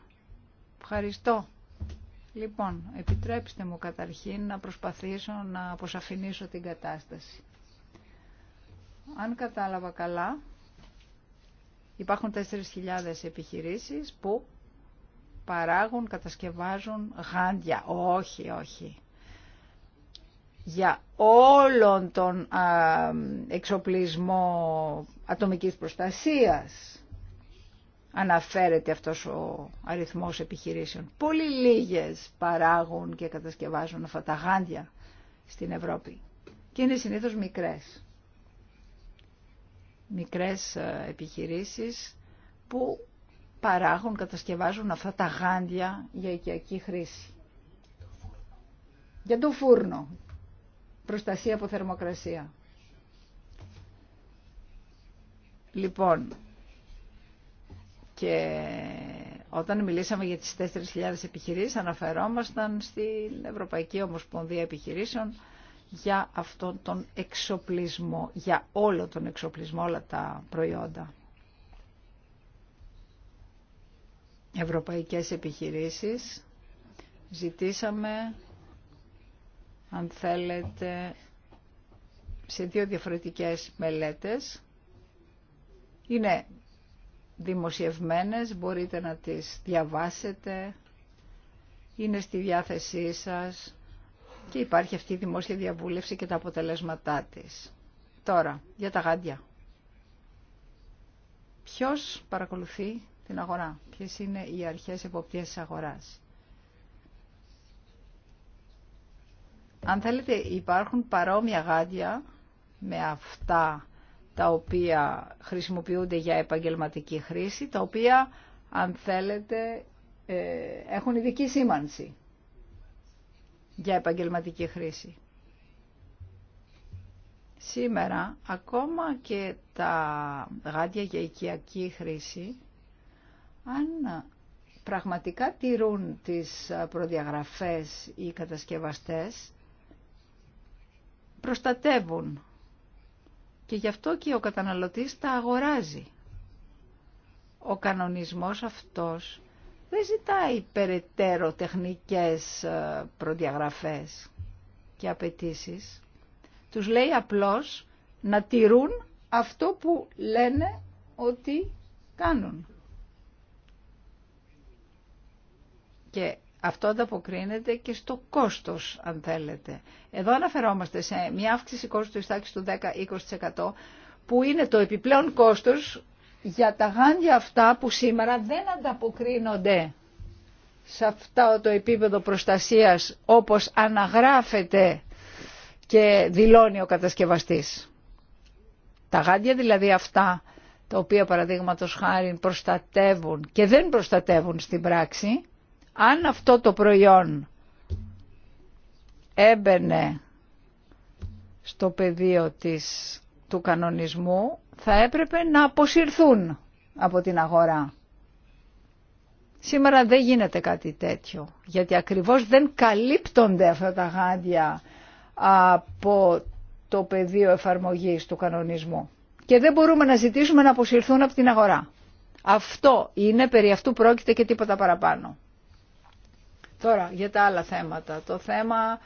Ευχαριστώ. Λοιπόν, επιτρέψτε μου καταρχήν να προσπαθήσω να αποσαφηνίσω την κατάσταση. Αν κατάλαβα καλά, υπάρχουν 4.000 επιχειρήσεις που παράγουν, κατασκευάζουν γάντια. Όχι, όχι για όλον τον εξοπλισμό ατομικής προστασίας αναφέρεται αυτός ο αριθμός επιχειρήσεων. Πολύ λίγες παράγουν και κατασκευάζουν αυτά τα γάντια στην Ευρώπη και είναι συνήθως μικρές. Μικρές επιχειρήσεις που παράγουν, κατασκευάζουν αυτά τα γάντια για οικιακή χρήση. Για το φούρνο προστασία από θερμοκρασία. Λοιπόν, και όταν μιλήσαμε για τις 4.000 επιχειρήσεις αναφερόμασταν στην Ευρωπαϊκή Ομοσπονδία Επιχειρήσεων για αυτόν τον εξοπλισμό, για όλο τον εξοπλισμό, όλα τα προϊόντα. Ευρωπαϊκές επιχειρήσεις ζητήσαμε αν θέλετε, σε δύο διαφορετικές μελέτες. Είναι δημοσιευμένες, μπορείτε να τις διαβάσετε, είναι στη διάθεσή σας και υπάρχει αυτή η δημόσια διαβούλευση και τα αποτελέσματά της. Τώρα, για τα γάντια. Ποιος παρακολουθεί την αγορά, ποιες είναι οι αρχές εποπτείας της αγοράς. Αν θέλετε υπάρχουν παρόμοια γάντια με αυτά τα οποία χρησιμοποιούνται για επαγγελματική χρήση, τα οποία αν θέλετε ε, έχουν ειδική σήμανση για επαγγελματική χρήση. Σήμερα ακόμα και τα γάντια για οικιακή χρήση, αν πραγματικά τηρούν τις προδιαγραφές οι κατασκευαστές, προστατεύουν και γι' αυτό και ο καταναλωτής τα αγοράζει. Ο κανονισμός αυτός δεν ζητάει περαιτέρω τεχνικές ε, προδιαγραφές και απαιτήσει. Τους λέει απλώς να τηρούν αυτό που λένε ότι κάνουν. Και αυτό ανταποκρίνεται και στο κόστος, αν θέλετε. Εδώ αναφερόμαστε σε μια αύξηση κόστου της του 10-20% που είναι το επιπλέον κόστος για τα γάντια αυτά που σήμερα δεν ανταποκρίνονται σε αυτό το επίπεδο προστασίας όπως αναγράφεται και δηλώνει ο κατασκευαστής. Τα γάντια δηλαδή αυτά τα οποία παραδείγματο χάρη προστατεύουν και δεν προστατεύουν στην πράξη, αν αυτό το προϊόν έμπαινε στο πεδίο της, του κανονισμού, θα έπρεπε να αποσυρθούν από την αγορά. Σήμερα δεν γίνεται κάτι τέτοιο, γιατί ακριβώς δεν καλύπτονται αυτά τα γάντια από το πεδίο εφαρμογής του κανονισμού. Και δεν μπορούμε να ζητήσουμε να αποσυρθούν από την αγορά. Αυτό είναι, περί αυτού πρόκειται και τίποτα παραπάνω. Τώρα, για τα άλλα θέματα. Το θέμα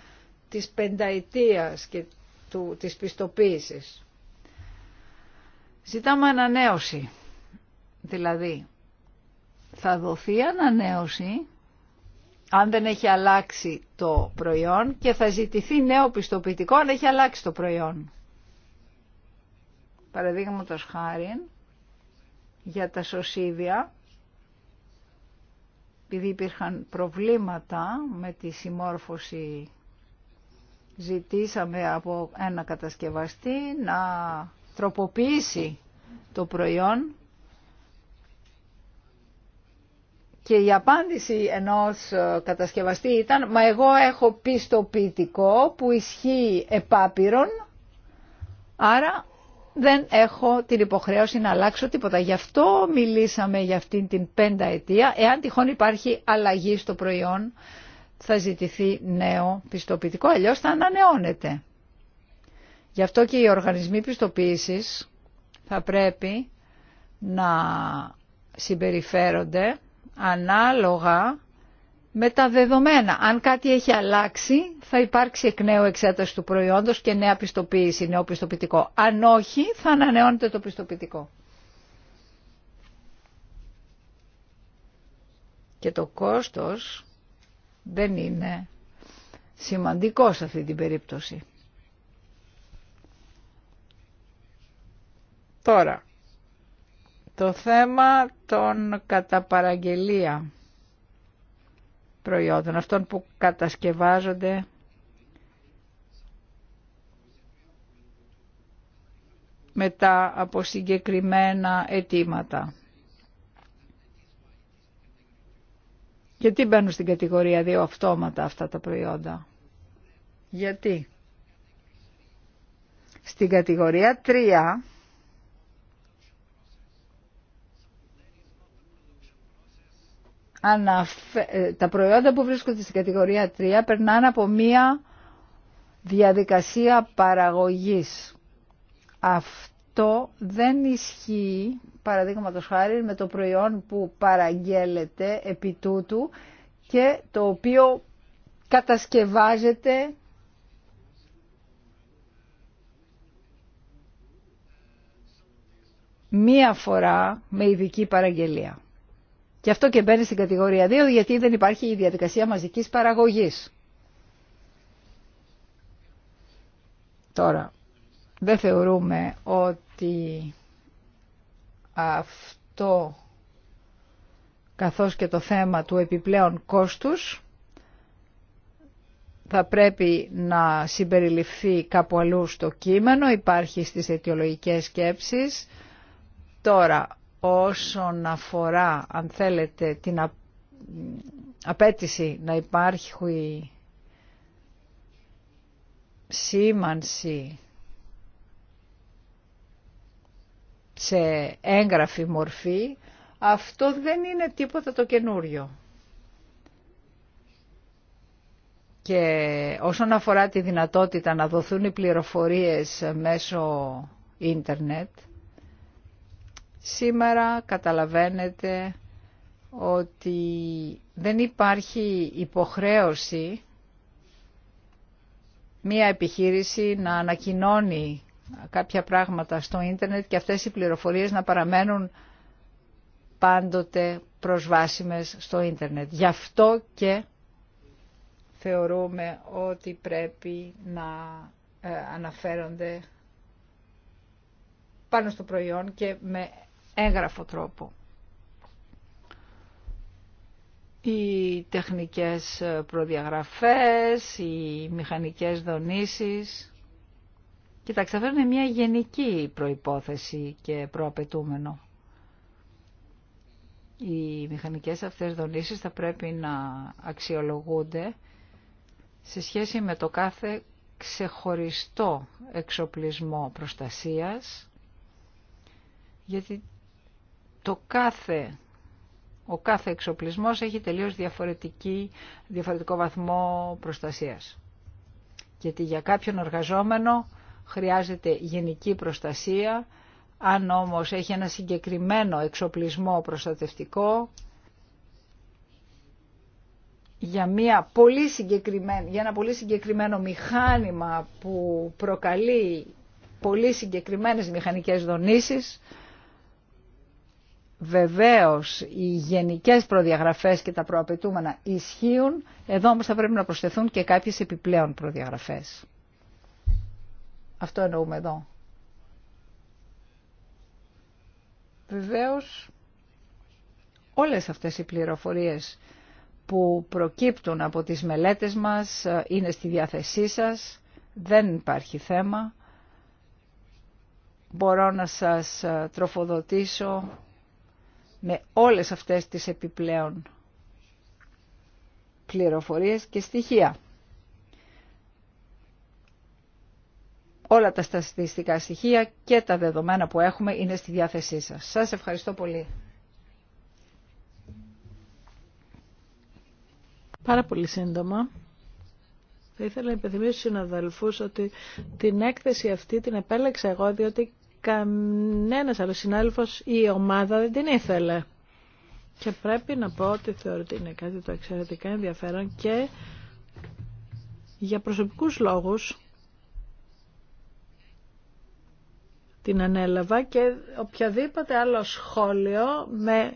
της πενταετίας και του, της πιστοποίησης. Ζητάμε ανανέωση. Δηλαδή, θα δοθεί ανανέωση αν δεν έχει αλλάξει το προϊόν και θα ζητηθεί νέο πιστοποιητικό αν έχει αλλάξει το προϊόν. Παραδείγματος χάρη για τα σωσίδια επειδή υπήρχαν προβλήματα με τη συμμόρφωση ζητήσαμε από ένα κατασκευαστή να τροποποιήσει το προϊόν και η απάντηση ενός ε, κατασκευαστή ήταν «Μα εγώ έχω πιστοποιητικό που ισχύει επάπειρον, άρα δεν έχω την υποχρέωση να αλλάξω τίποτα. Γι' αυτό μιλήσαμε για αυτήν την πέντα αιτία. Εάν τυχόν υπάρχει αλλαγή στο προϊόν, θα ζητηθεί νέο πιστοποιητικό, αλλιώς θα ανανεώνεται. Γι' αυτό και οι οργανισμοί πιστοποίησης θα πρέπει να συμπεριφέρονται ανάλογα με τα δεδομένα. Αν κάτι έχει αλλάξει θα υπάρξει εκ νέου εξέταση του προϊόντος και νέα πιστοποίηση, νέο πιστοποιητικό. Αν όχι θα ανανεώνεται το πιστοποιητικό. Και το κόστος δεν είναι σημαντικό σε αυτή την περίπτωση. Τώρα, το θέμα των καταπαραγγελία προϊόντων, αυτών που κατασκευάζονται μετά από συγκεκριμένα αιτήματα. Γιατί μπαίνουν στην κατηγορία 2 αυτόματα αυτά τα προϊόντα. Γιατί. Στην κατηγορία 3 Ε, τα προϊόντα που βρίσκονται στην κατηγορία 3 περνάνε από μία διαδικασία παραγωγής. Αυτό δεν ισχύει, παραδείγματο χάρη, με το προϊόν που παραγγέλλεται επί τούτου και το οποίο κατασκευάζεται μία φορά με ειδική παραγγελία. Και αυτό και μπαίνει στην κατηγορία 2 γιατί δεν υπάρχει η διαδικασία μαζικής παραγωγής. Τώρα, δεν θεωρούμε ότι αυτό καθώς και το θέμα του επιπλέον κόστους θα πρέπει να συμπεριληφθεί κάπου αλλού στο κείμενο, υπάρχει στις αιτιολογικές σκέψεις. Τώρα, όσον αφορά, αν θέλετε, την απέτηση να υπάρχει σήμανση σε έγγραφη μορφή, αυτό δεν είναι τίποτα το καινούριο. Και όσον αφορά τη δυνατότητα να δοθούν οι πληροφορίες μέσω ίντερνετ, Σήμερα καταλαβαίνετε ότι δεν υπάρχει υποχρέωση μία επιχείρηση να ανακοινώνει κάποια πράγματα στο ίντερνετ και αυτές οι πληροφορίες να παραμένουν πάντοτε προσβάσιμες στο ίντερνετ. Γι' αυτό και θεωρούμε ότι πρέπει να ε, αναφέρονται πάνω στο προϊόν και με έγραφο τρόπο. Οι τεχνικές προδιαγραφές, οι μηχανικές δονήσεις. Κοιτάξτε, αυτό μια γενική προϋπόθεση και προαπαιτούμενο. Οι μηχανικές αυτές δονήσεις θα πρέπει να αξιολογούνται σε σχέση με το κάθε ξεχωριστό εξοπλισμό προστασίας, γιατί το κάθε, ο κάθε εξοπλισμός έχει τελείως διαφορετική, διαφορετικό βαθμό προστασίας. Γιατί για κάποιον εργαζόμενο χρειάζεται γενική προστασία, αν όμως έχει ένα συγκεκριμένο εξοπλισμό προστατευτικό, για, μια πολύ συγκεκριμένη, για ένα πολύ συγκεκριμένο μηχάνημα που προκαλεί πολύ συγκεκριμένες μηχανικές δονήσεις, Βεβαίως οι γενικές προδιαγραφές και τα προαπαιτούμενα ισχύουν, εδώ όμως θα πρέπει να προσθεθούν και κάποιες επιπλέον προδιαγραφές. Αυτό εννοούμε εδώ. Βεβαίως όλες αυτές οι πληροφορίες που προκύπτουν από τις μελέτες μας ε, είναι στη διάθεσή σας, δεν υπάρχει θέμα. Μπορώ να σας ε, τροφοδοτήσω με όλες αυτές τις επιπλέον πληροφορίες και στοιχεία. Όλα τα στατιστικά στοιχεία και τα δεδομένα που έχουμε είναι στη διάθεσή σας. Σας ευχαριστώ πολύ. Πάρα πολύ σύντομα. Θα ήθελα να υπενθυμίσω στους συναδελφούς ότι την έκθεση αυτή την επέλεξα εγώ διότι κανένας άλλος συνάδελφος ή ομάδα δεν την ήθελε. Και πρέπει να πω ότι θεωρώ ότι είναι κάτι το εξαιρετικά ενδιαφέρον και για προσωπικούς λόγους την ανέλαβα και οποιαδήποτε άλλο σχόλιο με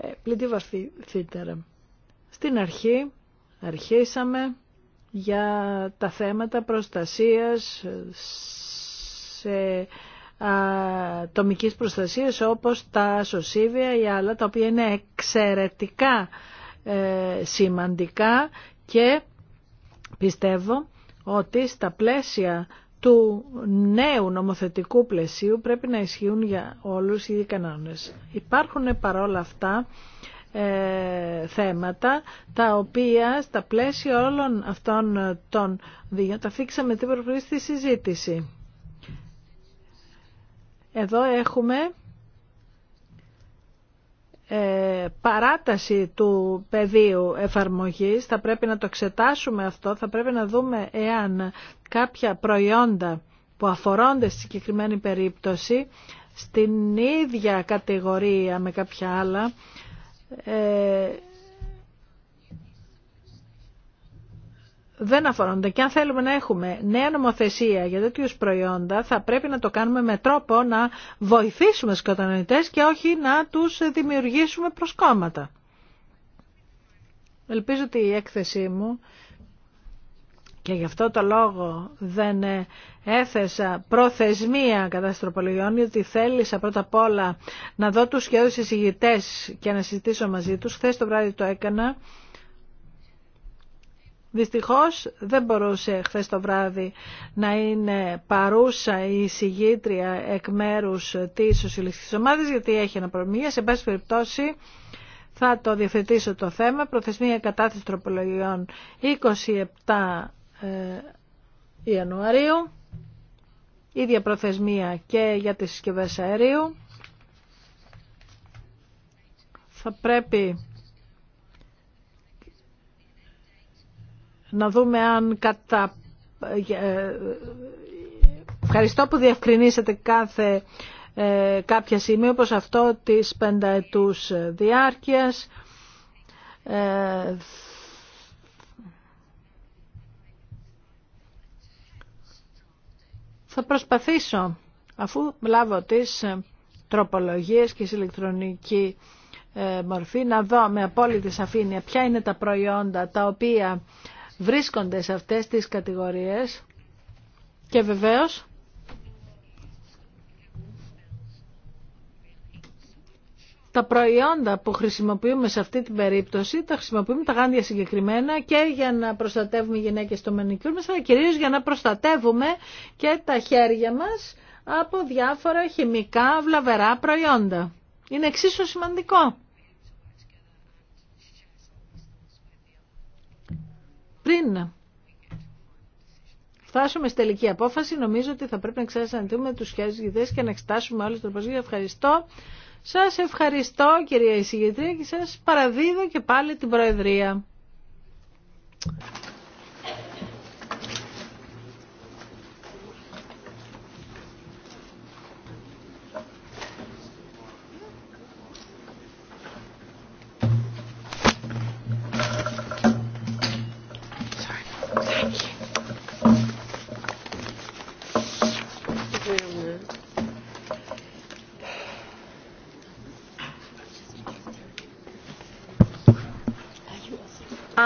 ε, πλητή βαθύτερα. Στην αρχή αρχίσαμε για τα θέματα προστασίας ε, ε, τομικής προστασίας όπως τα σωσίβια ή άλλα τα οποία είναι εξαιρετικά ε, σημαντικά και πιστεύω ότι στα πλαίσια του νέου νομοθετικού πλαισίου πρέπει να ισχύουν για όλους οι κανόνες. Υπάρχουν παρόλα αυτά ε, θέματα τα οποία στα πλαίσια όλων αυτών των δύο τα φίξαμε την προφορή στη συζήτηση. Εδώ έχουμε ε, παράταση του πεδίου εφαρμογής. Θα πρέπει να το εξετάσουμε αυτό. Θα πρέπει να δούμε εάν κάποια προϊόντα που αφορώνται στη συγκεκριμένη περίπτωση στην ίδια κατηγορία με κάποια άλλα ε, δεν αφορώνται. Και αν θέλουμε να έχουμε νέα νομοθεσία για τέτοιου προϊόντα, θα πρέπει να το κάνουμε με τρόπο να βοηθήσουμε τους κατανοητές και όχι να τους δημιουργήσουμε προσκόμματα. Ελπίζω ότι η έκθεσή μου και γι' αυτό το λόγο δεν έθεσα προθεσμία κατά στροπολογιών, γιατί θέλησα πρώτα απ' όλα να δω τους σχεδόν συζητητές και να συζητήσω μαζί τους. Χθε το βράδυ το έκανα Δυστυχώς δεν μπορούσε χθε το βράδυ να είναι παρούσα η συγγήτρια εκ μέρους της Σοσιαλιστικής Ομάδας γιατί έχει αναπρομία. Σε πάση περιπτώσει θα το διευθετήσω το θέμα. Προθεσμία κατάθεση τροπολογιών 27 ε, Ιανουαρίου. Ίδια προθεσμία και για τις συσκευές αερίου. Θα πρέπει να δούμε αν κατά... Ε, ε, ευχαριστώ που διευκρινίσατε κάθε ε, κάποια σημεία όπως αυτό της πενταετούς διάρκειας. θα προσπαθήσω, αφού λάβω τις τροπολογίες και ηλεκτρονική ηλεκτρονική μορφή, να δω με απόλυτη σαφήνεια ποια είναι τα προϊόντα τα οποία βρίσκονται σε αυτές τις κατηγορίες και βεβαίως τα προϊόντα που χρησιμοποιούμε σε αυτή την περίπτωση, τα χρησιμοποιούμε τα γάντια συγκεκριμένα και για να προστατεύουμε γυναίκες στο μενικιούρ μας, αλλά κυρίως για να προστατεύουμε και τα χέρια μας από διάφορα χημικά βλαβερά προϊόντα. Είναι εξίσου σημαντικό. Πριν φτάσουμε στη τελική απόφαση, νομίζω ότι θα πρέπει να ξανασυναντηθούμε τους γητέ και να εξετάσουμε όλους τι τροποσίες. Ευχαριστώ. Σας ευχαριστώ κυρία εισηγητρία και σας παραδίδω και πάλι την Προεδρία.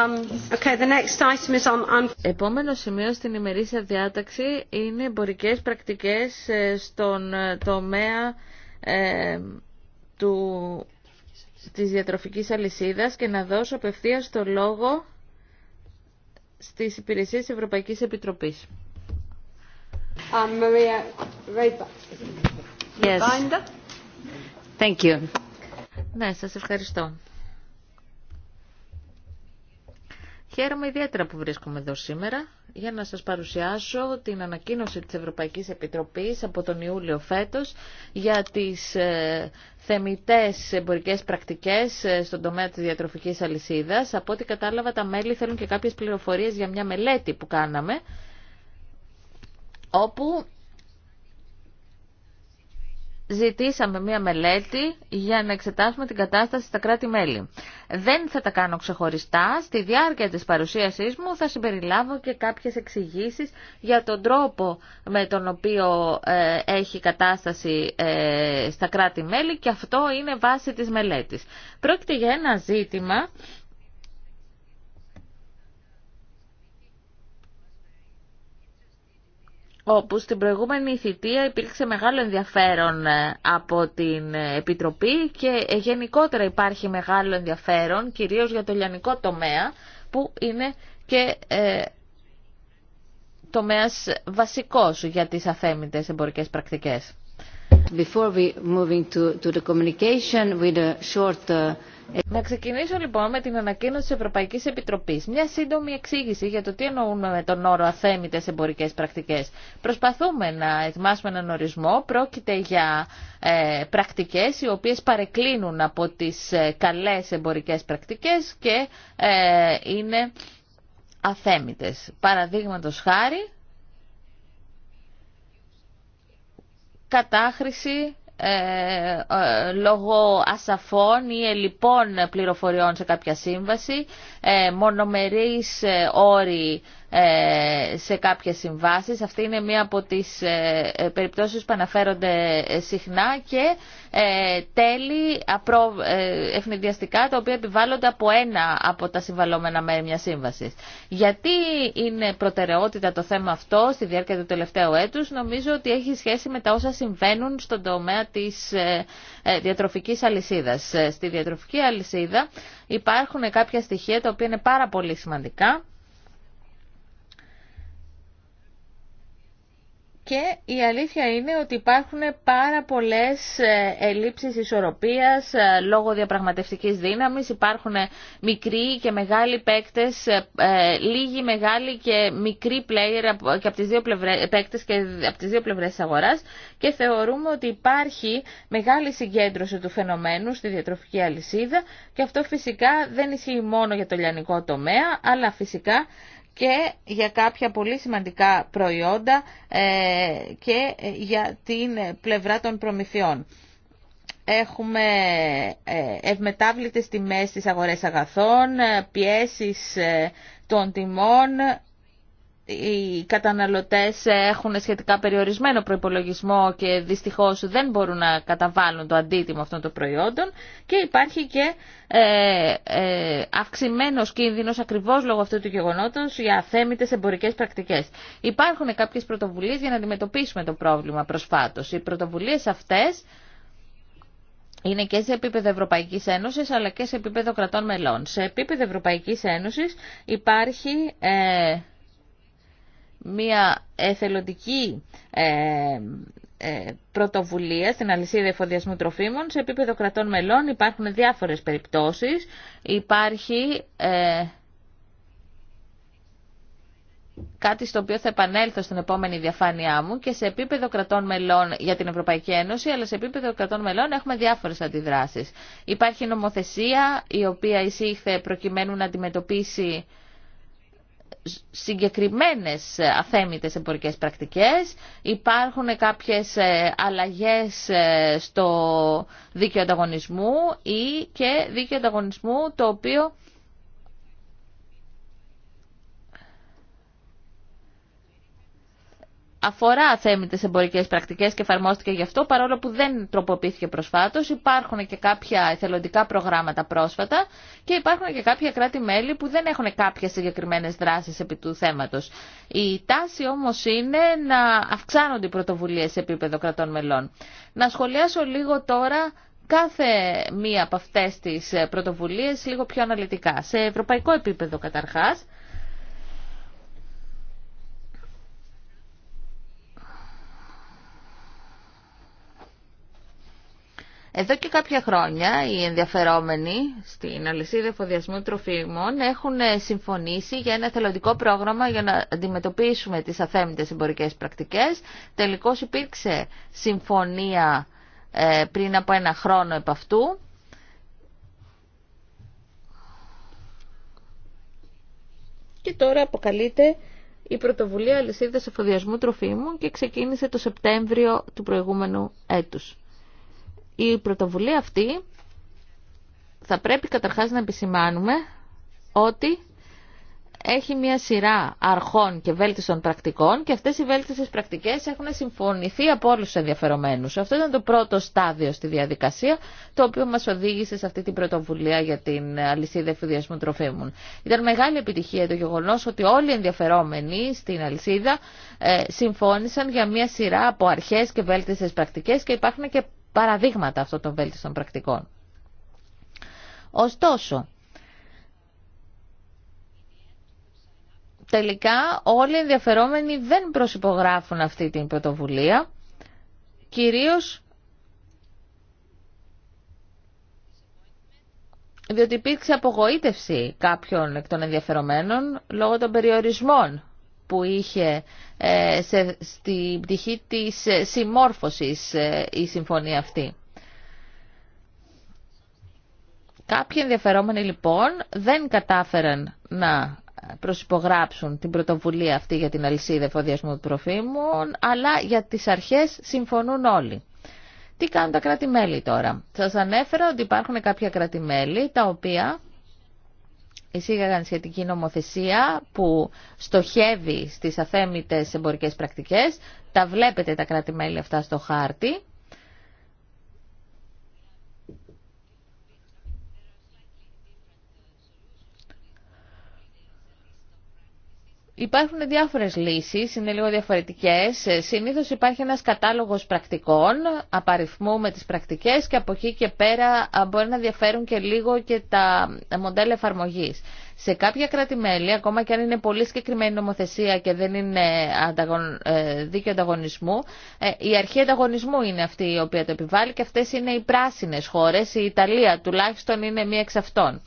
Um, Επόμενο σημείο στην ημερήσια διάταξη είναι εμπορικές πρακτικές ε, στον ε, τομέα ε, του, της διατροφικής αλυσίδας και να δώσω απευθείας το λόγο στις υπηρεσίες Ευρωπαϊκής Επιτροπής. Um, yes. Ναι, σας ευχαριστώ. Χαίρομαι ιδιαίτερα που βρίσκομαι εδώ σήμερα για να σας παρουσιάσω την ανακοίνωση της Ευρωπαϊκής Επιτροπής από τον Ιούλιο φέτος για τις ε, θεμητές εμπορικές πρακτικές ε, στον τομέα της διατροφικής αλυσίδας. Από ό,τι κατάλαβα τα μέλη θέλουν και κάποιες πληροφορίες για μια μελέτη που κάναμε όπου ζητήσαμε μία μελέτη για να εξετάσουμε την κατάσταση στα κράτη-μέλη. Δεν θα τα κάνω ξεχωριστά. Στη διάρκεια της παρουσίασής μου θα συμπεριλάβω και κάποιες εξηγήσει για τον τρόπο με τον οποίο ε, έχει κατάσταση ε, στα κράτη-μέλη και αυτό είναι βάση της μελέτης. Πρόκειται για ένα ζήτημα όπου στην προηγούμενη θητεία υπήρξε μεγάλο ενδιαφέρον ε, από την Επιτροπή και ε, γενικότερα υπάρχει μεγάλο ενδιαφέρον, κυρίως για το λιανικό τομέα, που είναι και ε, τομέας βασικός για τις αθέμητες εμπορικές πρακτικές. Before we moving to, to the communication with a να ξεκινήσω λοιπόν με την ανακοίνωση τη Ευρωπαϊκής Επιτροπής. Μια σύντομη εξήγηση για το τι εννοούμε με τον όρο αθέμητε εμπορικές πρακτικές. Προσπαθούμε να ετοιμάσουμε έναν ορισμό. Πρόκειται για ε, πρακτικές οι οποίες παρεκκλίνουν από τις ε, καλές εμπορικές πρακτικές και ε, είναι αθέμητε. Παραδείγματο χάρη, κατάχρηση ε, ε, λόγω ασαφών ή ελλειπών πληροφοριών σε κάποια σύμβαση, ε, μονομερείς όροι ε, σε κάποιες συμβάσεις. Αυτή είναι μία από τις ε, ε, περιπτώσεις που αναφέρονται συχνά και τέλη ευνηδιαστικά τα οποία επιβάλλονται από ένα από τα συμβαλλόμενα μέρη μιας σύμβασης. Γιατί είναι προτεραιότητα το θέμα αυτό στη διάρκεια του τελευταίου έτους νομίζω ότι έχει σχέση με τα όσα συμβαίνουν στον τομέα της διατροφικής αλυσίδας. Στη διατροφική αλυσίδα υπάρχουν κάποια στοιχεία τα οποία είναι πάρα πολύ σημαντικά Και η αλήθεια είναι ότι υπάρχουν πάρα πολλές ε, ελλείψεις ισορροπίας ε, λόγω διαπραγματευτικής δύναμης. Υπάρχουν μικροί και μεγάλοι παίκτες, ε, λίγοι μεγάλοι και μικροί player και από τις δύο πλευρές, παίκτες και από τις δύο πλευρές αγοράς και θεωρούμε ότι υπάρχει μεγάλη συγκέντρωση του φαινομένου στη διατροφική αλυσίδα και αυτό φυσικά δεν ισχύει μόνο για το λιανικό τομέα, αλλά φυσικά και για κάποια πολύ σημαντικά προϊόντα ε, και για την πλευρά των προμηθειών. Έχουμε ε, ευμετάβλητες τιμές στις αγορές αγαθών, ε, πιέσεις των τιμών οι καταναλωτές έχουν σχετικά περιορισμένο προϋπολογισμό και δυστυχώς δεν μπορούν να καταβάλουν το αντίτιμο αυτών των προϊόντων και υπάρχει και ε, ε, αυξημένος κίνδυνος ακριβώς λόγω αυτού του γεγονότος για αθέμητες εμπορικές πρακτικές. Υπάρχουν κάποιες πρωτοβουλίες για να αντιμετωπίσουμε το πρόβλημα προσφάτως. Οι πρωτοβουλίες αυτές είναι και σε επίπεδο Ευρωπαϊκής Ένωσης αλλά και σε επίπεδο κρατών μελών. Σε επίπεδο Ευρωπαϊκής Ένωσης υπάρχει... Ε, μια εθελοντική ε, ε, πρωτοβουλία στην αλυσίδα εφοδιασμού τροφίμων. Σε επίπεδο κρατών μελών υπάρχουν διάφορες περιπτώσεις. Υπάρχει ε, κάτι στο οποίο θα επανέλθω στην επόμενη διαφάνειά μου και σε επίπεδο κρατών μελών για την Ευρωπαϊκή Ένωση, αλλά σε επίπεδο κρατών μελών έχουμε διάφορες αντιδράσεις. Υπάρχει νομοθεσία η οποία εισήχθε προκειμένου να αντιμετωπίσει συγκεκριμένες αθέμητες εμπορικές πρακτικές, υπάρχουν κάποιες ε, αλλαγές ε, στο δίκαιο ανταγωνισμού ή και δίκαιο ανταγωνισμού το οποίο αφορά αθέμητες εμπορικέ πρακτικέ και εφαρμόστηκε γι' αυτό, παρόλο που δεν τροποποιήθηκε προσφάτω. Υπάρχουν και κάποια εθελοντικά προγράμματα πρόσφατα και υπάρχουν και κάποια κράτη-μέλη που δεν έχουν κάποιε συγκεκριμένε δράσει επί του θέματο. Η τάση όμω είναι να αυξάνονται οι πρωτοβουλίες σε επίπεδο κρατών μελών. Να σχολιάσω λίγο τώρα κάθε μία από αυτές τις πρωτοβουλίες λίγο πιο αναλυτικά. Σε ευρωπαϊκό επίπεδο καταρχάς, Εδώ και κάποια χρόνια οι ενδιαφερόμενοι στην αλυσίδα εφοδιασμού τροφίμων έχουν ε, συμφωνήσει για ένα θελοντικό πρόγραμμα για να αντιμετωπίσουμε τις αθέμητες εμπορικές πρακτικές. Τελικώς υπήρξε συμφωνία ε, πριν από ένα χρόνο επ' αυτού. Και τώρα αποκαλείται η πρωτοβουλία αλυσίδας εφοδιασμού τροφίμων και ξεκίνησε το Σεπτέμβριο του προηγούμενου έτους. Η πρωτοβουλία αυτή θα πρέπει καταρχάς να επισημάνουμε ότι έχει μια σειρά αρχών και βέλτιστων πρακτικών και αυτές οι βέλτιστες πρακτικές έχουν συμφωνηθεί από όλους τους ενδιαφερομένους. Αυτό ήταν το πρώτο στάδιο στη διαδικασία, το οποίο μας οδήγησε σε αυτή την πρωτοβουλία για την αλυσίδα εφηδιασμού τροφίμων. Ήταν μεγάλη επιτυχία το γεγονός ότι όλοι οι ενδιαφερόμενοι στην αλυσίδα ε, συμφώνησαν για μια σειρά από αρχές και βέλτιστες πρακτικές και υπάρχουν και παραδείγματα αυτών των βέλτιστων πρακτικών. Ωστόσο, τελικά όλοι οι ενδιαφερόμενοι δεν προσυπογράφουν αυτή την πρωτοβουλία, κυρίως διότι υπήρξε απογοήτευση κάποιων εκ των ενδιαφερομένων λόγω των περιορισμών που είχε ε, σε, στην πτυχή της ε, συμμόρφωσης ε, η συμφωνία αυτή. Κάποιοι ενδιαφερόμενοι λοιπόν δεν κατάφεραν να προσυπογράψουν την πρωτοβουλία αυτή για την αλυσίδα εφοδιασμού του προφήμου... αλλά για τις αρχές συμφωνούν όλοι. Τι κάνουν τα κράτη-μέλη τώρα. Σας ανέφερα ότι υπάρχουν κάποια κράτη-μέλη τα οποία εισήγαγαν σχετική νομοθεσία που στοχεύει στις αθέμητες εμπορικές πρακτικές. Τα βλέπετε τα κράτη-μέλη αυτά στο χάρτη. Υπάρχουν διάφορες λύσεις, είναι λίγο διαφορετικές. Ε, συνήθως υπάρχει ένας κατάλογος πρακτικών, απαριθμούμε τις πρακτικές και από εκεί και πέρα μπορεί να διαφέρουν και λίγο και τα μοντέλα εφαρμογής. Σε κάποια κράτη-μέλη, ακόμα και αν είναι πολύ συγκεκριμένη νομοθεσία και δεν είναι ε, δίκαιο ανταγωνισμού, ε, η αρχή ανταγωνισμού είναι αυτή η οποία το επιβάλλει και αυτές είναι οι πράσινες χώρες, η Ιταλία τουλάχιστον είναι μία εξ αυτών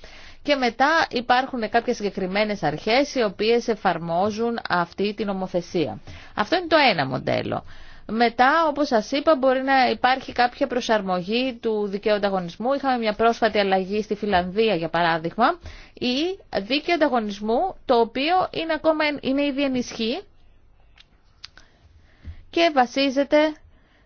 και μετά υπάρχουν κάποιες συγκεκριμένες αρχές οι οποίες εφαρμόζουν αυτή την ομοθεσία. Αυτό είναι το ένα μοντέλο. Μετά, όπως σας είπα, μπορεί να υπάρχει κάποια προσαρμογή του δικαίου ανταγωνισμού. Είχαμε μια πρόσφατη αλλαγή στη Φιλανδία, για παράδειγμα, ή δίκαιο ανταγωνισμού, το οποίο είναι ακόμα είναι ήδη ενισχύ και βασίζεται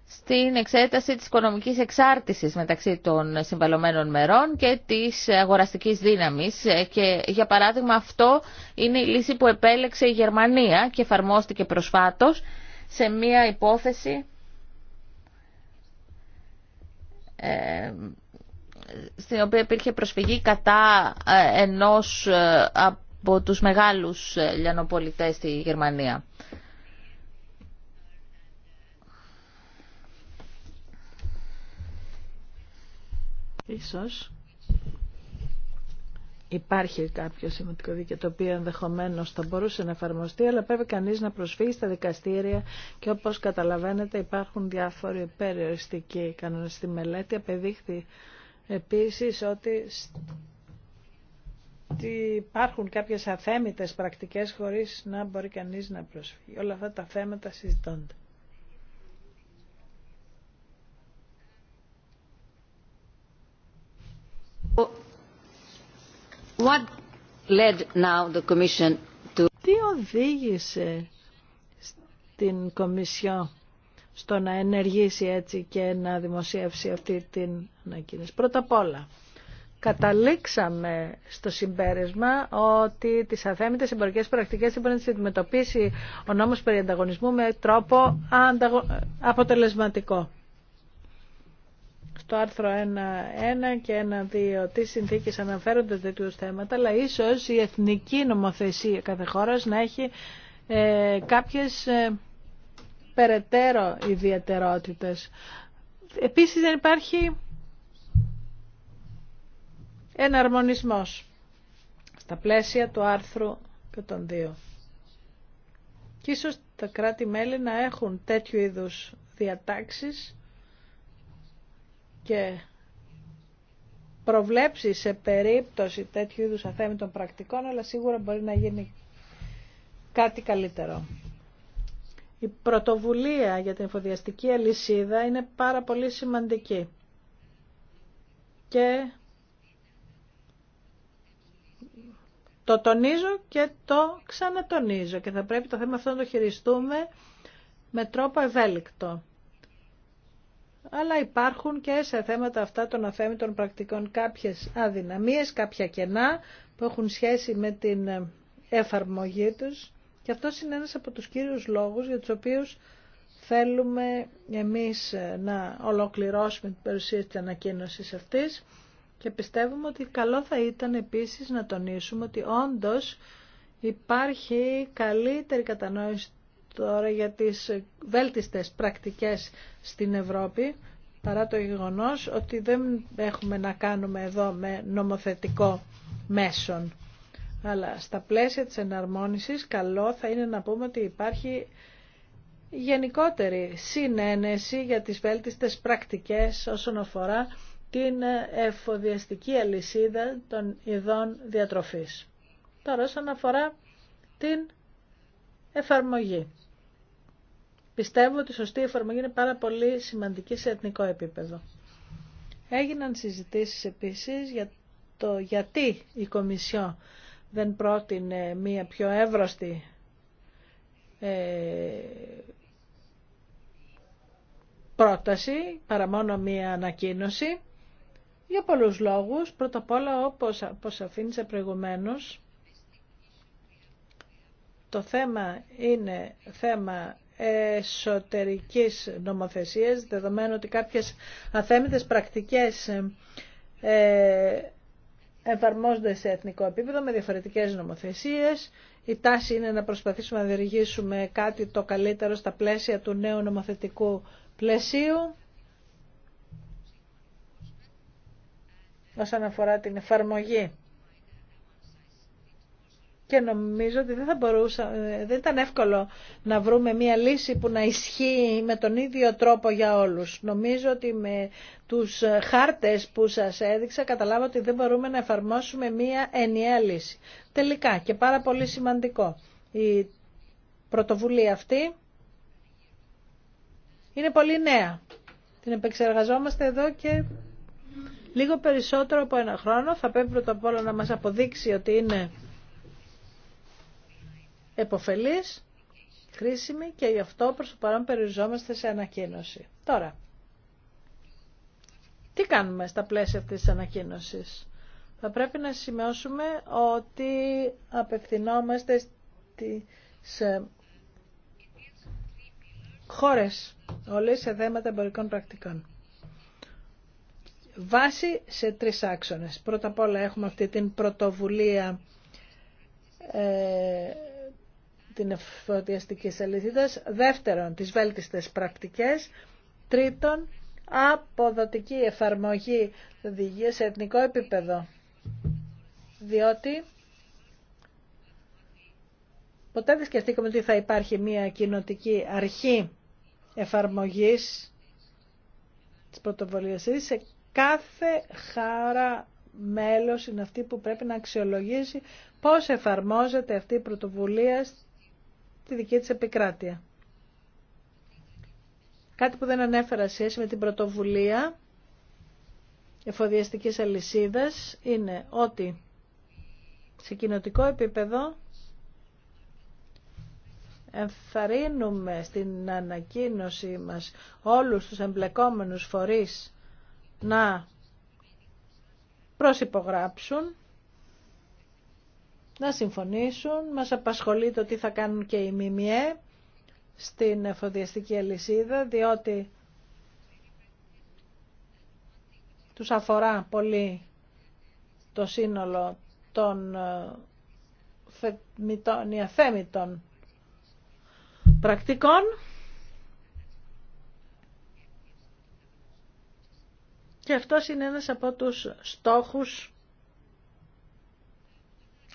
στην εξέταση της οικονομικής εξάρτησης μεταξύ των συμβαλωμένων μερών και της αγοραστικής δύναμης. Ε, και για παράδειγμα αυτό είναι η λύση που επέλεξε η Γερμανία και εφαρμόστηκε προσφάτως σε μία υπόθεση ε, στην οποία υπήρχε προσφυγή κατά ε, ενός από τους μεγάλους λιανοπολιτές στη Γερμανία. Ίσως υπάρχει κάποιο σημαντικό δίκαιο το οποίο ενδεχομένω θα μπορούσε να εφαρμοστεί, αλλά πρέπει κανεί να προσφύγει στα δικαστήρια και όπω καταλαβαίνετε υπάρχουν διάφοροι περιοριστικοί κανόνε. Στη μελέτη απεδείχθη επίση ότι υπάρχουν κάποιες αθέμητες πρακτικές χωρίς να μπορεί κανείς να προσφύγει. Όλα αυτά τα θέματα συζητώνται. Τι οδήγησε την Κομισιό στο να ενεργήσει έτσι και να δημοσιεύσει αυτή την ανακοίνωση. Πρώτα απ' όλα, καταλήξαμε στο συμπέρασμα ότι τις αθέμητες εμπορικές πρακτικές δεν μπορεί να τις αντιμετωπίσει ο νόμος περί ανταγωνισμού με τρόπο αποτελεσματικό το άρθρο 1.1 και 1.2 τι συνθήκες αναφέρονται τέτοιου θέματα, αλλά ίσως η εθνική νομοθεσία κάθε χώρας να έχει ε, κάποιες ε, περαιτέρω ιδιαιτερότητες. Επίσης δεν υπάρχει εναρμονισμός στα πλαίσια του άρθρου και των 2. Και ίσως τα κράτη-μέλη να έχουν τέτοιου είδους διατάξεις και προβλέψει σε περίπτωση τέτοιου είδους αθέμητων πρακτικών, αλλά σίγουρα μπορεί να γίνει κάτι καλύτερο. Η πρωτοβουλία για την εφοδιαστική αλυσίδα είναι πάρα πολύ σημαντική. Και το τονίζω και το ξανατονίζω και θα πρέπει το θέμα αυτό να το χειριστούμε με τρόπο ευέλικτο αλλά υπάρχουν και σε θέματα αυτά των αφέμητων πρακτικών κάποιες αδυναμίες, κάποια κενά που έχουν σχέση με την ε, εφαρμογή τους και αυτό είναι ένας από τους κύριους λόγους για τους οποίους θέλουμε εμείς ε, να ολοκληρώσουμε την παρουσία της ανακοίνωσης αυτής και πιστεύουμε ότι καλό θα ήταν επίσης να τονίσουμε ότι όντως υπάρχει καλύτερη κατανόηση τώρα για τις βέλτιστες πρακτικές στην Ευρώπη, παρά το γεγονός ότι δεν έχουμε να κάνουμε εδώ με νομοθετικό μέσον. Αλλά στα πλαίσια της εναρμόνισης καλό θα είναι να πούμε ότι υπάρχει γενικότερη συνένεση για τις βέλτιστες πρακτικές όσον αφορά την εφοδιαστική αλυσίδα των ειδών διατροφής. Τώρα όσον αφορά την εφαρμογή. Πιστεύω ότι η σωστή εφαρμογή είναι πάρα πολύ σημαντική σε εθνικό επίπεδο. Έγιναν συζητήσεις επίσης για το γιατί η Κομισιό δεν πρότεινε μία πιο εύρωστη ε, πρόταση, παρά μόνο μία ανακοίνωση, για πολλούς λόγους. Πρώτα απ' όλα, όπως, όπως αφήνισε προηγουμένως, το θέμα είναι θέμα εσωτερικής νομοθεσίας, δεδομένου ότι κάποιες αθέμητες πρακτικές ε, εφαρμόζονται σε εθνικό επίπεδο με διαφορετικές νομοθεσίες. Η τάση είναι να προσπαθήσουμε να διεργήσουμε κάτι το καλύτερο στα πλαίσια του νέου νομοθετικού πλαισίου. Όσον αφορά την εφαρμογή και νομίζω ότι δεν θα δεν ήταν εύκολο να βρούμε μια λύση που να ισχύει με τον ίδιο τρόπο για όλους. Νομίζω ότι με τους χάρτες που σας έδειξα καταλάβω ότι δεν μπορούμε να εφαρμόσουμε μια ενιαία λύση. Τελικά και πάρα πολύ σημαντικό. Η πρωτοβουλία αυτή είναι πολύ νέα. Την επεξεργαζόμαστε εδώ και λίγο περισσότερο από ένα χρόνο. Θα πρέπει πρώτα απ' όλα να μας αποδείξει ότι είναι εποφελής, χρήσιμη και γι' αυτό προς το παρόν περιοριζόμαστε σε ανακοίνωση. Τώρα, τι κάνουμε στα πλαίσια αυτής της ανακοίνωσης. Θα πρέπει να σημειώσουμε ότι απευθυνόμαστε σε χώρες όλες σε θέματα εμπορικών πρακτικών. Βάση σε τρεις άξονες. Πρώτα απ' όλα έχουμε αυτή την πρωτοβουλία ε, την εφοδιαστική αλήθεια. Δεύτερον, τις βέλτιστες πρακτικές. Τρίτον, αποδοτική εφαρμογή οδηγία σε εθνικό επίπεδο. Διότι ποτέ δεν σκεφτήκαμε ότι θα υπάρχει μια κοινοτική αρχή εφαρμογής της πρωτοβολίας σε κάθε χάρα μέλος είναι αυτή που πρέπει να αξιολογήσει πώς εφαρμόζεται αυτή η πρωτοβουλία τη δική της επικράτεια. Κάτι που δεν ανέφερα σχέση με την πρωτοβουλία εφοδιαστικής αλυσίδας είναι ότι σε κοινοτικό επίπεδο ενθαρρύνουμε στην ανακοίνωση μας όλους τους εμπλεκόμενους φορείς να προσυπογράψουν να συμφωνήσουν. Μας απασχολεί το τι θα κάνουν και οι ΜΜΕ στην εφοδιαστική αλυσίδα, διότι τους αφορά πολύ το σύνολο των ε, θέμητων πρακτικών. Και αυτός είναι ένας από τους στόχους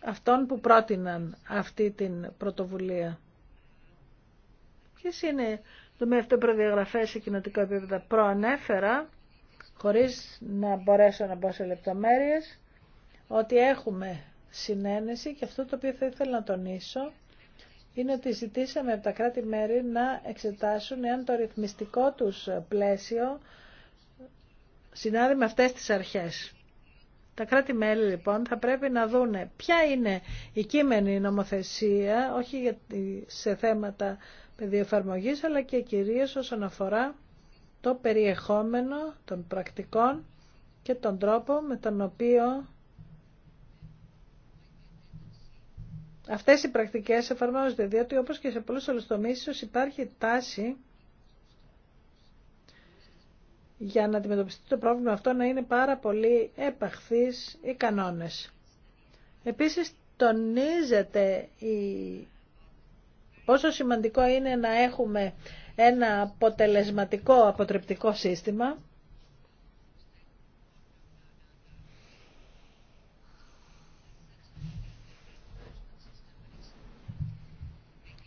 αυτών που πρότειναν αυτή την πρωτοβουλία. Ποιες είναι το με αυτό προδιαγραφές σε κοινοτικό επίπεδο. Προανέφερα, χωρίς να μπορέσω να μπω σε λεπτομέρειες, ότι έχουμε συνένεση και αυτό το οποίο θα ήθελα να τονίσω είναι ότι ζητήσαμε από τα κράτη-μέρη να εξετάσουν εάν το ρυθμιστικό τους πλαίσιο συνάδει με αυτές τις αρχές. Τα κράτη-μέλη λοιπόν θα πρέπει να δούνε ποια είναι η κείμενη νομοθεσία, όχι σε θέματα πεδιοφαρμογής, αλλά και κυρίως όσον αφορά το περιεχόμενο των πρακτικών και τον τρόπο με τον οποίο αυτές οι πρακτικές εφαρμόζονται, διότι όπως και σε πολλούς άλλους τομείς υπάρχει τάση για να αντιμετωπιστεί το πρόβλημα αυτό να είναι πάρα πολύ επαχθείς οι κανόνες. Επίσης τονίζεται η... πόσο σημαντικό είναι να έχουμε ένα αποτελεσματικό αποτρεπτικό σύστημα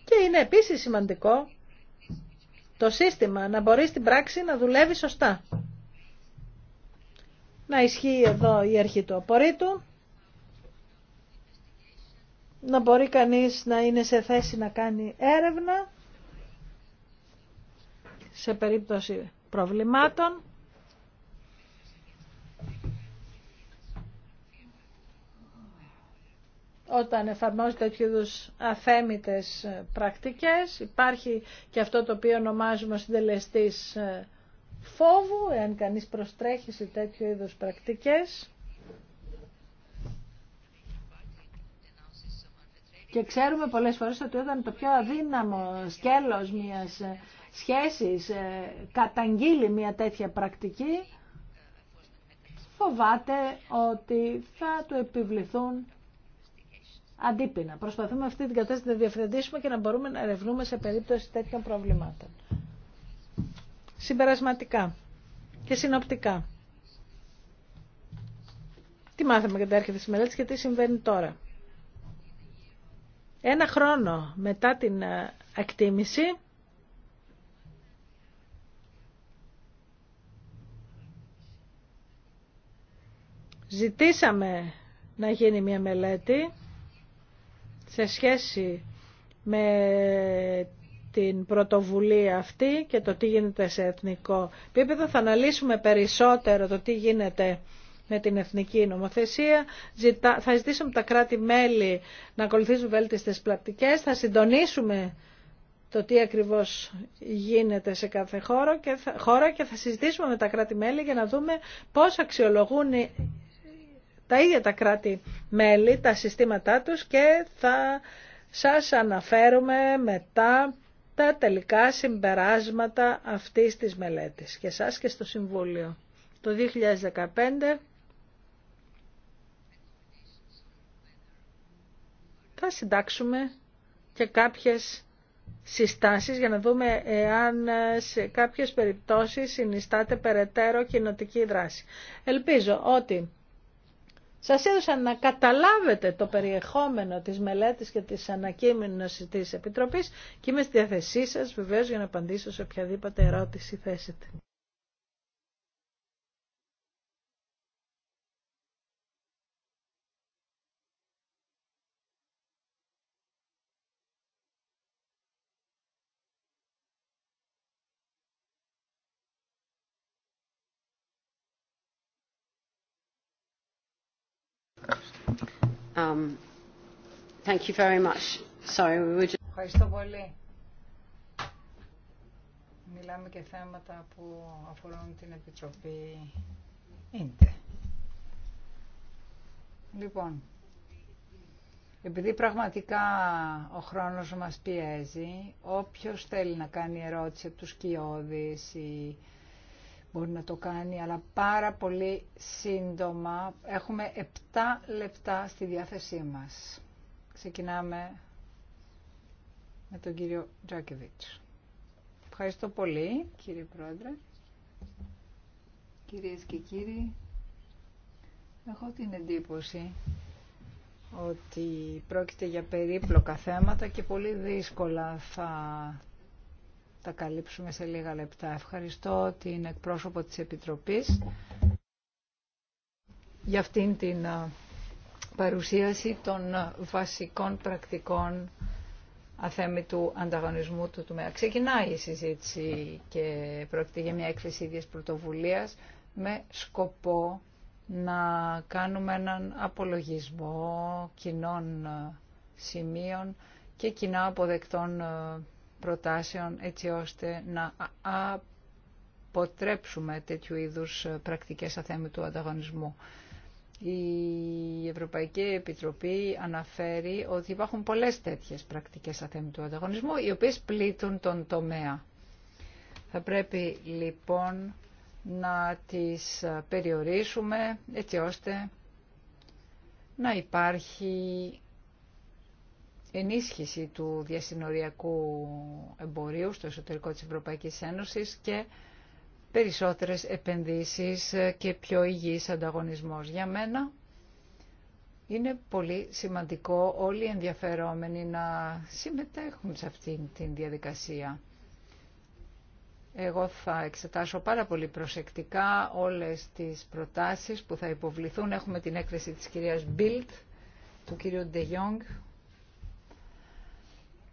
και είναι επίσης σημαντικό το σύστημα να μπορεί στην πράξη να δουλεύει σωστά. Να ισχύει εδώ η αρχή του απορρίτου, να μπορεί κανείς να είναι σε θέση να κάνει έρευνα σε περίπτωση προβλημάτων όταν εφαρμόζει τέτοιου είδου αθέμητε ε, πρακτικές. Υπάρχει και αυτό το οποίο ονομάζουμε συντελεστής ε, φόβου, εάν κανείς προστρέχει σε τέτοιου είδου πρακτικές. Και ξέρουμε πολλές φορές ότι όταν το πιο αδύναμο σκέλος μιας ε, σχέσης καταγγείλει μια τέτοια πρακτική, φοβάται ότι θα του επιβληθούν αντίπεινα. Προσπαθούμε αυτή την κατάσταση να διευθυντήσουμε και να μπορούμε να ερευνούμε σε περίπτωση τέτοιων προβλημάτων. Συμπερασματικά και συνοπτικά. Τι μάθαμε για τα έρχεται της μελέτη και τι συμβαίνει τώρα. Ένα χρόνο μετά την ε, εκτίμηση, ζητήσαμε να γίνει μια μελέτη σε σχέση με την πρωτοβουλία αυτή και το τι γίνεται σε εθνικό επίπεδο. Θα αναλύσουμε περισσότερο το τι γίνεται με την εθνική νομοθεσία. Θα ζητήσουμε τα κράτη-μέλη να ακολουθήσουν βέλτιστες πρακτικές. Θα συντονίσουμε το τι ακριβώς γίνεται σε κάθε χώρα και χώρα και θα συζητήσουμε με τα κράτη-μέλη για να δούμε πώς αξιολογούν τα ίδια τα κράτη-μέλη, τα συστήματά τους και θα σας αναφέρουμε μετά τα τελικά συμπεράσματα αυτής της μελέτης και σας και στο Συμβούλιο. Το 2015 θα συντάξουμε και κάποιες συστάσεις για να δούμε εάν σε κάποιες περιπτώσεις συνιστάται περαιτέρω κοινοτική δράση. Ελπίζω ότι σας έδωσα να καταλάβετε το περιεχόμενο της μελέτης και της ανακοίνωσης της Επιτροπής και είμαι στη διάθεσή σας βεβαίως για να απαντήσω σε οποιαδήποτε ερώτηση θέσετε. Um, Ευχαριστώ πολύ. Μιλάμε και θέματα που αφορούν την Επιτροπή ίντε. Λοιπόν, επειδή πραγματικά ο χρόνος μας πιέζει, όποιος θέλει να κάνει ερώτηση από τους κοιόδης ή μπορεί να το κάνει, αλλά πάρα πολύ σύντομα. Έχουμε 7 λεπτά στη διάθεσή μας. Ξεκινάμε με τον κύριο Τζάκεβιτς. Ευχαριστώ πολύ, κύριε Πρόεδρε. Κυρίες και κύριοι, έχω την εντύπωση ότι πρόκειται για περίπλοκα θέματα και πολύ δύσκολα θα τα καλύψουμε σε λίγα λεπτά. Ευχαριστώ την εκπρόσωπο της Επιτροπής για αυτήν την παρουσίαση των βασικών πρακτικών του ανταγωνισμού του τομέα. Ξεκινάει η συζήτηση και πρόκειται για μια έκθεση ίδιας πρωτοβουλίας με σκοπό να κάνουμε έναν απολογισμό κοινών σημείων και κοινά αποδεκτών προτάσεων έτσι ώστε να αποτρέψουμε τέτοιου είδους ε, πρακτικές του ανταγωνισμού. Η Ευρωπαϊκή Επιτροπή αναφέρει ότι υπάρχουν πολλές τέτοιες πρακτικές του ανταγωνισμού οι οποίες πλήττουν τον τομέα. Θα πρέπει λοιπόν να τις ε, περιορίσουμε έτσι ώστε να υπάρχει ενίσχυση του διασυνοριακού εμπορίου στο εσωτερικό της Ευρωπαϊκής Ένωσης και περισσότερες επενδύσεις και πιο υγιής ανταγωνισμός. Για μένα είναι πολύ σημαντικό όλοι οι ενδιαφερόμενοι να συμμετέχουν σε αυτήν την διαδικασία. Εγώ θα εξετάσω πάρα πολύ προσεκτικά όλες τις προτάσεις που θα υποβληθούν. Έχουμε την έκθεση της κυρίας Μπίλτ, του κυρίου Ντεγιόγκ,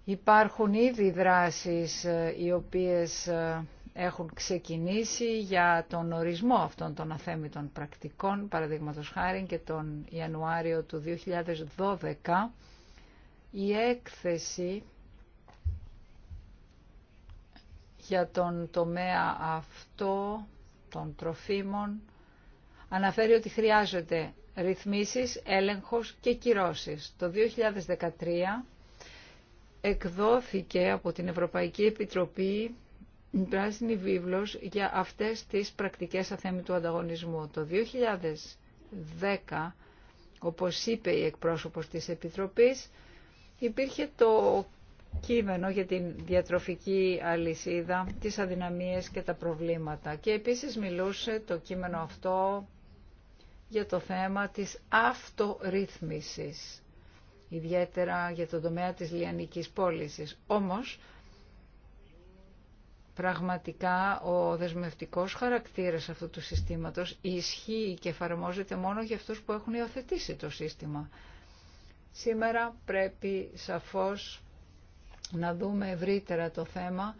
Υπάρχουν ήδη δράσεις ε, οι οποίες ε, έχουν ξεκινήσει για τον ορισμό αυτών των αθέμητων πρακτικών, παραδείγματος χάρη και τον Ιανουάριο του 2012, η έκθεση για τον τομέα αυτό των τροφίμων αναφέρει ότι χρειάζεται ρυθμίσεις, έλεγχος και κυρώσεις. Το 2013 εκδόθηκε από την Ευρωπαϊκή Επιτροπή η πράσινη βίβλος για αυτές τις πρακτικές του ανταγωνισμού. Το 2010, όπως είπε η εκπρόσωπος της Επιτροπής, υπήρχε το κείμενο για την διατροφική αλυσίδα, τις αδυναμίες και τα προβλήματα. Και επίσης μιλούσε το κείμενο αυτό για το θέμα της αυτορύθμισης ιδιαίτερα για το τομέα της λιανικής πώλησης. Όμως, πραγματικά ο δεσμευτικός χαρακτήρας αυτού του συστήματος ισχύει και εφαρμόζεται μόνο για αυτούς που έχουν υιοθετήσει το σύστημα. Σήμερα πρέπει σαφώς να δούμε ευρύτερα το θέμα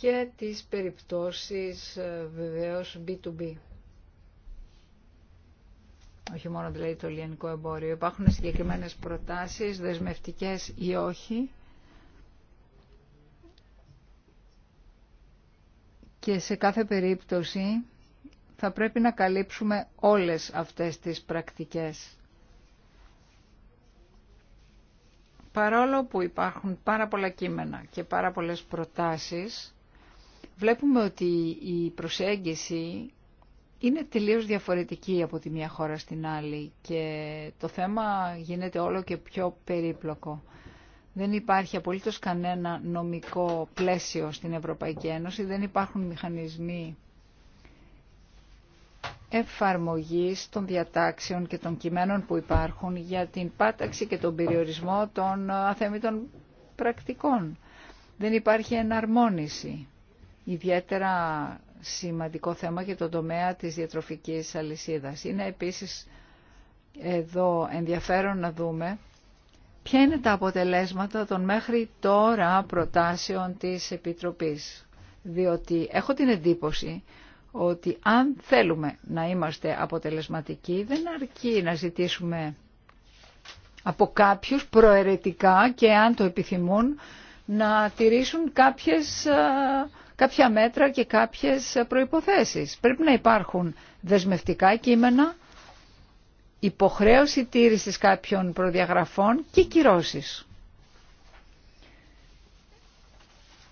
και τις περιπτώσεις ε, βεβαίως B2B όχι μόνο δηλαδή το λιανικό εμπόριο. Υπάρχουν συγκεκριμένες προτάσεις, δεσμευτικές ή όχι. Και σε κάθε περίπτωση θα πρέπει να καλύψουμε όλες αυτές τις πρακτικές. Παρόλο που υπάρχουν πάρα πολλά κείμενα και πάρα πολλές προτάσεις, βλέπουμε ότι η προσέγγιση είναι τελείως διαφορετική από τη μία χώρα στην άλλη και το θέμα γίνεται όλο και πιο περίπλοκο. Δεν υπάρχει απολύτως κανένα νομικό πλαίσιο στην Ευρωπαϊκή Ένωση, δεν υπάρχουν μηχανισμοί εφαρμογής των διατάξεων και των κειμένων που υπάρχουν για την πάταξη και τον περιορισμό των αθέμητων πρακτικών. Δεν υπάρχει εναρμόνιση. Ιδιαίτερα σημαντικό θέμα για τον τομέα της διατροφικής αλυσίδας. Είναι επίσης εδώ ενδιαφέρον να δούμε ποια είναι τα αποτελέσματα των μέχρι τώρα προτάσεων της Επιτροπής. Διότι έχω την εντύπωση ότι αν θέλουμε να είμαστε αποτελεσματικοί δεν αρκεί να ζητήσουμε από κάποιους προαιρετικά και αν το επιθυμούν να τηρήσουν κάποιες κάποια μέτρα και κάποιες προϋποθέσεις. Πρέπει να υπάρχουν δεσμευτικά κείμενα, υποχρέωση τήρησης κάποιων προδιαγραφών και κυρώσεις.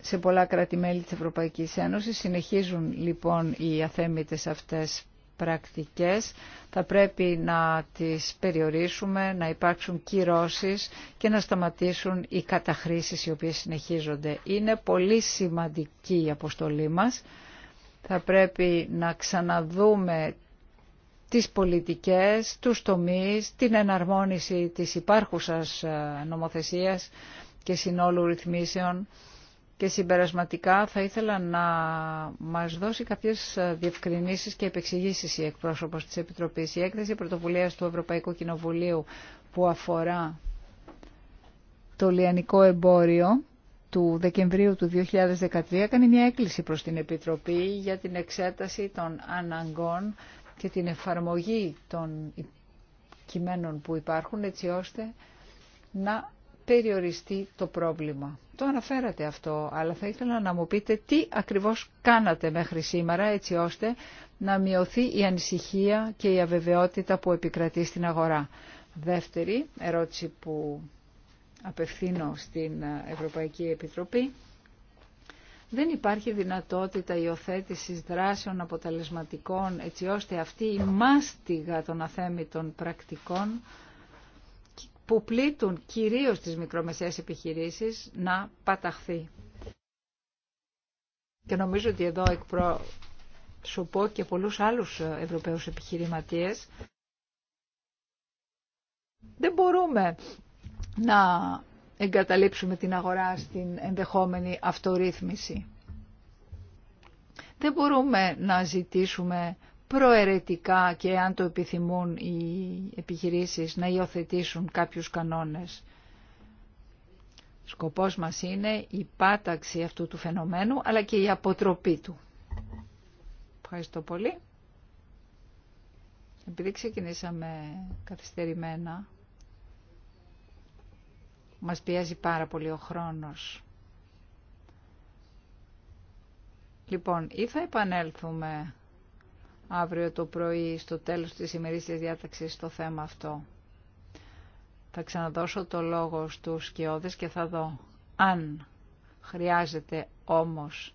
σε πολλά κράτη-μέλη της Ευρωπαϊκής Ένωσης. Συνεχίζουν λοιπόν οι αθέμητες αυτές πρακτικές, θα πρέπει να τις περιορίσουμε, να υπάρξουν κυρώσεις και να σταματήσουν οι καταχρήσεις οι οποίες συνεχίζονται. Είναι πολύ σημαντική η αποστολή μας. Θα πρέπει να ξαναδούμε τις πολιτικές, τους τομείς, την εναρμόνιση της υπάρχουσας ε, νομοθεσίας και συνόλου ρυθμίσεων και συμπερασματικά θα ήθελα να μας δώσει κάποιες διευκρινήσεις και επεξηγήσεις η εκπρόσωπος της Επιτροπής. Η έκθεση πρωτοβουλίας του Ευρωπαϊκού Κοινοβουλίου που αφορά το λιανικό εμπόριο του Δεκεμβρίου του 2013 έκανε μια έκκληση προς την Επιτροπή για την εξέταση των αναγκών και την εφαρμογή των κειμένων που υπάρχουν έτσι ώστε να περιοριστεί το πρόβλημα. Το αναφέρατε αυτό, αλλά θα ήθελα να μου πείτε τι ακριβώς κάνατε μέχρι σήμερα έτσι ώστε να μειωθεί η ανησυχία και η αβεβαιότητα που επικρατεί στην αγορά. Δεύτερη ερώτηση που απευθύνω στην Ευρωπαϊκή Επιτροπή. Δεν υπάρχει δυνατότητα υιοθέτηση δράσεων αποτελεσματικών έτσι ώστε αυτή η μάστιγα των αθέμητων πρακτικών που πλήττουν κυρίως τις μικρομεσαίες επιχειρήσεις να παταχθεί. Και νομίζω ότι εδώ εκπροσωπώ και πολλούς άλλους ε, Ευρωπαίους επιχειρηματίες. Δεν μπορούμε να εγκαταλείψουμε την αγορά στην ενδεχόμενη αυτορύθμιση. Δεν μπορούμε να ζητήσουμε προαιρετικά και αν το επιθυμούν οι επιχειρήσεις να υιοθετήσουν κάποιους κανόνες. Σκοπός μας είναι η πάταξη αυτού του φαινομένου αλλά και η αποτροπή του. Ευχαριστώ πολύ. Επειδή ξεκινήσαμε καθυστερημένα, μας πιέζει πάρα πολύ ο χρόνος. Λοιπόν, ή θα επανέλθουμε αύριο το πρωί στο τέλος της ημερήσιας διάταξης στο θέμα αυτό. Θα ξαναδώσω το λόγο στους σκιώδες και θα δω αν χρειάζεται όμως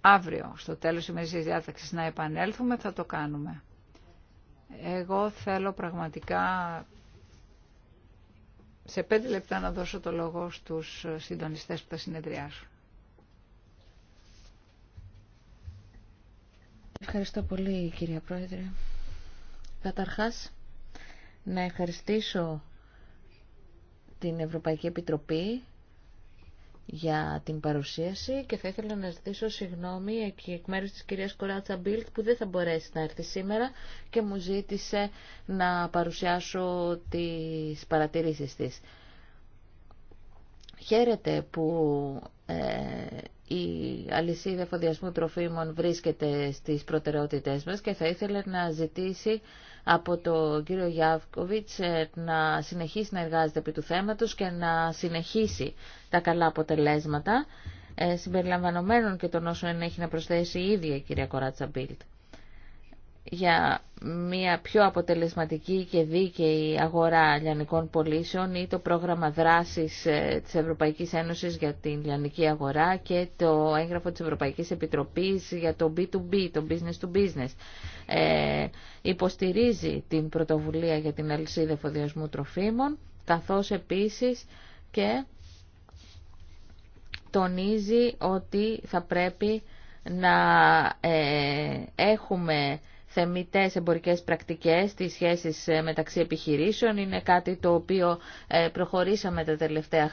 αύριο στο τέλος της ημερήσιας διάταξης να επανέλθουμε θα το κάνουμε. Εγώ θέλω πραγματικά σε πέντε λεπτά να δώσω το λόγο στους συντονιστές που θα συνεδριάσουν. Ευχαριστώ πολύ κυρία Πρόεδρε. Καταρχάς, να ευχαριστήσω την Ευρωπαϊκή Επιτροπή για την παρουσίαση και θα ήθελα να ζητήσω συγγνώμη εκ μέρους της κυρίας Κοράτσα Μπίλτ που δεν θα μπορέσει να έρθει σήμερα και μου ζήτησε να παρουσιάσω τις παρατηρήσεις της. Χαίρεται που ε, η αλυσίδα εφοδιασμού τροφίμων βρίσκεται στις προτεραιότητές μας και θα ήθελε να ζητήσει από τον κύριο Γιάβκοβιτς ε, να συνεχίσει να εργάζεται επί του θέματος και να συνεχίσει τα καλά αποτελέσματα ε, συμπεριλαμβανομένων και των όσων έχει να προσθέσει η ίδια η κυρία Κοράτσα Μπίλτ για μια πιο αποτελεσματική και δίκαιη αγορά λιανικών πωλήσεων ή το πρόγραμμα δράσης ε, της Ευρωπαϊκής Ένωσης για την λιανική αγορά και το έγγραφο της Ευρωπαϊκής Επιτροπής για το B2B, το business to business. Ε, υποστηρίζει την πρωτοβουλία για την αλυσίδα εφοδιασμού τροφίμων, καθώς επίσης και τονίζει ότι θα πρέπει να ε, έχουμε θεμητές εμπορικές πρακτικές, τις σχέσεις ε, μεταξύ επιχειρήσεων. Είναι κάτι το οποίο ε, προχωρήσαμε τα τελευταία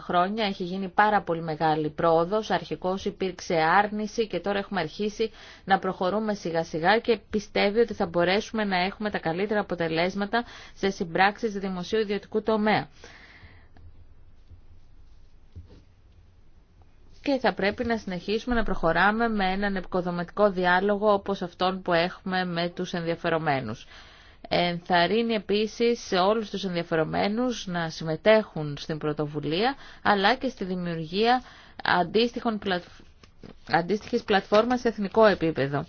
χρόνια. Έχει γίνει πάρα πολύ μεγάλη πρόοδος. Αρχικώς υπήρξε άρνηση και τώρα έχουμε αρχίσει να προχωρούμε σιγά σιγά και πιστεύει ότι θα μπορέσουμε να έχουμε τα καλύτερα αποτελέσματα σε συμπράξεις δημοσίου ιδιωτικού τομέα. και θα πρέπει να συνεχίσουμε να προχωράμε με έναν επικοδομητικό διάλογο όπως αυτόν που έχουμε με τους ενδιαφερομένους. Ενθαρρύνει επίσης όλους τους ενδιαφερομένους να συμμετέχουν στην πρωτοβουλία αλλά και στη δημιουργία αντίστοιχων αντίστοιχης πλατφόρμας σε εθνικό επίπεδο.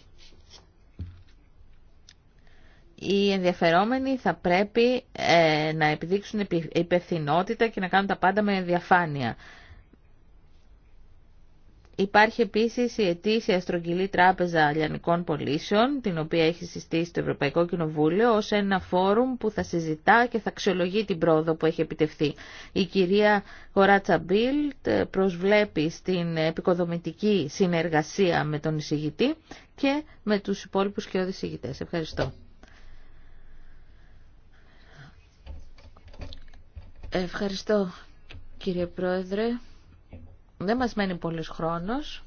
Οι ενδιαφερόμενοι θα πρέπει ε, να επιδείξουν υπευθυνότητα και να κάνουν τα πάντα με διαφάνεια. Υπάρχει επίσης η ετήσια στρογγυλή τράπεζα λιανικών πολίσεων, την οποία έχει συστήσει το Ευρωπαϊκό Κοινοβούλιο ως ένα φόρουμ που θα συζητά και θα αξιολογεί την πρόοδο που έχει επιτευχθεί. Η κυρία κορατσα Μπίλτ προσβλέπει στην επικοδομητική συνεργασία με τον εισηγητή και με τους υπόλοιπους και οδησηγητές. Ευχαριστώ. Ευχαριστώ κύριε Πρόεδρε. Δεν μας μένει πολύς χρόνος.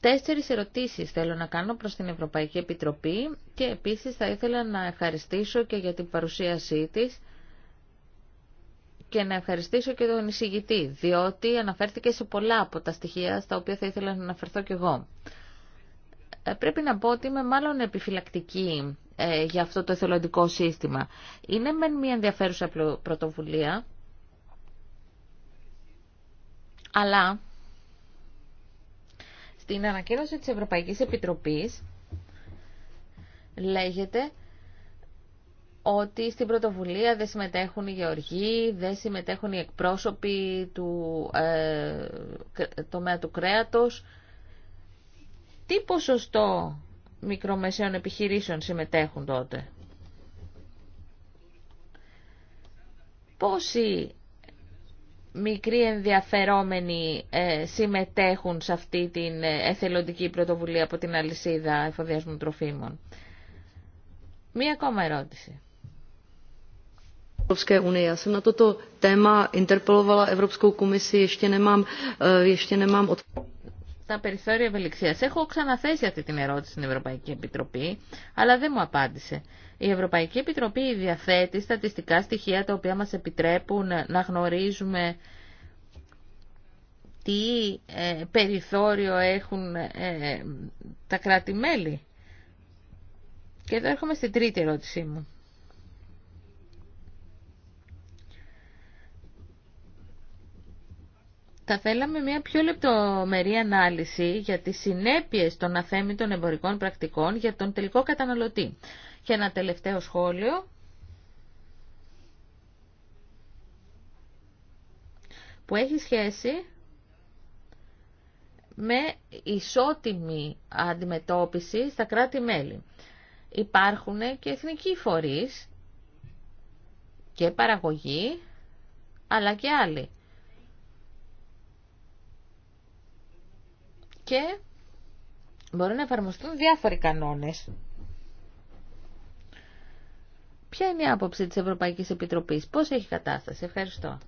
Τέσσερις ερωτήσεις θέλω να κάνω προς την Ευρωπαϊκή Επιτροπή και επίσης θα ήθελα να ευχαριστήσω και για την παρουσίασή της και να ευχαριστήσω και τον εισηγητή, διότι αναφέρθηκε σε πολλά από τα στοιχεία στα οποία θα ήθελα να αναφερθώ κι εγώ. Ε, πρέπει να πω ότι είμαι μάλλον επιφυλακτική ε, για αυτό το εθελοντικό σύστημα. Είναι μεν μια ενδιαφέρουσα πρωτοβουλία, αλλά στην ανακοίνωση της Ευρωπαϊκής Επιτροπής λέγεται ότι στην πρωτοβουλία δεν συμμετέχουν οι γεωργοί, δεν συμμετέχουν οι εκπρόσωποι του ε, τομέα του κρέατος. Τι ποσοστό μικρομεσαίων επιχειρήσεων συμμετέχουν τότε. Πόσοι μικροί ενδιαφερόμενοι ε, συμμετέχουν σε αυτή την ε, εθελοντική πρωτοβουλία από την αλυσίδα εφοδιασμού τροφίμων. Μία ακόμα ερώτηση. Ευρωπαϊκή Ένωση. το το θέμα τα περιθώρια ευελιξία. Έχω ξαναθέσει αυτή την ερώτηση στην Ευρωπαϊκή Επιτροπή, αλλά δεν μου απάντησε. Η Ευρωπαϊκή Επιτροπή διαθέτει στατιστικά στοιχεία τα οποία μας επιτρέπουν να γνωρίζουμε τι ε, περιθώριο έχουν ε, τα κράτη-μέλη. Και εδώ έρχομαι στην τρίτη ερώτησή μου. θα θέλαμε μια πιο λεπτομερή ανάλυση για τις συνέπειες των αθέμητων εμπορικών πρακτικών για τον τελικό καταναλωτή. Και ένα τελευταίο σχόλιο. που έχει σχέση με ισότιμη αντιμετώπιση στα κράτη-μέλη. Υπάρχουν και εθνικοί φορείς και παραγωγή, αλλά και άλλοι. και μπορούν να εφαρμοστούν διάφοροι κανόνες. Ποια είναι η άποψη της Ευρωπαϊκής Επιτροπής, πώς έχει κατάσταση. Ευχαριστώ.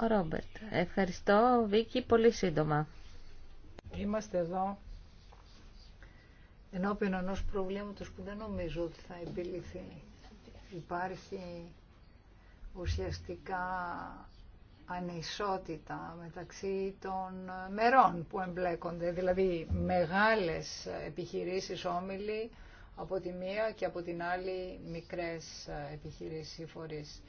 Ο Ρόμπερτ. Ευχαριστώ, Βίκη, πολύ σύντομα. Είμαστε εδώ ενώπιον ενό προβλήματο που δεν νομίζω ότι θα επιληθεί. Υπάρχει ουσιαστικά ανισότητα μεταξύ των μερών που εμπλέκονται, δηλαδή μεγάλες επιχειρήσεις όμιλοι από τη μία και από την άλλη μικρές επιχειρήσεις ή φορείς.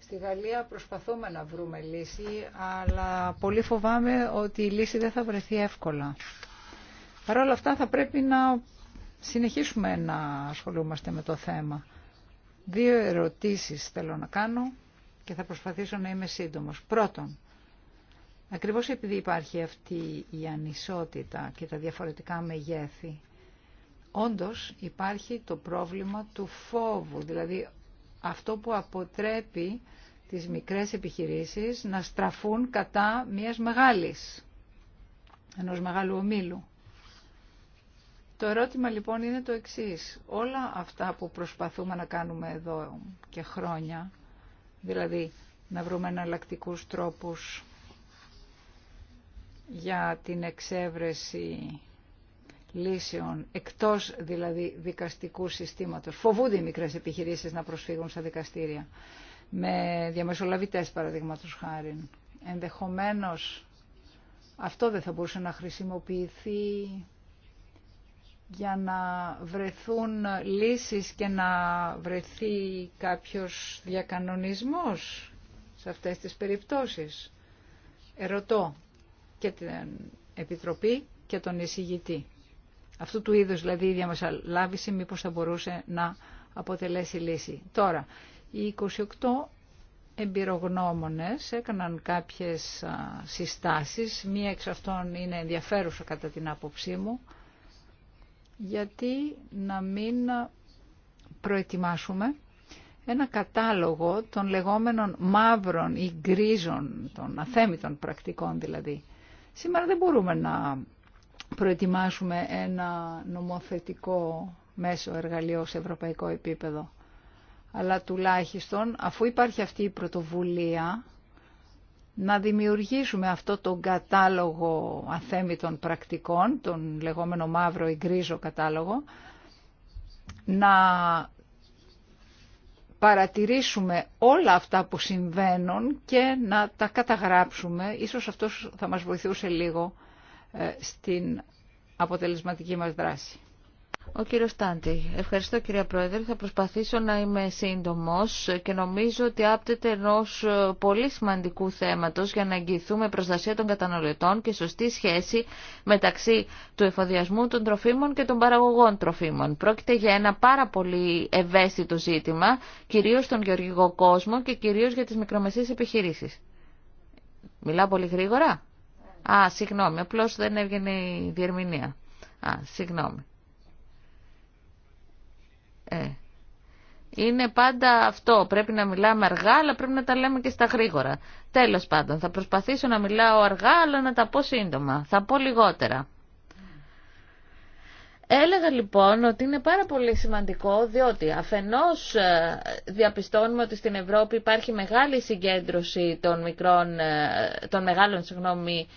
Στη Γαλλία προσπαθούμε να βρούμε λύση, αλλά πολύ φοβάμαι ότι η λύση δεν θα βρεθεί εύκολα. Παρ' όλα αυτά θα πρέπει να συνεχίσουμε να ασχολούμαστε με το θέμα. Δύο ερωτήσεις θέλω να κάνω και θα προσπαθήσω να είμαι σύντομος. Πρώτον, ακριβώς επειδή υπάρχει αυτή η ανισότητα και τα διαφορετικά μεγέθη, όντως υπάρχει το πρόβλημα του φόβου, δηλαδή αυτό που αποτρέπει τις μικρές επιχειρήσεις να στραφούν κατά μιας μεγάλης, ενός μεγάλου ομίλου. Το ερώτημα λοιπόν είναι το εξής. Όλα αυτά που προσπαθούμε να κάνουμε εδώ και χρόνια Δηλαδή να βρούμε εναλλακτικού τρόπους για την εξέβρεση λύσεων, εκτός δηλαδή δικαστικού συστήματος. Φοβούνται οι μικρές επιχειρήσεις να προσφύγουν στα δικαστήρια. Με διαμεσολαβητές παραδείγματο χάρη. Ενδεχομένως αυτό δεν θα μπορούσε να χρησιμοποιηθεί για να βρεθούν λύσεις και να βρεθεί κάποιος διακανονισμός σε αυτές τις περιπτώσεις. Ερωτώ και την Επιτροπή και τον εισηγητή. Αυτού του είδους δηλαδή η διαμεσολάβηση μήπως θα μπορούσε να αποτελέσει λύση. Τώρα, οι 28 εμπειρογνώμονες έκαναν κάποιες συστάσεις, μία εξ αυτών είναι ενδιαφέρουσα κατά την άποψή μου, γιατί να μην προετοιμάσουμε ένα κατάλογο των λεγόμενων μαύρων ή γκρίζων, των αθέμητων πρακτικών δηλαδή. Σήμερα δεν μπορούμε να προετοιμάσουμε ένα νομοθετικό μέσο εργαλείο σε ευρωπαϊκό επίπεδο. Αλλά τουλάχιστον αφού υπάρχει αυτή η πρωτοβουλία να δημιουργήσουμε αυτό το κατάλογο αθέμητων πρακτικών, τον λεγόμενο μαύρο ή γκρίζο κατάλογο, να παρατηρήσουμε όλα αυτά που συμβαίνουν και να τα καταγράψουμε. Ίσως αυτός θα μας βοηθούσε λίγο ε, στην αποτελεσματική μας δράση. Ο κύριο Τάντι. Ευχαριστώ κύριε Πρόεδρε. Θα προσπαθήσω να είμαι σύντομο και νομίζω ότι άπτεται ενό ε, πολύ σημαντικού θέματο για να εγγυηθούμε προστασία των καταναλωτών και σωστή σχέση μεταξύ του εφοδιασμού των τροφίμων και των παραγωγών τροφίμων. Πρόκειται για ένα πάρα πολύ ευαίσθητο ζήτημα, κυρίω στον γεωργικό κόσμο και κυρίω για τι μικρομεσαίε επιχειρήσει. Μιλά πολύ γρήγορα. Α, συγγνώμη, απλώ δεν έβγαινε η διερμηνία. Α, συγγνώμη. Ε, είναι πάντα αυτό. Πρέπει να μιλάμε αργά, αλλά πρέπει να τα λέμε και στα γρήγορα. Τέλος πάντων, θα προσπαθήσω να μιλάω αργά, αλλά να τα πω σύντομα. Θα πω λιγότερα. Έλεγα λοιπόν ότι είναι πάρα πολύ σημαντικό διότι αφενός ε, διαπιστώνουμε ότι στην Ευρώπη υπάρχει μεγάλη συγκέντρωση των, μικρών, ε, των μεγάλων συγγνώμη,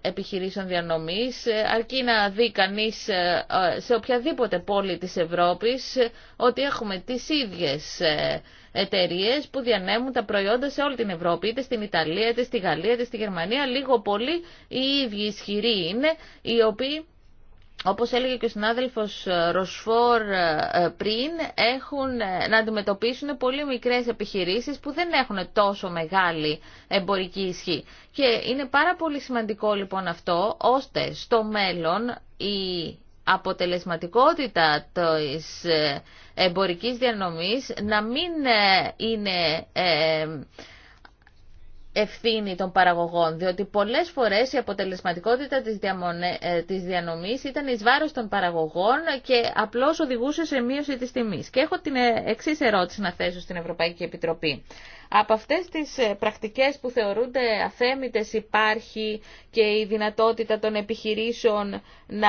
επιχειρήσεων διανομής, ε, αρκεί να δει κανείς ε, ε, σε οποιαδήποτε πόλη της Ευρώπης ότι έχουμε τις ίδιες εταιρείε που διανέμουν τα προϊόντα σε όλη την Ευρώπη, είτε στην Ιταλία, είτε στη Γαλλία, είτε στη Γερμανία, λίγο πολύ οι ίδιοι ισχυροί είναι, οι οποίοι όπως έλεγε και ο συνάδελφος ε, Ροσφόρ ε, ε, πριν, έχουν να αντιμετωπίσουν πολύ μικρές επιχειρήσεις που δεν έχουν τόσο μεγάλη εμπορική ισχύ. Και είναι πάρα πολύ σημαντικό λοιπόν αυτό, ώστε στο μέλλον η αποτελεσματικότητα της εμπορικής διανομής να μην είναι ευθύνη των παραγωγών, διότι πολλές φορές η αποτελεσματικότητα της, διαμονε... Ε, διανομής ήταν εις βάρος των παραγωγών και απλώς οδηγούσε σε μείωση της τιμής. Και έχω την ε, εξή ερώτηση να θέσω στην Ευρωπαϊκή Επιτροπή. Από αυτές τις ε, πρακτικές που θεωρούνται αθέμητες υπάρχει και η δυνατότητα των επιχειρήσεων να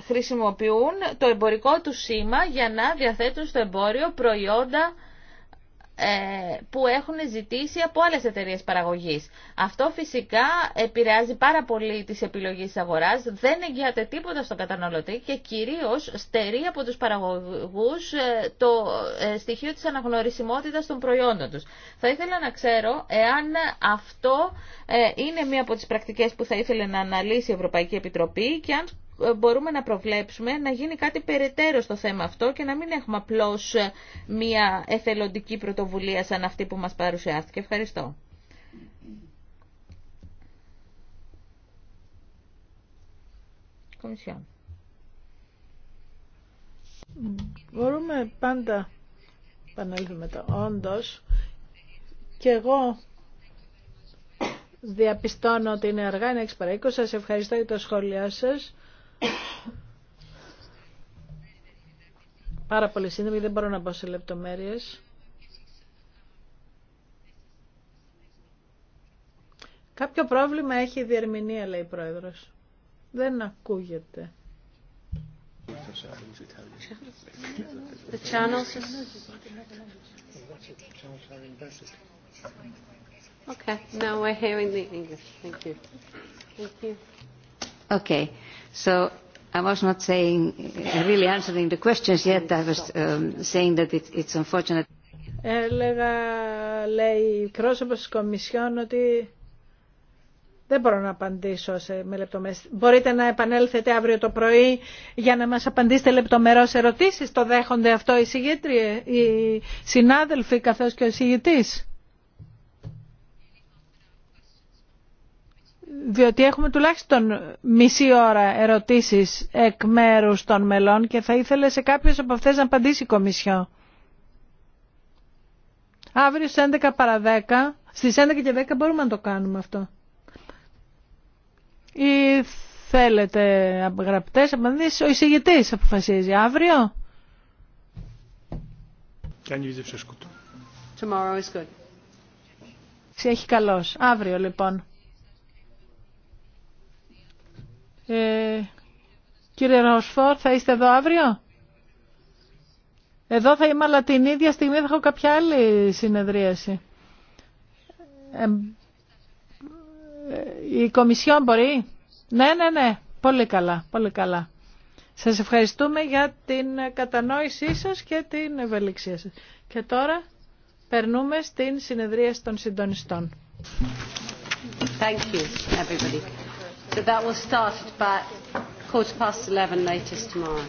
χρησιμοποιούν το εμπορικό του σήμα για να διαθέτουν στο εμπόριο προϊόντα ε, που έχουν ζητήσει από άλλες εταιρείες παραγωγής. Αυτό φυσικά επηρεάζει πάρα πολύ τις επιλογές της αγοράς, δεν εγγυάται τίποτα στον καταναλωτή και κυρίως στερεί από τους παραγωγούς ε, το ε, στοιχείο της αναγνωρισιμότητας των προϊόντων τους. Θα ήθελα να ξέρω εάν αυτό είναι μία από τις πρακτικές που θα ήθελε να αναλύσει η Ευρωπαϊκή Επιτροπή μπορούμε να προβλέψουμε να γίνει κάτι περαιτέρω στο θέμα αυτό και να μην έχουμε απλώ μια εθελοντική πρωτοβουλία σαν αυτή που μας παρουσιάστηκε. Ευχαριστώ. Μπορούμε πάντα, επανέλθουμε το όντως, και εγώ διαπιστώνω ότι είναι αργά, είναι 6 ευχαριστώ για το σχόλιά σας. Πάρα πολύ σύντομη, δεν μπορώ να πω σε λεπτομέρειες. Κάποιο πρόβλημα έχει η διερμηνία, λέει η Πρόεδρος. Δεν ακούγεται. The channels Okay, now we're hearing the English. Thank you. Thank you. Λέγα, um, Έλεγα, λέει η πρόσωπος της Κομισιόν ότι δεν μπορώ να απαντήσω σε, με λεπτομέρειες. Μπορείτε να επανέλθετε αύριο το πρωί για να μας απαντήσετε λεπτομερώς ερωτήσεις. Το δέχονται αυτό οι, οι συνάδελφοι καθώς και ο συγγετής. διότι έχουμε τουλάχιστον μισή ώρα ερωτήσεις εκ μέρους των μελών και θα ήθελε σε κάποιες από αυτές να απαντήσει η Κομισιό. Αύριο στις 11 παρα 10, στις 11 και 10 μπορούμε να το κάνουμε αυτό. Ή θέλετε γραπτές απαντήσεις, ο εισηγητής αποφασίζει αύριο. Tomorrow is good. Έχει καλός. Αύριο λοιπόν. Ε, κύριε Ροσφόρ, θα είστε εδώ αύριο? Εδώ θα είμαι, αλλά την ίδια στιγμή θα έχω κάποια άλλη συνεδρίαση. Ε, η Κομισιόν μπορεί. Ναι, ναι, ναι. Πολύ καλά, πολύ καλά. Σας ευχαριστούμε για την κατανόησή σας και την ευελιξία σας. Και τώρα περνούμε στην συνεδρία των συντονιστών. Thank So that will start at about quarter past eleven, latest tomorrow.